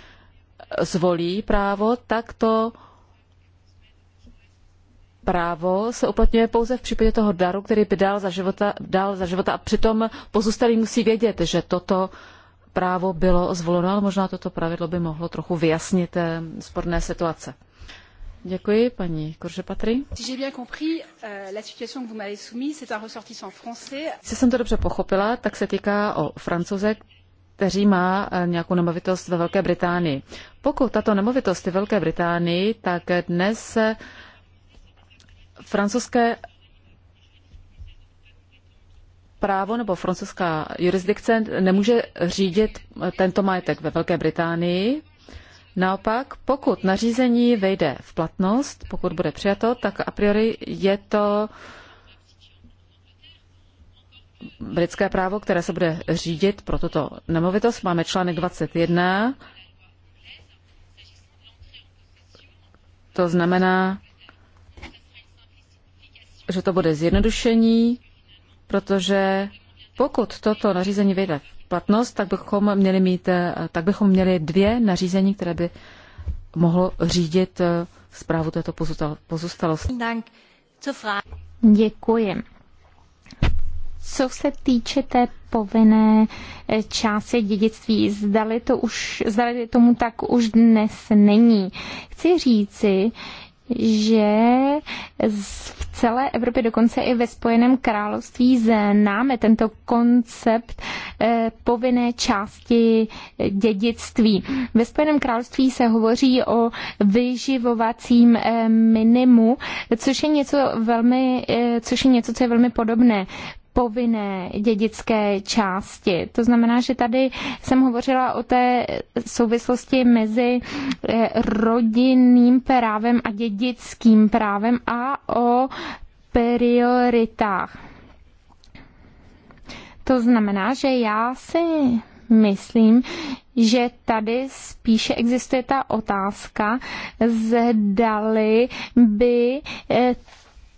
zvolí právo, tak to právo se uplatňuje pouze v případě toho daru, který by dal za života, dal za života a přitom pozůstalý musí vědět, že toto právo bylo zvoleno, ale možná toto pravidlo by mohlo trochu vyjasnit eh, sporné situace. Děkuji, paní Kurže-Patry. Si eh, jsem to dobře pochopila, tak se týká o francouze kteří má eh, nějakou nemovitost ve Velké Británii. Pokud tato nemovitost je Velké Británii, tak dnes eh, francouzské právo nebo francouzská jurisdikce nemůže řídit eh, tento majetek ve Velké Británii. Naopak, pokud nařízení vejde v platnost, pokud bude přijato, tak a priori je to uh, britské právo, které se bude řídit pro tuto nemovitost. Máme článek 21. To znamená, že to bude zjednodušení, protože pokud toto nařízení vyjde v platnost, tak bychom měli mít, tak bychom měli dvě nařízení, které by mohlo řídit zprávu eh, této pozůstalosti. Děkuji co se týče té povinné eh, části dědictví, zdali, to už, zdali tomu tak už dnes není. Chci říci, že v celé Evropě, dokonce i ve Spojeném království, známe tento koncept eh, povinné části eh, dědictví. Ve Spojeném království se hovoří o vyživovacím minimu, což je něco velmi, což je něco, co je velmi podobné povinné dědické části. To znamená, že tady jsem hovořila o té souvislosti mezi eh, rodinným právem a dědickým právem a o prioritách. To znamená, že já si myslím, že tady spíše existuje ta otázka, zdali by eh,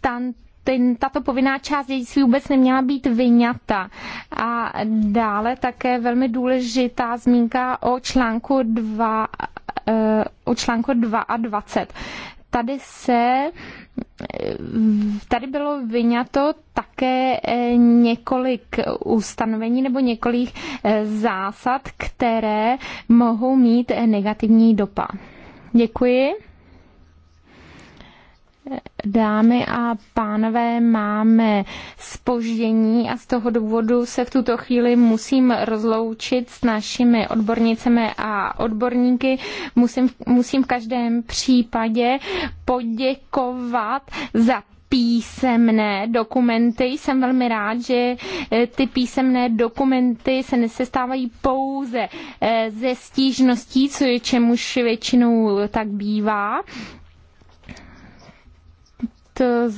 tam ten, tato povinná část dědictví vůbec neměla být vyňata. A dále také velmi důležitá zmínka o článku 2, eh, o článku 22. Tady se eh, Tady bylo vyňato také eh, několik ustanovení nebo několik zásad, které mohou mít negativní dopad. Děkuji. Dámy a pánové, máme spoždění a z toho důvodu se v tuto chvíli musím rozloučit s našimi odbornicemi a odborníky. Musím, musím v každém případě poděkovat za písemné dokumenty. Jsem velmi rád, že eh, ty písemné dokumenty se nesestávají pouze eh, ze stížností, co je čemuž většinou tak bývá to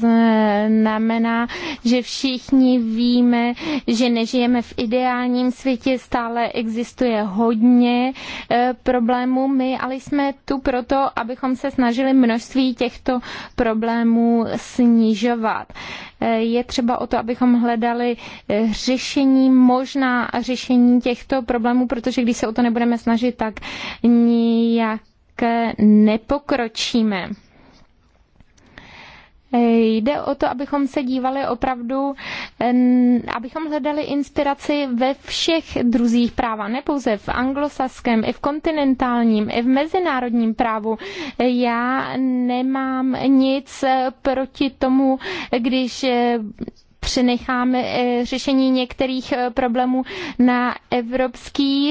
znamená, že všichni víme, že nežijeme v ideálním světě, stále existuje hodně eh, problémů. My ale jsme tu proto, abychom se snažili množství těchto problémů snižovat. Eh, je třeba o to, abychom hledali eh, řešení, možná řešení těchto problémů, protože když se o to nebudeme snažit, tak nijak nepokročíme. Jde o to, abychom se dívali opravdu, abychom hledali inspiraci ve všech druzích práva, ne pouze v anglosaském, i v kontinentálním, i v mezinárodním právu. Já nemám nic proti tomu, když eh, přenecháme eh, řešení některých eh, problémů na evropský